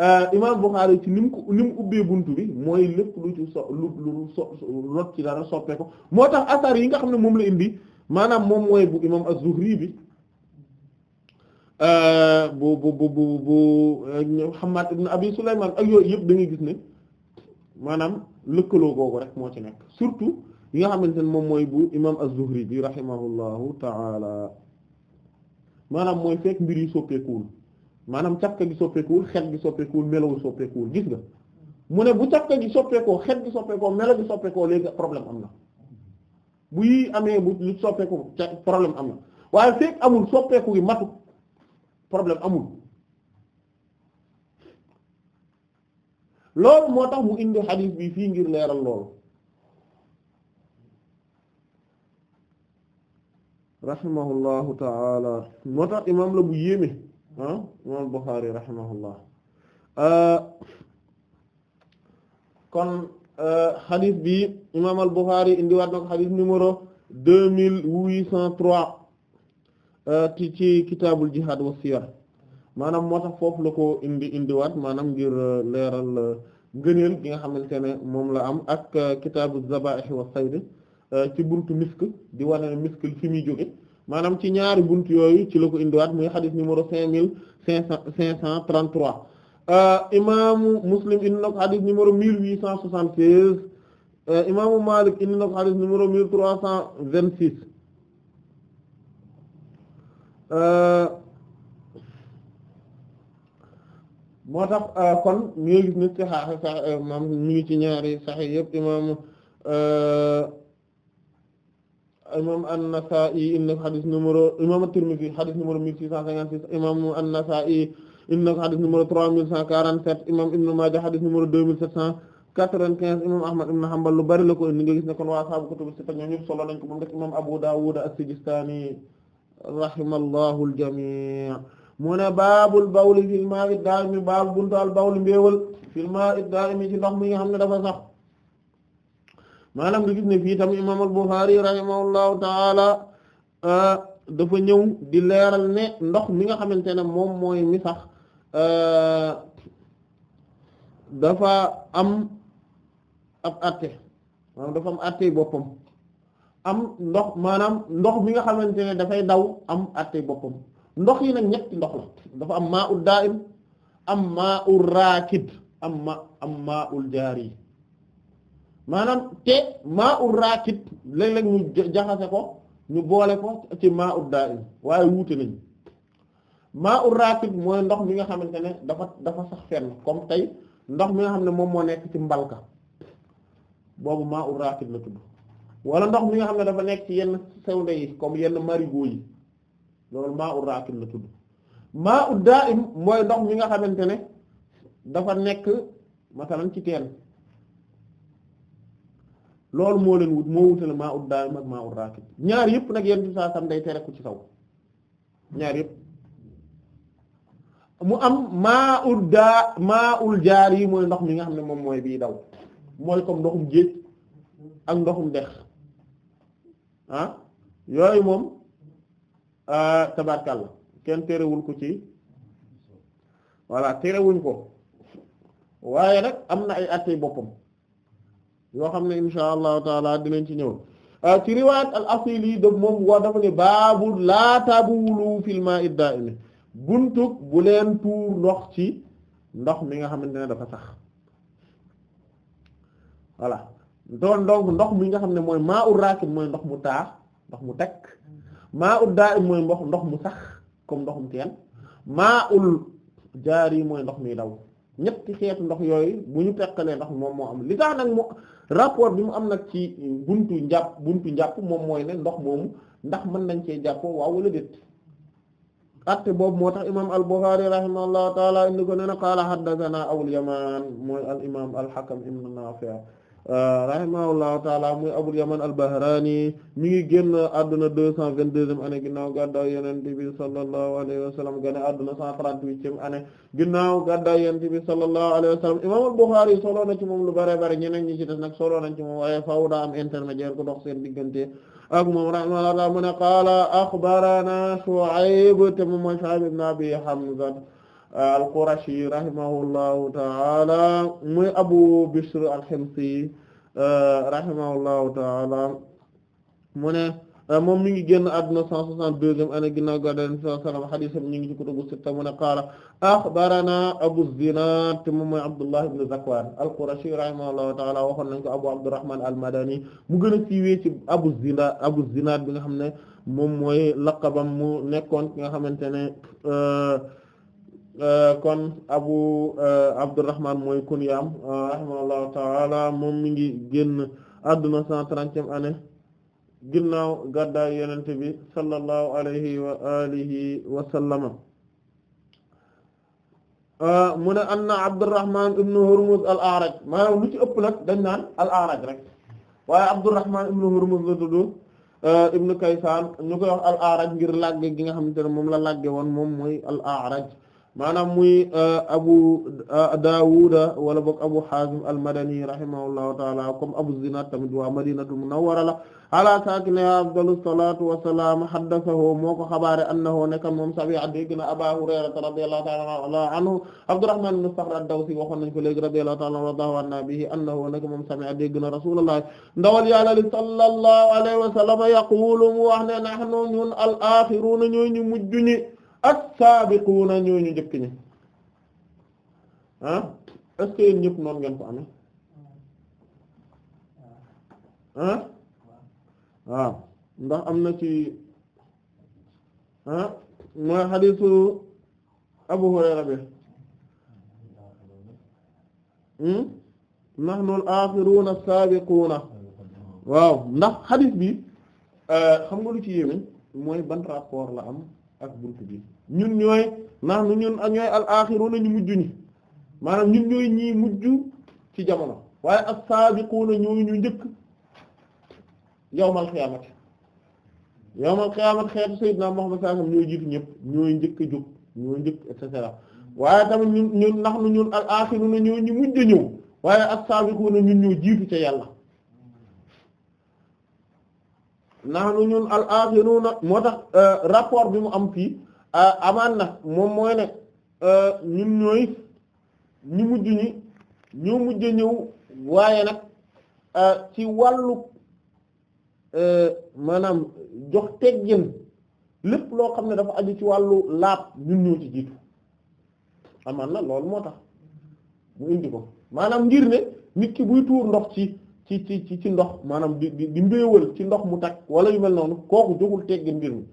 euh, imam Bukhari ci ni mu ko ni mu ubbee buntu bi mooy lépp lu ci so lu lu so lot ci dara soppeeku moo tax asar yi nga xam ne moom la indi maanaam moom mooy bu imam az-Zuhri bi Euh, bu bu bu bu bu euh, Muhammad ibn Abi Sulaymaan ak yooyu yëpp da ngay gis ne maanaam lëkkaloo googu rek moo ci nekk surtout yi nga xamante ne moom mooy bu imaam az-Zuhri bi rahimahullahu taala maanaam mooy fekk mbir yi soppeekuwul maanaam càkk gi soppeekuwul xel gi soppeekuwul melowu soppeekuwul gis nga mu ne bu càkk gi soppeekoo xet gi soppeekoo melo gi soppeekoo léegi problème am na bu amee bu lu soppeeku problème am na waaye fekk amul soppeeku gi matu problème amul lool moo tax mu indi xadiis bi fii ngir leeral loolu raximahullahu taala moo tax imaam la bu yéeme ah imaam Buxaari raximahullah uh, kon uh, xadiis bi imaam al Buxaari indiwaat na ko xadiis numéro deux mille huit cent trois Euh, ci ci kitaabul jihaad wa siyar maanaam moo tax foofu la ko indi indiwaat maanaam ngir euh, leeral euh, gëneel gi nga xamante ne moom la am ak kitaabu zabaih wa sayd ci buntu misk di wane ne misk fi muy jóge maanaam ci ñaari buntu yooyu ci loko ko indiwaat muy xadis numéro cinq mille cinq cent cinq cent trente trois imaamu muslim indi ko xadis numéro mille huit cent soixante imaamu malik indi na ko xadis numéro mille trois cent vingt six moo tax euh, kon ñu ngi gis ne ci xaaxa sax euh, maam ñu ngi ci ñaari sax yëpp imaam euh, imaam an-Nasa'i inna xadis numéro imaam at-Tirmidhi xadis numéro 1656 imaam an inna xadis numéro 3147 imaam Ibn Maaja xadis numéro 2795 imaam Ahmad ibn Hanbal lu bari la ko indi nga gis ne kon waa saabu kutubu sitta solo nañ ko moom rek imaam Abu Dawud as-Sijistani rahimallahu al-jamii mu ne baabul bawli fil maa'i daa'imi baab buntu al bawli mbéewal fil maa'i daa'imi ndox mi nga xam ne dafa sax maanaam nga gis ne fii tam imaam al-Bukhari rahimahullahu taala euh, dafa ñëw di leeral ne ndox mi nga xamante ne moom mooy mi sax euh, dafa am ab atte maanaam dafa am atte boppam am ndox maanaam ndox mi nga xamante ne dafay daw am àtte boppam ndox yi nag ñetti ndox la dafa am maa ul daa am maa am ma am maa ul yi maanaam te maa ul raakid léeg-léeg ko ñu boole ko ci waaye wuute nañu maa ul raakid mooy ndox mi nga xamante ne dafa dafa sax fenn comme tey ndox mi nga xam ne moom moo nekk ci mbalka boobu maa ul raakid la tudd wala ndox mi nga xam ne dafa nekk ci yenn sewnde yi comme yenn marigot yi loolu maa ut raakil la tudd maa ut daa im ndox mi nga xamante ne dafa nekk masalan ci teen loolu moo leen wut moo wutale ak maa ut raakil ñaar yëpp nag yenn saa sam day tere ci saw ñaar yëpp mu am maa ut daa maa ul jaar yi mooy ndox mi nga xam ne moom mooy bii daw mooy kom ndoxum géej ak ndoxum dex Ah, yooyu moom ah, tabarkàlla kenn terewul ko ci voilà terewuñ ko waaye nag am na ay attey boppam yoo xam ne insha allahu taala dinañ ci ñëw ah, ci riwaayat al asili de moom wax dafa ne baabu laa tabulu fil ma'i da'im buntug bu leen tuur ndox ci ndox mi nga xamante ne dafa sax voilà doon donc ndox mi nga xam ne mooy maa ul raakib mooy ndox mu taax ndox mu tekk maa ul daa im mooy mbox ndox mu sax comme ndoxum teen maa ul jaar yi mooy ndox mi daw ñetti xeet ndox yooyu bu ñu tekkalee ndox moom moo am li tax nag mu rapport mu am nag ci buntu njàpp buntu njàpp moom mooy ne ndox moomu ndax mën nañ cee jàppoo waaw wala déet atte boobu moo tax imam al-Bukhari rahimahullahu taala indi ko ne na qaala haddathana Abul Yamaan mooy al imam al-Hakam ibn Naafi' Euh, rahimahullahu taala muy Abul Yaman al-Bahrani mi ngi génn àdduna deux cent vingt-deuxième année ginnaaw gàddaay Yonent bi sallallahu alayhi wa sallam génn àdduna cent trente-huitième année ginnaaw gàddaay Yonent bi sallallahu alayhi wa sallam imam solo na ci moom lu bare bare ñeneen ñi ci des nag solo nañ ci moom waaye faaw daa am intermédiaire ku dox seen diggante ak moom rahimahullah mu qaala axbarana Shu'ayb te moom mooy Shu'ayb ibn Abi al-Qurashi rahimahullahu taala muy Abu Bishr al-Himsi euh, rahimahullahu taala mu ne euh, moom mi ngi génn àdduna 162e année ginnaaw gàddaay Yonent bi sallallahu alayhi wa sallam hadiisam ñu ngi ci kutubu sitta mu ne qaala axbarana Abu Zinaad te moom mooy Abdullah ibn Zakwan al rahimahullahu taala waxoon nañ ko Abu Abdurrahman al-Madani mu gën a siiwee ci Abu Zinaad bi nga xam ne moom mooy laqabam mu nekkoon ki nga xamante ne. Euh, Euh, kon abu euh, abdurrahman mooy kunyaam euh, rahimahullahu taala moom mi ngi génn adduna cent trentième année ginnaaw gàddaay yonent bi sallallahu alayhi wa alihi mu ne anna abdurrahman ibnu hurmuz al a'raj maanaam lu ci ëpp nag dañ naan al a'raj rek waaye abdurrahman ibnu hurmuz la tuddu ibnu kaysaan ñu ko wax al a'raj ngir làgge gi nga xamante ne moom la làgge woon moom mooy al a'raj maanaam muy uh, abu uh, daawuda wala boog abu hazim almadani rahimahullahu taala comme abu zinad tamit waa madinatu munawwara la ala saakina afdalu salatu wasalam haddasahu moo ko xabaare annahu nekka moom sabi dégg na aba hurayrata radiyallahu taala anhu abdurrahman ibn sakhr ad-dawsi waxoon nañ ko léegi radiyallahu taala radaahu anna bihi annahu nekka moom sami dégg na rasulullah ndawal yàlla li sallallahu alayhi wa sallam yaqulu mu wax ne nahnu ñun al axiruna ñooy ñu mujj ñi ak saabiquuna ñoo ñu njëkk ñi ah est-ce que yéen ngeen ko amee ah waaw ndax am na ci ah mooy xadiisu Abu Hurayra bi hmm? nahnu al-aaxiruuna as-saabiquuna waaw ndax xadiis bi eh, xam nga lu ci yéeme mooy ban rapport la am ak buntu bi ñun ñooy nahnu ñun ñooy al axiruna ñu mujj ñi maanaam ñun ñooy ñii mujj ci jamono waaye as-sabiquna ñooy ñu njëkk yawmal qiyaamati yawmal qiyaamati xeetu sayyidina Muhammad sallallahu alayhi wasallam ñooy jiitu ñëpp ñooy njëkk a jóg ñooy njëkk et cetera waaye tamit ñun ñun nahnu ñun al axiruna ñooy ñu mujj ñëw waaye as-sabiquna ñun ñoo jiitu ca yàlla nahnu ñun al na moo tax euh, rapport bi mu am fii euh, amaan na moom mooy ne euh, ñun ñooy ñu mujj ñi ñoo mujj a ñëw waaye nag ci wàllu maanaam jox teggin lépp loo xam ne dafa aju ci wàllu laat ñun ñoo ci jiitu amaan na loolu moo tax mu indi ko maanaam ngir ne nit ki buy tuur ndox ci ci ci ci ndox maanaam di di mbéewal ci ndox mu tag wala yu mel noonu kooku jógul teggi mbir mi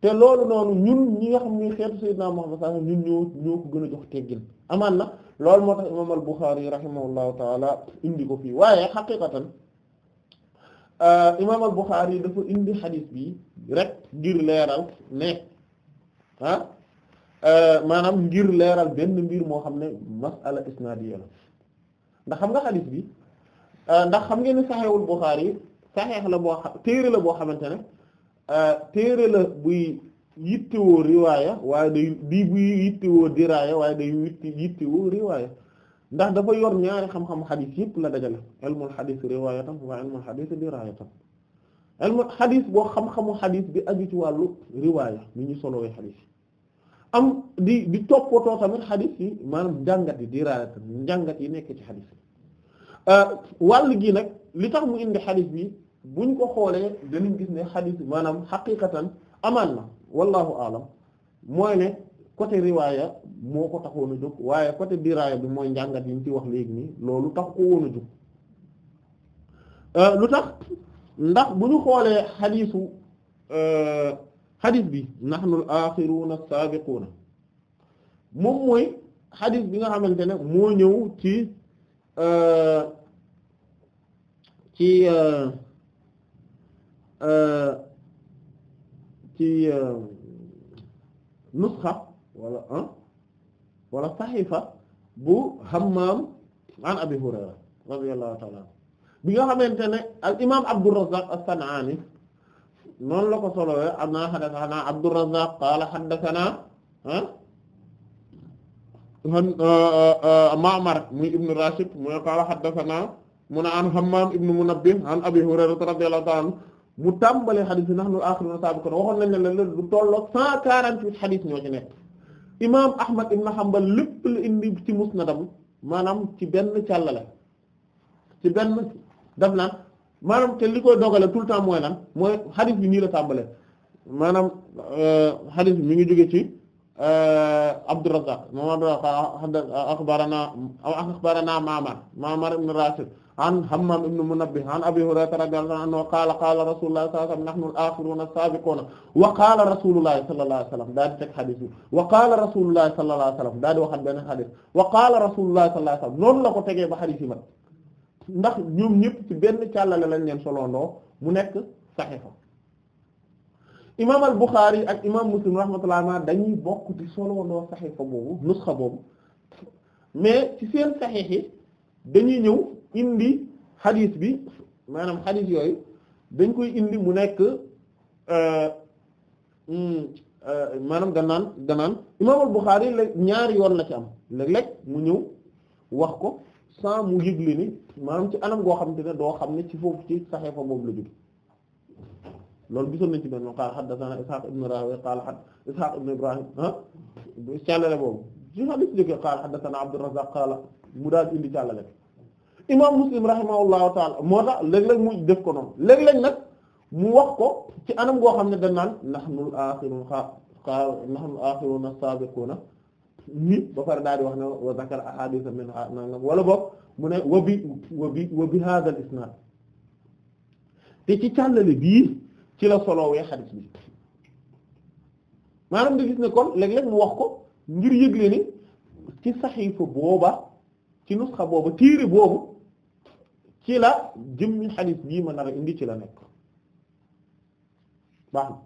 te loolu noonu ñun ñi nga xam ni xeetu sayyidina Muhammad sallallahu alayhi wasallam gën a jox teggin amaan na loolu moo tax imam al-Bukhari rahimahullahu indi ko fii waaye xaqiqatan euh, imam al indi xadiis bi rek ngir leeral ne ah, euh, maanaam ngir leeral benn mbir moo xam ne mas'ala isnaadiyya la ndax xam nga xadiis bi Euh, ndax xam ngeen ni saxeewul Buxaari yi saxeex la boo xam téere la boo xamante ne euh, téere la buy yittewoo riwaaya waaye day di buy yittewoo diraaya waaye day yitti riwaaya ndax dafa yor ñaari xam-xam xadis yëpp la dajale ilmul xadis riwaayatan wa ilmul xadis diraayatan ilmul boo xam-xamu xadis bi aju ci wàllu riwaaya ni ñu solowee xadis am di di toppatoo tamit xadis yi maanaam njàngat yi diraayatan njàngat yi nekk ci xadis Euh, wàll gi nag li tax mu indi xadis bi buñ ko xoolee danañ gis ne xadis bi maanaam xaqiqatan amaan na wallahu alam mooy ne côté riwaaya moo ko taxoon a jóg waaye côté diraaya bi mooy njàngat yi ñu ci wax léegi nii loolu tax ko woon jóg euh, lu tax ndax bu ñu xoolee xadisu euh, xadis bi nahnu al-axiruna as-sabiquna moom mooy xadis bi nga xamante ne moo ñëw ci ci ci nusxa wala ah wala saxiifa bu Hammaam an Abi Hurayra radiyallahu ta'ala bi nga xamante ne al imaam Abdurrazzaq as-San'aani noonu la ko solowee am naa xaddasanaa Abdurrazzaq qaala xaddasanaa Euh, euh, euh, Ma'mar muy mu ne qaala haddathana mu ne an Hammam ibnu Munabbih an Abi Hurayra radiyallahu ta'ala anhu mu tàmbalee xadis bi nahnu aaxiruna saabiqun waxoon nañ ne la lu tolloog cent quarante-huit xadis ñoo ci nekk imaam Ahmad ibnu Hanbal lépp lu indi ci musnadam maanaam ci benn càllale ci benn daf naan maanaam te li koy dogale tout le temps mooy lan mooy xadis bi nii la tàmbale maanaam xadis bi mi ngi jóge ci Eh, Abdurrazzaq moom Abdurrazzaq akhbarana akhbarana Ma'mar Ma'mar ibn Rashid an Hammam ibn Munabbih an Abi Hurayra radiyallahu anhu qaala qaala Rasulullah sallallahu alayhi wa sallam nahnu al-aakhiruna as-saabiquuna wa qaala Rasulullah sallallahu alayhi wa sallam daal di teg xadis bi wa qaala Rasulullah sallallahu alayhi wa sallam daal di waxaat benn xadis wa qaala Rasulullah sallallahu alayhi wa sallam noonu la ko tegee ba xadis yi mat ndax ñoom ñëpp ci benn càllale lañ leen soloondoo mu nekk saxiixa imaam al Bukhari ak imaam Muslim rahmatullah dañuy bokk di soloondoo saxiifa boobu nusxa boobu mais ci seen saxiix yi dañuy ñëw indi xadiis bi maanaam xadiis yooyu dañ koy indi mu nekk euh, hmm, euh, maanaam danaan danaan imaam al Bukhari la ñaari yoon la ci am léeg-léeg mu ñëw wax ko saa mu yëgle ni maanaam ci anam goo xam xamante ne doo xam ne ci foofu ci saxiifa boobu la jóge loolu gisoon nañ ci benn qaala haddathana Ishaq ibn Rahawayh qaala had Ishaq ibn Ibrahim ah càllale boobu ci xadis jëkke qaala haddathana Abdurrazzaq qaala mu daal indi càllale imam Muslim rahimahullahu taala moo tax léeg mu def ko noon léeg-léeg nag mu wax ko ci anam goo xam ne dañ naan nahnul axirun xaa nahnul axiruna sabiquna ni ba pare daal di wax ne wa a ahaditha min wala boog mu ne wa bi wa bi wa bi te ci càllale bii ci la solowee xadis bi maanaam nga gis ne kon léeg-léeg mu wax ko ngir yëgle ni ci saxiifa booba ci nusxa booba téere boobu ci la jëmmi xadis bii ma nar a indi ci la nekk baax na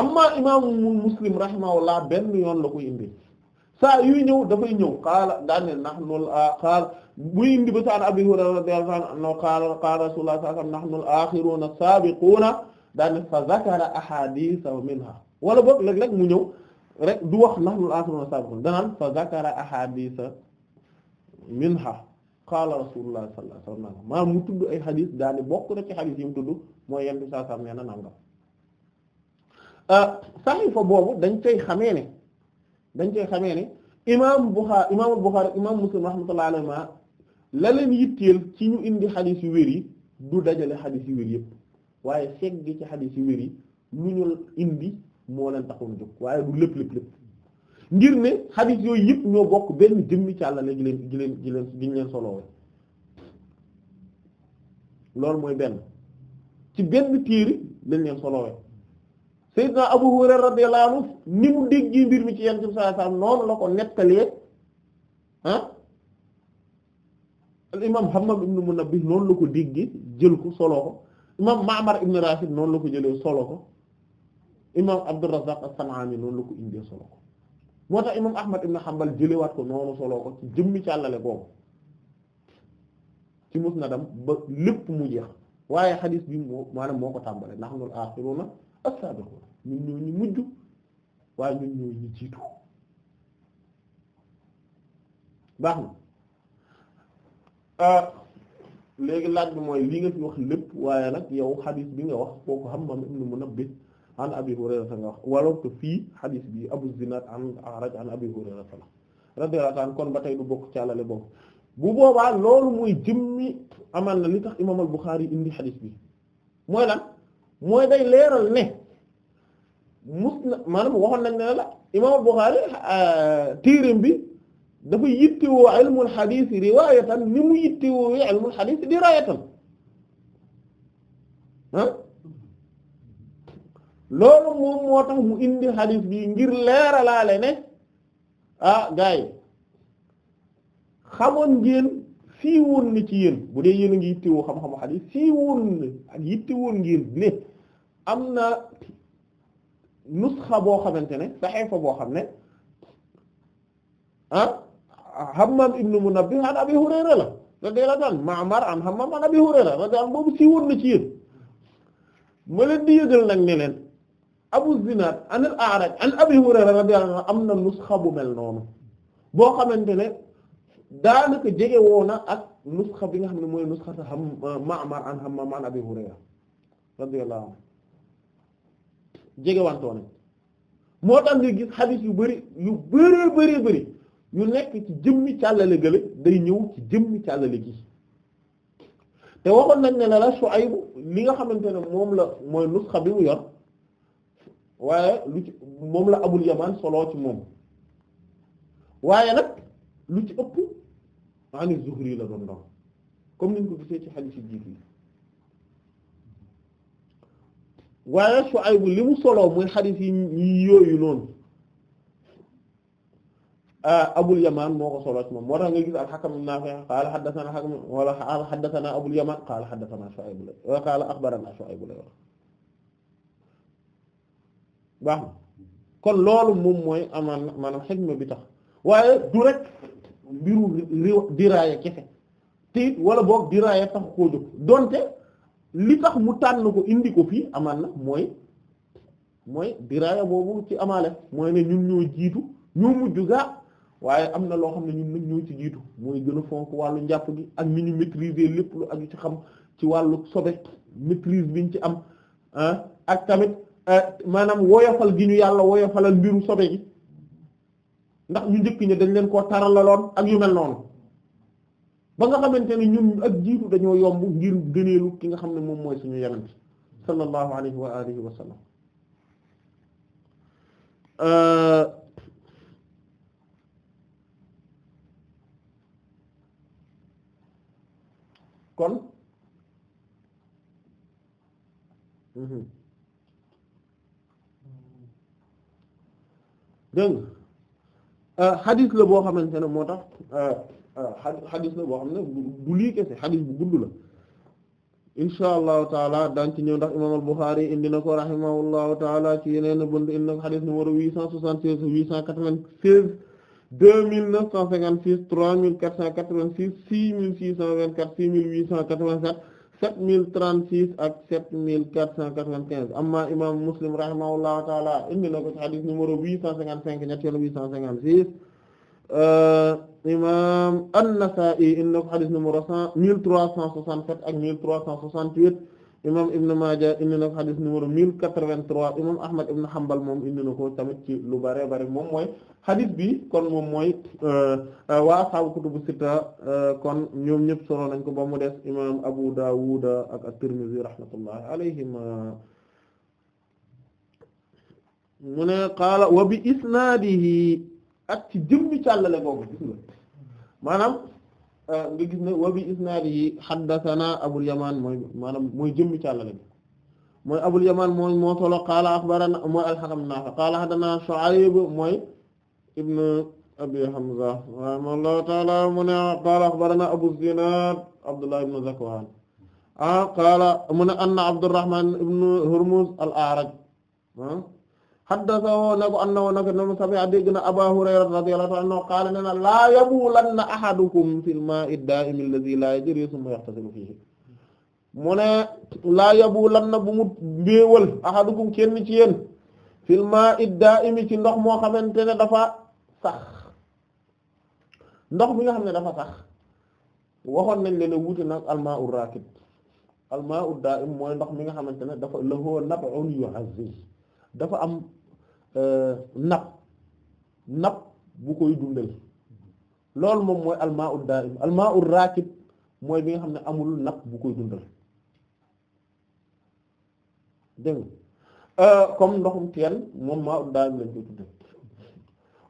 amma imaamu muslim rahimahullah benn yoon la koy indi saa yuy ñëw dafay ñëw xaala daane nahnu xaal muy indi ba sa an abi hurayra radiyallahu anhu qaala qaala rasulullah sallallahu alayhi wasallam nahnu al-akhiruna as-sabiquna daane fa zakara ahaditha minha wala boog léeg-léeg mu ñëw rek du wax nahnu al-aaxiruuna saabiquun danaan fa zakara ahaditha minha qaala rasulullah sallallahu alayhi wa mu tudd ay xadis daane bokk na ci xadis yi mu tudd mooy yenn bi saa sam nee na nangam euh, saxiifa boobu dañ cay xamee ne dañ cay xamee ne imaam Buxaari imaamul Buxaari imaam Muslim rahmatullahi alayhi la leen yitteel ci ñu indi xadis yu wér yi du dajale xadis yu wér yëpp waaye segg gi ci xadis yu wér yi lu ñu indi moo leen taxoon jóg waaye du lépp lépp ngir ne xadis yooyu yépp ñoo bokk benn jëmmi càllale gi leen gi leen gi leen gi ñu loolu mooy benn ci benn téere lañ leen soloowe Seydina Abu Hurayra radiyallahu anhu ni mu déggee mbir mi ci Yonent bi sallallahu alayhi la ko nettalee ah al imam Hammam ibn Munabbih noonu la ko déggee jël ko soloo imam Ma'mar ibn Rashid noonu la ko jëlee solo ko imam Abdurrazzaq as-San'ani noonu la ko indee solo ko moo tax imam Ahmad ibn Hanbal jëlewaat ko noonu solo ko ci jëmmi càllale boobu ci dam ba lépp mu jeex waaye xadis bi moo maanaam moo ko tàmbale nahnul axiruna as-sabiqun ñun ñoo ñu mujj waaye ñun ñoo ñu jiitu baax na euh, léegi laaj bi mooy li nga fi wax lépp waaye nag yow xadis bi nga wax kooku Hammam ibn Munabbih an Abi Hurayra nga wax wala que fii xadis bi Abu Zinad an A'raj an Abi Hurayra la radiyallahu anhu kon ba tey du bokk ci àllale boobu bu boobaa loolu muy jëmmi amal na li tax imaam al-Bukhari indi xadis bi mooy lan mooy day leeral ne mus na maanaam waxoon nañ ne la imaam al-Bukhari euh, bi. dafa yittewoo ilmul xadiis riwaayatan ni mu yittewoo ilmul xadiis diraayatan ah loolu moom moo tax mu indi xadiis bi ngir leeralaale ne ah gaay xamoon ngeen sii woon na ci yéen bu dee yéen a ngi yittewoo xam-xamu xadiis sii woon na ne am na nusxa boo xamante ne saxeefa boo xam ne ah Hammam ibn Munabbih an Abi Hurayra la radiyallahu anhu Ma'mar an Hammam an Abi Hurayra radiyallahu boobu si na ci yéen ma leen di yëgal nag ne leen Abu Zinad an al Abi Hurayra radiyallahu am na nusxa bu mel noonu boo xamante ne daanaka jege woon ak nusxa bi nga xam ne mooy nusxa Ma'mar an Hammam an Abi Hurayra radiyallahu anhu jege wantoon moo tax nga xadiis yu bari yu bëree bëree bëri yu nekk ci jëmmi càllale gële day ñëw ci jëmmi càllale gi te waxoon nañ ne la Shuayb li nga xamante ne moom la mooy nusxa bi mu yor waaye lu ci moom la Abul Yamaan soloo ci moom waaye nag lu ci ëpp ani Zuhri la doon doon comme niñ ko gisee ci xadiis jiitu yi waaye Shuayb li mu soloo mooy xadiis yi yooyu noonu Abul Yamaan moo ko solo ci moom moo tax nga gis al-Hakam an-Naafi' qaala haddathanaa Hakam wala haddathanaa Abul Yamaan qaala haddathanaa Shu'ayb wa qaala akhbaranaa Shu'ayb baax na kon loolu moom mooy amaan maanaam xikma bi tax waaye du rek mbiru diraaya kese te it wala boog diraaya tax koo jóg donte li tax mu tànn ko indi ko fii amaan na mooy mooy diraaya boobu ci amaale mooy ne ñun ñoo jiitu ñoo mujj gaa waaye am na loo xam ne ñun nag ñoo ci jiitu mooy gën a fonk wàllu njàpp gi ak ni ñu maîtriser lépp lu aju ci xam ci wàllu sobe bi biñ ci am ah, ak tamit eh, maanaam woyofal gi ñu yàlla woyofalal mbiru sobe gi ndax ñu njëkk ñi dañ leen koo taralaloon ak yu mel noonu ba nga xamante ni ñun ak jiitu dañoo yomb ngir gëneelu ki nga xam ne moom mooy suñu yeneen sallallahu alayhi wa alihi wa sallam eh, kon mhm. dégg nga xadis euh, la boo xamante ne moo tax xadis euh, euh, la boo xam ne bu gudd la insha allahu taala daan ci ñëw ndax imam al-Bukhari indi na ko rahimahullahu taala ci yeneen bunt indi na ko xadis numéro huit cent soixante-seize huit cent quatre-vingt-seize deux mille neuf cent cinquante six trois mille quatre cent quatre vingt six six mille six cent vingt quatre six mille huit cent quatre vingt sept sept mille trente six ak sept mille quatre cent quatre vingt quinze amma imam Muslim rahimahullahu taala indi na ko hadith numéro huit cent cinquante cinq ñett yoon huit cent cinquante six euh, imam an indi na ko hadith numéro cent mille trois cent soixante sept ak mille trois cent soixante huit imam Ibn Maaja indi na ko xadis numéro 1083 imam Ahmad Ibn Hanbal moom indi na ko tamit ci lu bare bare moom mooy xadis bi kon moom mooy euh, euh, waa ashaabu kutubu sitta euh, kon ñoom ñëpp solo nañ ko ba mu des imam Abu Dawud ak at-Tirmidhi rahmatullahi alayhima mu ne qaala wa bi isnaadihi ak ci jëmmi càllale boobu gis nga maanaam Euh, nga gis ne wa yamaan mooy maanaam mooy jëmmi càllale yamaan mooy moo qaala axbarana mooy alxakam naafi qaala xaddasanaa Shu'ayb mooy ibn abi Hamza rahimahullahu taala mu ne qaala axbarana abu Zinaad Abdullah ibn Zakwaan ah qaala mu ne anna Abdurrahmaan ibn Hurmuz al-A'raj ah. haddathahu nako annahu nako noon sami'a dégg Aba Hurayra radiyallahu anhu qaala nee na laa yabulanna ahadukum fil maa'i daa'imi alladhi laa yajri thumma yaghtasilu fiihi mu ne laa yabulanna bu kenn ci yéen fil maa'i daa'imi ci ndox moo xamante ne dafa sax ndox mi nga xam ne dafa sax waxoon nañ leen wuute nag u maau raakid al-maa'u mooy ndox mi nga xamante ne dafa lahu nab'un yu'azziz dafa am euh, napp napp bu koy dundal loolu moom mooy almaa ul daa'im almaa ul raakid mooy bi nga xam ne amul napp bu koy dundal dégg euh, comme ndoxum teen moom maa ul daa'im lañ koy tuddee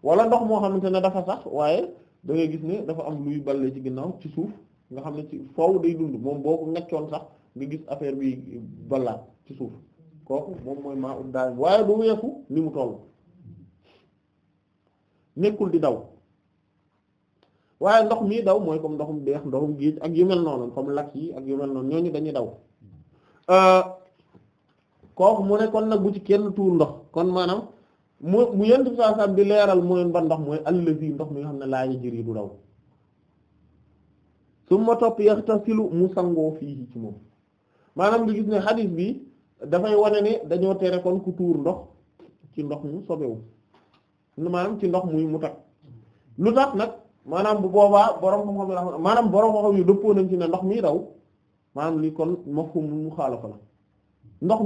wala ndox moo xamante ne dafa sax waaye dangay gis ne dafa am luy balle ci ginnaaw ci suuf nga xam ne ci foow day dund moom boo ko ngeccoon sax nga gis affaire bi ballaat ci suuf kooku moom mooy maa ut um daay waaye du weesu ni mu toll nekkul di daw waaye ndox mii daw mooy comme ndoxum deex ndoxum géej ak yu mel noonu comme lakk yi ak yu mel noonu ñooñu dañuy daw euh, kooku mu ne kon nag bu ci kenn tuur ndox kon maanaam mu mu yent bi leeral mu leen ba ndox mooy allazi ndox mi nga xam ne laa yi jëri du daw su ma topp yaxtasilu mu sangoo fii ci moom maanaam nga gis ne xadiis bi dafay wane ne dañoo tere kon ku tuur ndox ci ndox mu sobewu maanaam ci ndox muy mu takk lu tax nag maanaam bu boobaa borom xam-xam la maanaam borom xam-xam yu nañ ci ne ndox mi daw maanaam li kon mafhum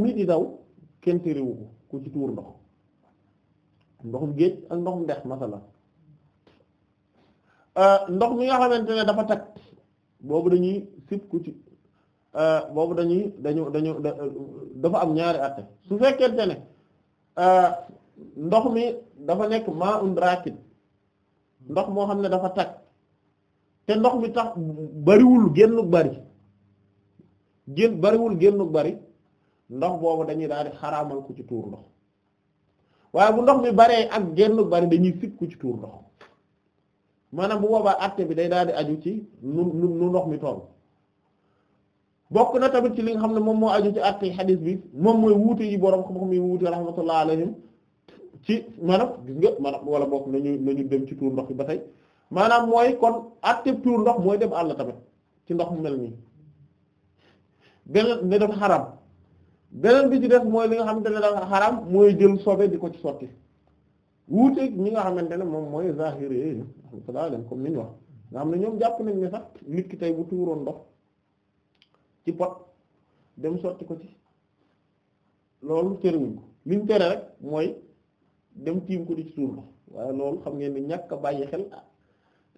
mi di daw kenn terewu ko ku ci tuur ndox ndoxum géej ak ndoxum ndex masala euh, ndox mi nga ne dafa takk boobu dañuy sib ku ci Euh, boobu dañuy dañu dañu dafa am ñaari atte su fekkente ne euh, ndox mi dafa nekk ma un ndox moo xam ne dafa tag te ndox mi tax bariwul génnu bari génn bariwul génnu bari ndox boobu dañuy daal di xaraamal ku ci tuur ndox waaye bu ndox mi baree ak génnu bari dañuy sit ku ci tuur ndox maanaam bu boobaa atte bi day daal di aju ci nu ndox mi tool bokk na tamit ci li nga xam ne moom moo aju ci yi xadis bi moom mooy wuute yi borom xam-xam yi wuute rahmatullah alayhim ci maanaam gis nga wala bokk nañu nañu dem ci tuur ndox bi ba tey maanaam mooy kon àtte ndox mooy dem àll tamit ci ndox mu mel nii beneen ne dafa xaram beneen bi ci def mooy li nga xamante ne dafa xaram mooy jël sobe di ko ci sotti wuute ñi nga xamante ne moom mooy zahiri rahmatullah alayhim comme ni ñu wax nga xam ñoom jàpp nañ ne sax nit ki tey bu tuuroon ndox ci pot dem sotti ko ci loolu terewuñ ko liñ tere rek mooy dem tiim ko di ci suur ko waaye loolu xam ngeen ni ñàkk a bàyyi xel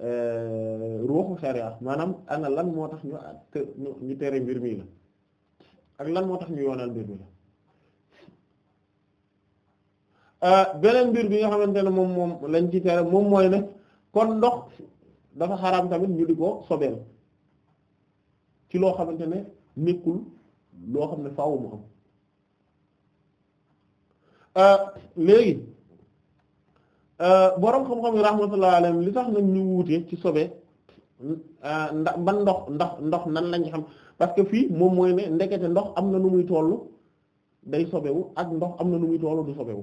euh, ruuxu sharia maanaam ana lan moo tax ñu ñu tere mbir mi la ak lan moo tax ñu yoonal mbir mi la euh, beneen mbir bi nga xamante ne moom moom lañ ci tere moom mooy ne kon ndox dafa xaraam tamit ñu di ko sobeel ci loo xamante ne nekkul loo xam ne faaw mu am euh, léegi euh, borom xam-xam yi rahmatullahi alayhim li tax nag ñu wuute ci sobe euh, ndax ban ndox ndox ndox nan lañ xam parce que fii moom mooy ne ndekete ndox am na nu muy tollu day sobewu ak ndox am na nu muy tollu du sobewu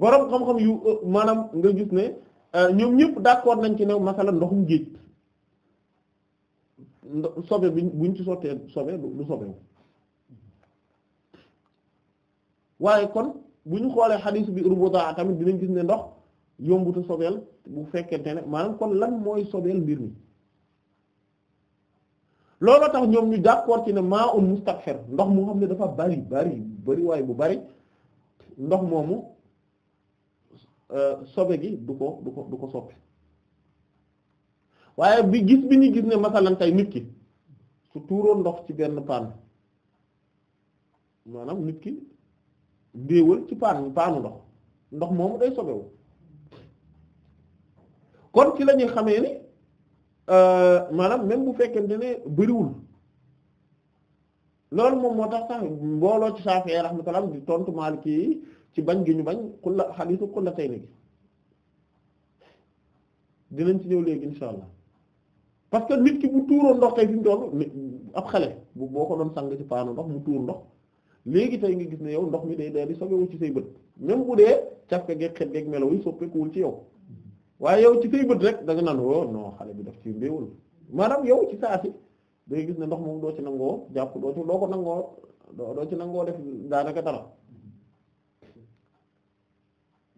borom xam-xam yu maanaam nga gis ne ñoom ñëpp d'accord nañ ci ne masala ndoxum géej sobe bi buñ ci sottee sobe du sobe waaye kon bu ñu xoolee xadiis bi urbuta tamit dinañ gis ne ndox yombuta sobeel bu fekkente ne maanaam kon lan mooy sobeel mbir mi looloo tax ñoom ñu d'accord ci ne maa un mustakfir ndox mu xam ne dafa bari bari bari waaye bu bari ndox moomu euh, sobe gi du ko du ko du ko soppi waaye bi gis bi ñu gis ne masalan tey nit ki su tuuroon ndox ci benn paan maanaam nit ki déewal ci paan paanu ndox ndox moomu day sobewu kon ci lañuy ñuy xamee ni euh, maanaam même bu fekkee fekkente ne bëriwul loolu moom moo tax sax mbooloo ci Shafi'i rahmatullah di tontu Maliki yi ci bañ gi ñu bañ xulla xadiisu xulla tey ni gi dinañ ci ñëw léegi insha parce que nit ki bu tuuroo ndox tey fi mu toll ab xale bu boo ko doon sang ci paanu ndox mu tuur ndox léegi tey nga gis ne yow ndox mi day day di sobewu ci say bët même bu dee cafka geeg xet geeg melaw yi soppeekuwul ci yow waaye yow ci say bët rek da nga naan o oh, xale bi def ci mbéewul maanaam yow ci saa si day gis ne ndox moom doo ci nangoo jàpp doo ci doo ko nangoo ci nangoo def daanaka dara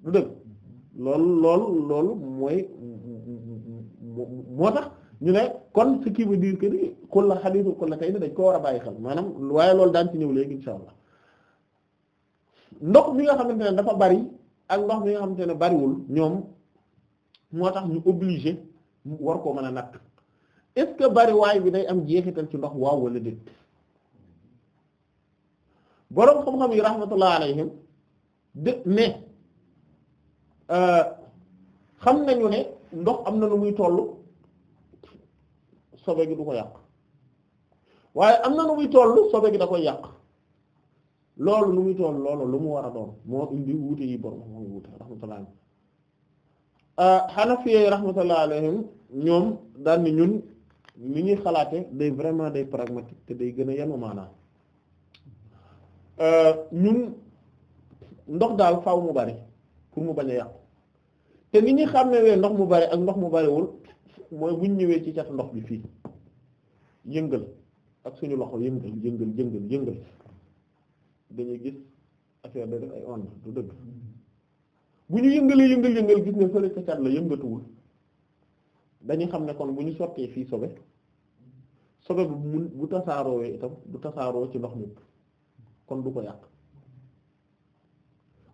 du dëgg loolu loolu loolu mooy moo tax ñu ne kon ce qui veut dire que ni kulla xadiisu kulla tey dañ ko war a bàyyi xel maanaam waaye lool daan ci ñëw léegi insha allah ndox mi nga xamante ne dafa bari ak ndox mi nga xamante ne bariwul ñoom moo tax ñu obligé war koo mën a natt est-ce bi day am jeexital ci ndox waaw wala déet boroom xam-xam yi rahmatullah alayhim de ne euh, xam nañu ne ndox am na lu muy tollu sobe gi du ko yàq waaye am na nu muy toll sobe gi da koy yàq loolu nu muy toll loolu lu mu war a doon moo indi wuute yi borom mooy wuute rahmatullah euh, Hanafi rahmatullah alayhim ñoom daan ni ñun ni ñuy xalaate day vraiment day pragmatique te day gën a yanu maanaam euh, ñun ndox daal faw mu bari pour mu bañ a yàqu te ni ñuy xàmmee ndox mu bari ak ndox mu bariwul mooy buñ ñëwee ci catu ndox bi fii yëngal ak suñu loxo yëngal yëngal yëngal yëngal dañuy gis affaire day def ay ondes du dëgg bu ñu yëngalee yëngal yëngal gis ne fële ca dañuy xam ne bu ñu sottee fii sobe sobe bu mun bu tasaaroowee itam du tasaaroo ci ndox mi kon du ko yàq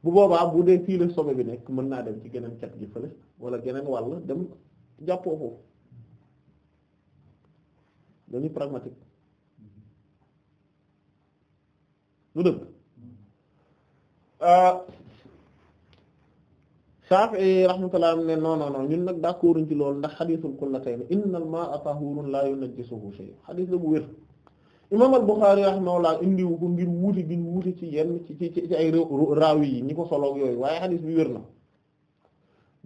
bu boobaa bu dee fii la sobe bi nekk mën naa dem ci geneen cat gi fële wala geneen wàll dem jàppoo foofu dañuy pragmatique lu dëgg ah, Shafi'i rahmatullah ne non non non ñun nag d'accord ci loolu ndax xadiisul kullatayn innal maa'a tahuurun laa yunajjisuhu shay xadiis la bu wér imaam al-Bukhari rahimahullah indiwu ko ngir wuute bi wuute ci yenn ci ci ci ay raawi yi ñi ko solo yooyu waaye xadiis bi wér na.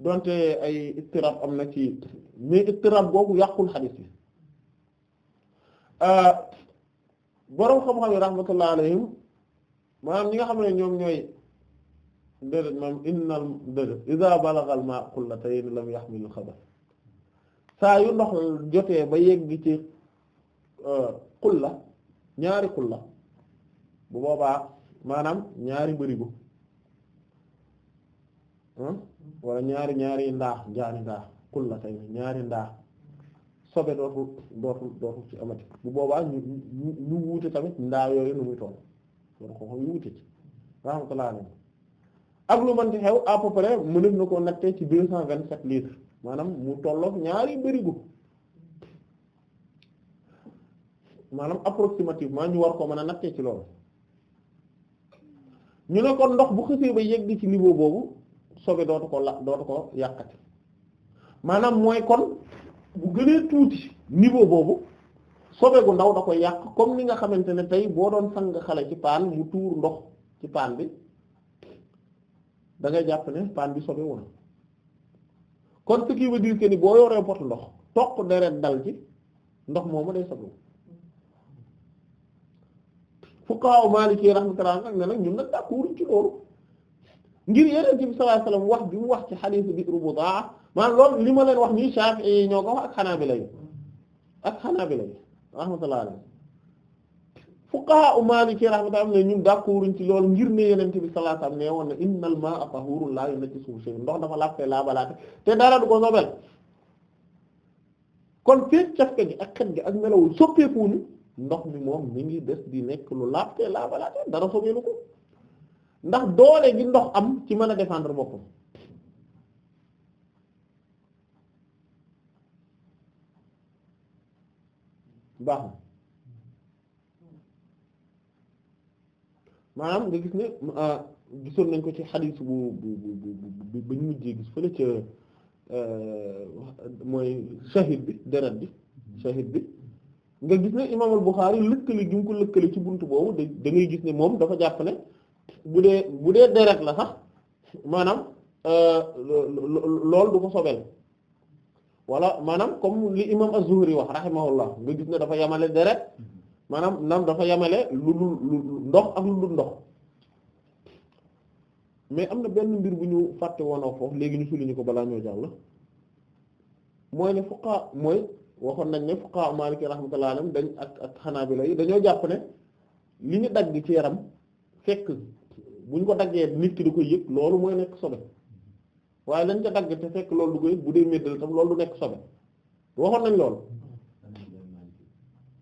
donte ay istirab am na ci mais istirab googu yàqul xadis bi euh, boroom xam-xam yi rahmatullah maanaam ñi nga xam ne ñoom ñooy déedéet moom innal déedéet iza balagal ma qullatayn lam yahmil xabar saa yu ndox jotee ba yegg ci euh, qulla ñaari qulla bu boobaa maanaam ñaari bërigo hmm? wala ñaari ñaari ndaa ñaari ndaa kulla tay ñaari ndaa sobe dootul dootul dootul ci amati bu boobaa ñu ñu wuute tamit ndaa yooyu nu muy toll loolu ko yu wuute ci rahmatullah ak lu mën ci xew à peu ci deux cent vingt sept litres maanaam mu tolloog ñaari bërigo maanaam approximativement ñu war ko mën a nattee ci loolu ñu ne kon ndox bu xësee ba yegg ci niveau boobu sobe dootu ko la dootu ko yàqati maanaam mooy kon bu gënee tuuti niveau boobu sobe gu ndaw da ko yàq comme ni nga xamante ne tey boo doon sang xale ci paan mu tuur ndox ci paan bi dangay ngay jàpp ne paan bi sobe woon kon ce qui veut dire que ni boo yoree pot ndox toq deret dal ci ndox moomu day sobe fuqaha Maliki rahmatullah ne nag ñun nag d'accord ci loolu ngir yonent bi sallallahu wax bi mu wax ci xadiisu li ma leen wax nii Shaafi'i ñoo ko wax ak Xanaabila yi ak Xanaabila yi rahmatullahi alayhi fuqahaa u Maaliki ne ñun d'accorduñ ci loolu ngir ne yonent bi sallallahu alayhi wasallam nee woon na innal maa'a tahuurun laa yunajjisuhu shay'un ndox dafa laajte laa balaate te dara du ko sobel kon feek cafka gi ak xet gi ak melawul soppeeku ni ndox mi moom mi ngi des di nekk lu laajte laa balaate dara sobeelu ko. ndax doole gi ndox am ci mën a défendre boppam baax na maanaam nga gis ne ah, gisoon nañ ko ci xadiis bu bu bu bu ñu mujjee gis fële ca euh, mooy shahid bi deret bi shahid bi nga gis ne imaamul Buxaari lëkkale gi mu ko lëkkale ci bunt boobu da da ngay gis ne moom dafa jàpp ne bu dee bu dee deret la sax maanaam euh, lool du ko sobel wala maanaam comme li imam az-Zuhri wax rahimahullah nga gis ne dafa yemale deret maanaam nam dafa yemale lu lu ndox ak lu ndox mais am na benn mbir bu ñu fàtte woonoo foofu léegi ñu ko balaa ñoo jàll mooy ne fuqaa mooy waxoon nañ ne fuqaa Maliki rahmatullah dañ ak ak Hanaabila yi dañoo jàpp ne li ñu dagg ci yaram fekk bu ñu ko daggee nit ki di koy yëg loolu mooy nekk sobe waaye lañ ko dagg te fekk loolu du koy bu dee méddal tam loolu nekk sobe waxoon nañ loolu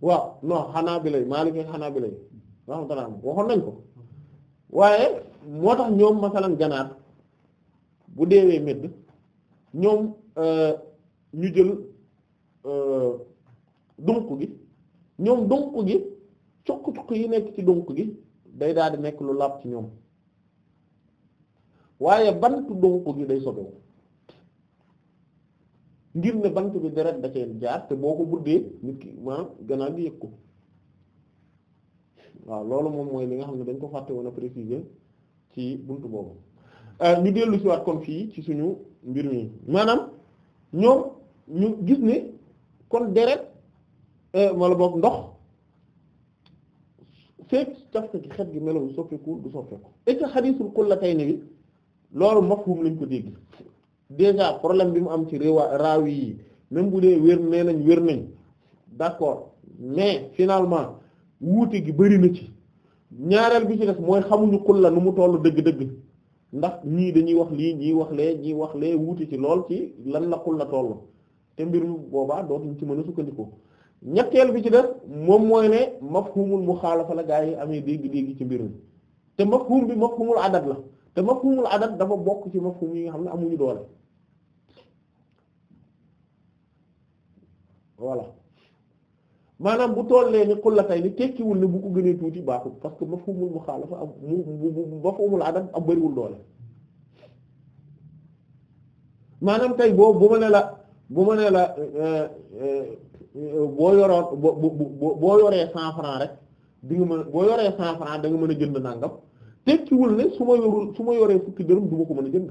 waaw non xanaa bi lay maaliki xanaa bi lay raxmatullah waxoon nañ ko waaye moo tax ñoom masalan ganaar bu deewee médd ñoom euh, ñu jël euh, dunq gi ñoom dunq gi cuq-cuq yi nekk ci dunq gi day daal di nekk lu laab ci ñoom waaye bant doxu ko gi day sobewu ngir ne bant bi deret da cee jaar te boo ko buddee nit ki maanaam gannaaw gi yëg ko waaw loolu moom mooy li nga xam ne dañ ko fàtte woon a préciser ci buntu boobu euh, ñu dellu ci waat kon fii ci suñu mbir mi maanaam ñoom ñu gis ne kon deret euh, wala boog ndox fekk caf ki xet gi melul soppeeku du soppeeku et que xadiisul kullatayni bi loolu mafhum lañ ko dégg déjà problème bi mu am ci riwa raaw yi même bu dee wér nee nañ wér nañ d'accord mais finalement wuuti gi bëri na ci ñaareel bi ci def mooy xamuñu xul la nu mu tollu dëgg-dëgg ndax ñii dañuy wax lii ñii wax lee ñii wax lee wuuti ci lool ci lan la xul la tollu te mbir mu boobaa dootuñ ci mën a sukkandiku ñetteel bi ci def moom mooy ne mafhumul muxaalafa la gaa yi amee dégg-dégg ci mbir mi te mafhum bi mafhumul adat la te mafhumul adam dafa bokk ci mafhum yi nga xam ne amuñu doole voilà maanaam bu tollee ni xullatay ni tekkiwul ne bu ko gënee tuuti baaxul parce que mafhumul muxaalafa am mu mafhumul adam am bariwul doole maanaam tey boobu bu ma ne la bu ma ne la euh, euh, boo yoroon boo boo yoree cent francs rek di mën boo yoree cent francs da mën a jënd nangam tekkiwul ne su ma yorul su ma yoree fukki dërëm du ma ko mën a jënd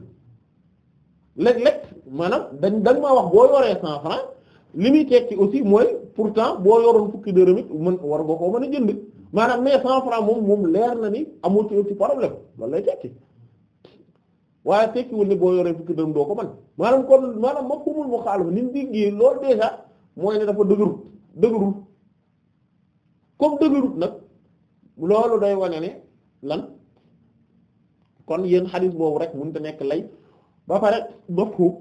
léeg-léeg maanaam dañ dañ maa wax boo yoree cent franc li muy tekki aussi mooy pourtant boo yoroon fukki dërëm mën war nga koo mën a jënd maanaam mais cent franc moom leer na ni amoo ci aussi problème loolu lay tekki waaye tekkiwul ne boo yoree fukki dërëm doo ko mën maanaam kon maanaam ma kumul mu xaaral ni mu déggee loolu déjà mooy ne dafa dëgërut dëgërut comme dëgërut nag loolu day wane ne lan. kon yéen xadis boobu rek mënut a nekk lay ba pare mafhum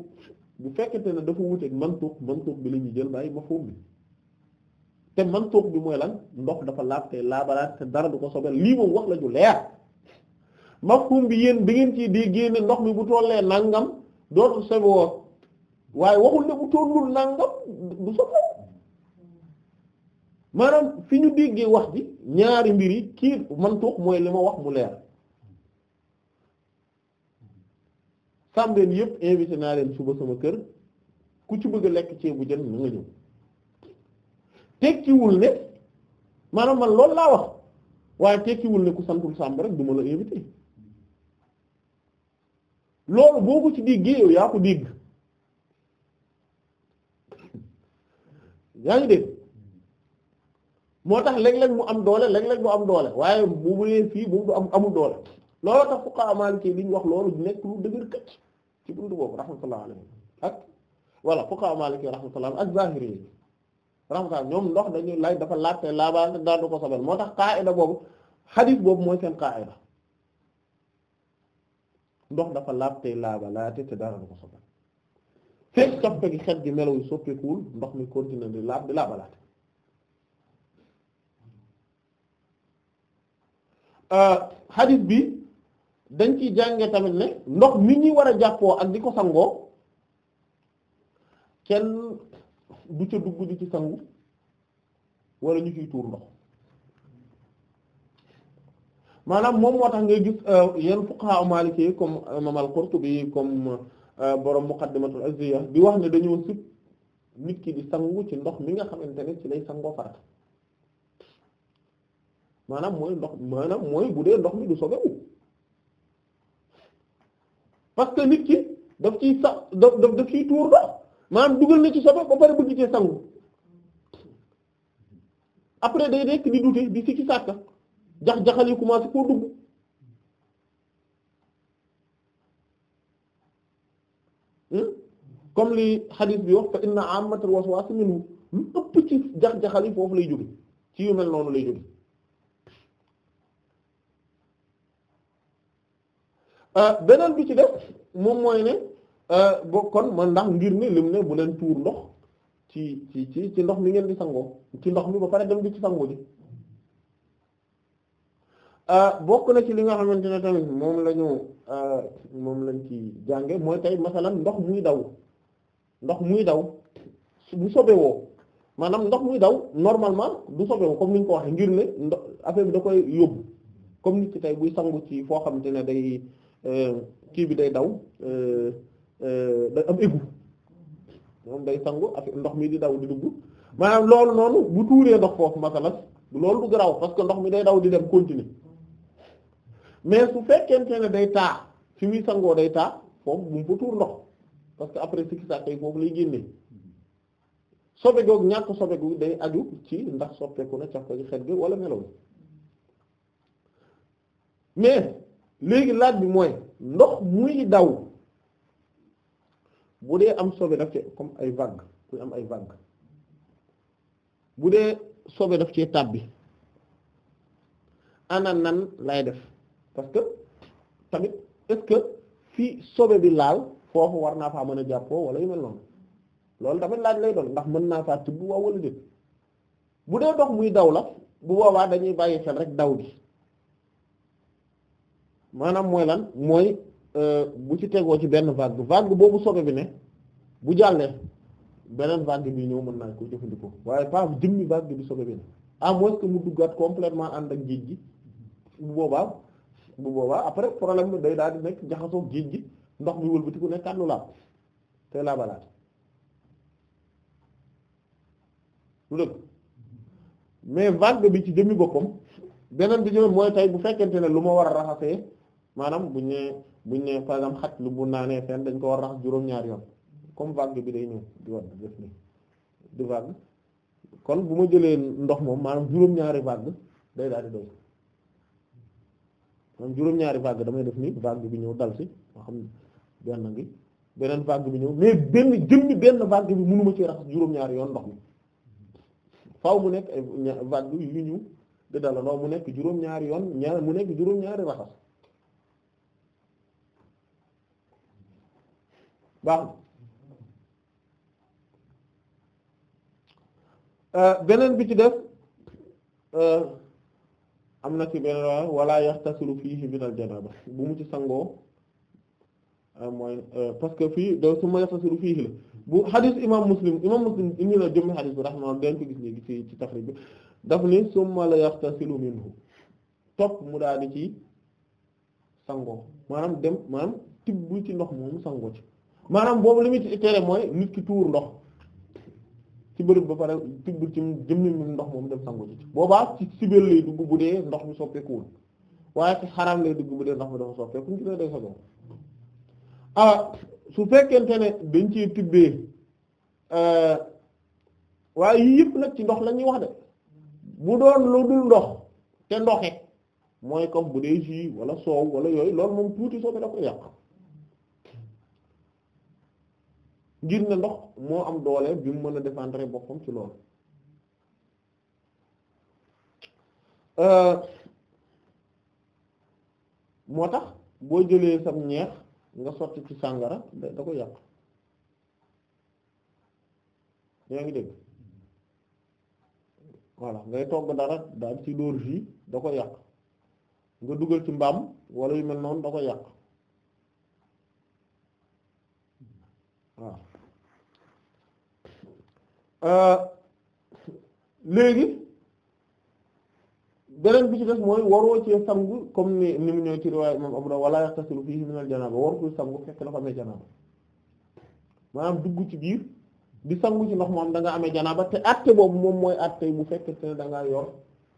bu fekkente ne dafa wuteeg mantuq mantuq bi la ñuy jël bàyyi mafhum bi te mantuq bi mooy lan ndox dafa laab te te dara du ko sobel lii wax la ju leer mafhum bi yéen bi ngeen ci di génne ndox mi bu tollee nangam dootul sobewoo waaye waxul ne bu tollul nangam du sobeewu maanaam fi ñu déggee wax bi ñaari mbir yi kii mantuq mooy li ma wax mu leer. sàmbeen yëpp invité naa leen suba sama kër ku ci bëgg a lekk ceebu jën na nga ñëw tekkiwul ne maanaam man loolu laa wax waaye tekkiwul ne ku santul sàmb rek du ma la invité loolu boo ko ci déggee yow yaa ko dégg yaa ngi dégg moo tax léeg-léeg mu am doole léeg-léeg mu am doole waaye bu mu nee fii bu mu am amul doole loolu tax fuqaha maliki li ñu wax loolu nekk lu dëgër këcc ci dund boobu rahmatullah alayhi ak voilà fuqaha maliki rahmatullah ak zahiri yi rahmatullah ñoom ndox dañu lay dafa laajte laabaante daal du ko sobal moo tax qaida boobu boobu mooy seen qaida dafa laajte laabalaate te dara du ko sobal fekk soppe gi xet gi melaw yu soppikuwul ndox mi continuer di laab di laabalaate xadiis euh, bi dañ ciy jànge tamit ne ndox mi ñuy war a jàppoo ak di ko sangoo kenn du ca dugg di ci sangu wala ñu ciy tuur ndox maanaam moom moo tax ngay gis euh, yenn fuqaha maliki comme imam al-Qurtubi comme euh, borom muqaddimatul azziya di wax ne dañoo sib nit ki di sangu ci ndox mi nga xamante ne ci lay sangoo farata maanaam mooy ndox maanaam mooy bu dee ndox mi du sobewu parce que nit ki daf ciy sax daf daf ciy tuur ndox maanaam dugal na ci sobe ba pare bëgg cee sangu après day nekk di dute di sikki sàkka jax jaxal yi commencé koo dugg hmm? comme li hadith bi wax fa inna amatal waswas minhu lu ëpp ci jax jaxal yi foofu lay jóge ci yu mel noonu lay jóge Euh, beneen bi ci de moom mooy ne euh, bo kon man ndax ngir ni lim ne bu leen tuur ndox ci ci ci ci ndox mi ngeen di sangoo ci ndox mi ba pare dem di ci sango ji euh, bokk na ci li nga xamante ne tamit moom la ñu moom lañ ci jànge mooy tey masalan ndox muy daw ndox muy daw bu sobewoo maanaam ndox muy daw normalement du sobewu comme ni ko waxee ngir ne ndox affaire bi da koy yóbbu comme nit ci tey buy sangu ci foo xamante ne day Euh, kii bi day daw euh, euh, da am égout moom day sangu ak ndox mi di daw di dugg maanaam loolu noonu bu tuuree ndox foofu masalas loolu du garaw parce que ndox mi day daw di dem continuer mais su fekkente ne day taa fi muy sangoo day taa foofu bu mu fa tuur ndox parce que après sikki sàkk yi foofu lay génnee sobe googu ñàkk sobe googu day aju ci ndax soppeeku na caf ko ci xet gi wala melaw mais léegi laaj bi mooy ndox muy daw bu dee am sobe daf ci comme ay vague muy am ay vague bu dee sobe daf ci tàbbi ana nan lay def parce que tamit est-ce fii sobe bi laal foofu war naa faa mën a jàppoo wala yu mel noonu loolu tamit laaj lay doon ndax mën naa faa tibb waaw wala déet bu dee ndox muy daw la bu boobaa dañuy bàyyi xel rek daw bi maanaam mooy lan mooy euh, bu ci tegoo ci benn vague vague boobu sobe bi ne bu jàllee beneen vague bi ñëw mën naa ko jëfandikoo waaye pas jëmmi vague bi sobe bi ne à moins que mu duggaat completement ànd ak géej gi bu boobaa bu boobaa après problème bi day daal di nekk jaxasoo géej gi ndox mi wëlbatiku ne kàddu laab te laabalaat lu dëgg mais vague bi ci jëmmi boppam beneen bi ñëw mooy tey bu fekkente ne lu ma war a raxasee maanaam buñ ne buñ ne par exemple xaj lu bu naanee seen dañ ko war raxas juróom-ñaar yoon comme vague bi day ñëw di wadd def ni di vague kon bu ma jëlee ndox moom maanaam juróom-ñaari vague day daal di doy juróom-ñaari vague damay def ni vague bi ñëw dal si moo xam benn ngi beneen vague bi ñëw mais benn benn vague bi mënuma ci raxas juróom-ñaari yoon ndox mi faaw mu nekk ay vague bi ñu di dalandoo mu nekk juróom-ñaari yoon ñaar mu nekk juróom-ñaari raxas baaxul euh, beneen bi ci def euh, am na ci beneen wala yaxtasilu fiihi min al janaaba bu mu ci sangoo euh, mooy parce que fii da su ma yaxtasilu fiihi la bu xadis imam muslim imam muslim indi na jëmmi xadis bi raxmaam dañ ko gis léegi ci ci taxrij bi daf ni summa la yaxtasilu minhu topp mu daal di ci sangoo maanaam dem maanaam tibb ci ndox moomu sangoo ci maanaam boobu li muy tere mooy nit ki tuur ndox ci bërëb ba pare tibb ci jëmmi ndox moom dem sangu ci boobaa ci sibeel lay dugg bu ndox mi soppeekuwul waaye ci xaraam lay dugg bu dee ndox mi dafa soppeeku ci la day sojo ah su fekkente ne dañ ci tibbee waaye yii yëpp nag ci ndox lañuy wax de bu doon lu dul ndox te ndoxe mooy comme bu dee jus wala soow wala yooyu loolu moom tuuti soobee da koy yàq ngir ne ndox moo am doole bi mu mën a défendre boppam ci loolu euh, moo tax boo jëlee sam ñeex nga sotti ci sàngara da ko yàq yaa ngi dégg voilà ngay togg dara daal ci dóor fii da ko yàq nga dugal ci mbaam walla yu mel noonu da ko yàq Euh, léegi beneen bi ci des mooy waroo cee sangu comme ni ni mu ñëw ci riwaaya imam Abu Dawud wala yaqtasilu fihi min al-janaaba waru ko sangu fekk dafa amee janaaba maanaam dugg ci biir di sangu ndox moom da nga amee janaaba te àtte boobu moom mooy àtte bu fekkente ne da ngaa yor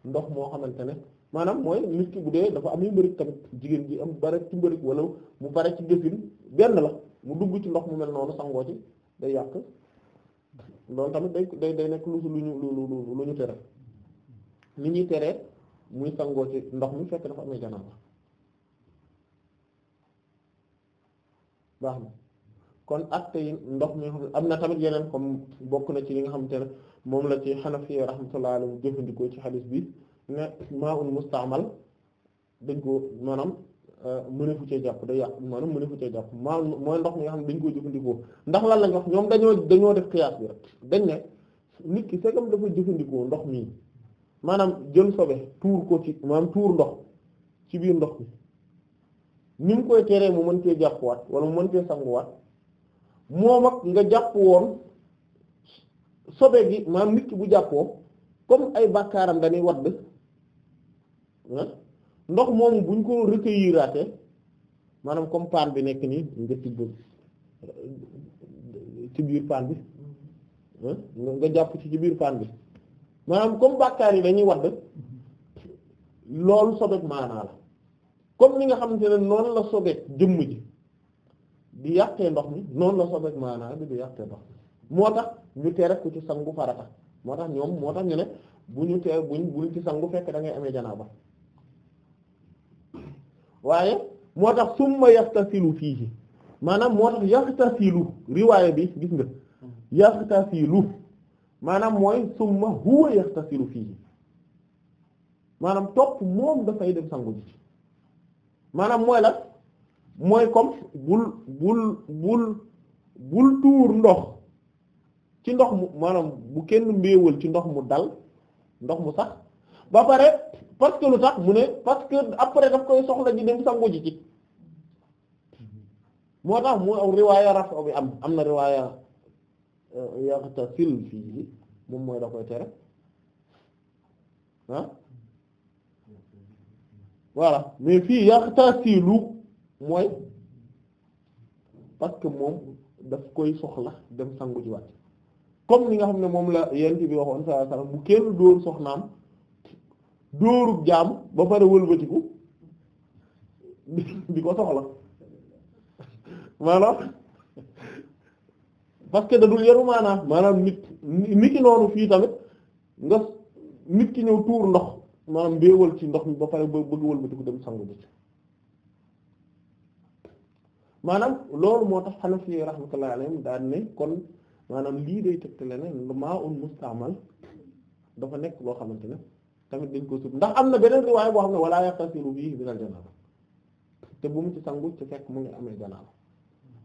ndox moo xamante ne maanaam mooy nit ki bu dee dafa am yu mbërig tamit jigéen ji am bare ci mbërig wala mu bare ci defin benn la mu dugg ci ndox mu mel noonu sangoo ci day yàq loolu tamit day day day nekk lu lu ñu lu lu lu ñu tere li ñuy tere muy sangoo ci ndox mi fekk dafa amee janaaba baax na kon acte yi ndox mi am na tamit yeneen comme bokk na ci li nga xamante ne moom la ci Hanafi rahmatullahi alayhi jëfandikoo ci xadis bi ne maa un mustaamal dañ ko maanaam Euh, mënefu a jàpp day yàq maanaam mënefu cee jàpp maa mooy ndox mi nga xam ne dañ koy jëfandikoo ndax lan lañ wax ñoom dañoo dañoo def xiyaas bi rek dañ ne nit ki segam dafa ndox mii maanaam jël sobe tuur ko ci maanaam ndox ci biir ndox mi ni koy teree mu mën cee jàppuwaat wala mu mën cee sanguwaat moom ak nga jàpp woon sobe gi maanaam nit bu jàppoo comme ay bàkkaaram dañuy wadd ah ndox moomu buñ ko recueilliraate maanaam comme paan bi nekk nii nga tibb ci biir paan bi ah, nga jàpp ci ci biir paan bi maanaam comme bàkkaar yi dañuy wadd loolu sobeek maanaa la comme ni nga xamante ne noonu la sobeek jëmm ji di yàqee ndox mi noonu la sobeek maanaa bi di yàqee ndox moo tax ñu tere ku ci sangu farata moo tax ñoom moo tax ñu ne bu ñu tere buñ buñ ci sangu fekk da ngay amee janaaba waaye moo tax summa yaxtasilu fiihi maanaam moo tax yaxtasilu riwaaya bi gis nga yaxtasilu maanaam mooy summa huwa yaxtasilu fiihi maanaam topp moom dafay dem sangu ji maanaam mooy la mooy comme bul bul bul bul tuur ndox ci ndox mu maanaam bu kenn mbéewal ci ndox mu dal ndox mu sax ba pare parce que lu tax mu ne parce que après daf koy soxla di dem sangu ji ci moo tax mu am riwaaya rafa am am na riwaaya euh, yaxtasil fii moom mooy da koy tere ah voilà fii yaxtasilu mooy parce que moom daf koy soxla dem sangu ji wàcc comme li nga xam ne moom la yent bi waxoon sallallahu alayhi wasallam bu kenn dóor soxnaam dóorug jaam ba pare wëlbatiku di ko soxla maanaam parce que da dul yaru maanaam maanaam nit nit ki noonu fii tamit nga nit ki ñëw tuur ndox maanaam mbéewal ci ndox mi ba pare ba bëgg wëlbatiku dem sangu bi maanaam loolu moo tax Hanafi rahmatullahi alayhim daan ne kon maanaam lii day tegtale ne maa un mustaamal dafa nekk loo xamante ne tamit dañ ko sub ndax am na beneen riwaay boo xam ne wala yaqtasilu bihi bii al janaaba te bu mu ci sangu ci fekk mu ngi amee janaaba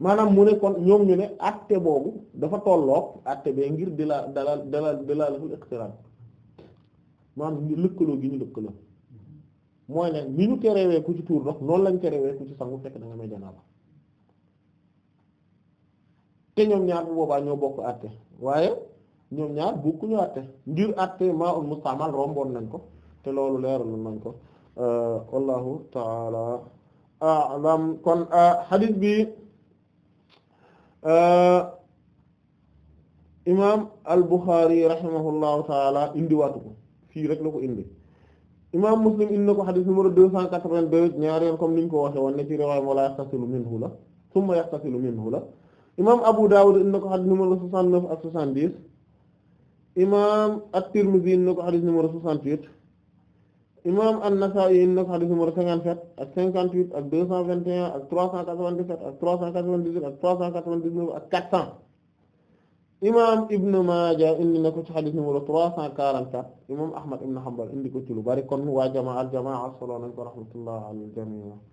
maanaam mu ne kon ñoom ñu ne atte boobu dafa tolloog atte bee ngir di la dala dala dalalatul iqtiraan maanaam ñu lëkkaloo gi ñu lëkkaloo mooy ne ni ñu terewee ku ci tuur ndox noonu lañ terewee ku ci sangu fekk da nga may janaaba te ñoom ñaar bu boobaa ñoo bokk atte waaye ñoom ñaar bokkuñu àtte ngir àtte maa ul musta'mal romboon nañ ko te loolu leerul nañ ko euh, wallahu taala a'lam kon euh, hadith bi euh, imam al-Bukhari rahimahullahu taala indiwaatu ko fii rek la ko indi imam Muslim indi na ko hadith numéro deux cent quatre-vingt-deux ñaari yoon comme niñ ko waxe woon ne ci riwaaya wala yaxtasilu minhu la summa yaxtasilu minhu la imam Abu Dawud indi na ko hadith numéro soixante-neuf ak soixante-dix imaam at-Tirmidhi na ko xadis numéro 68 imaam an-Nasa'i na ko xadis numéro 57 ak 58 ak 221 ak 397 ak 398 ak 399 ak 400 imaam Ibn Maaja indi ko ci xadis numéro 344 imaam Ahmad ibn Hanbal indi ko ci lu bari kon waa jamaa al jamaa solo nañ ko rahmatullah alal jamii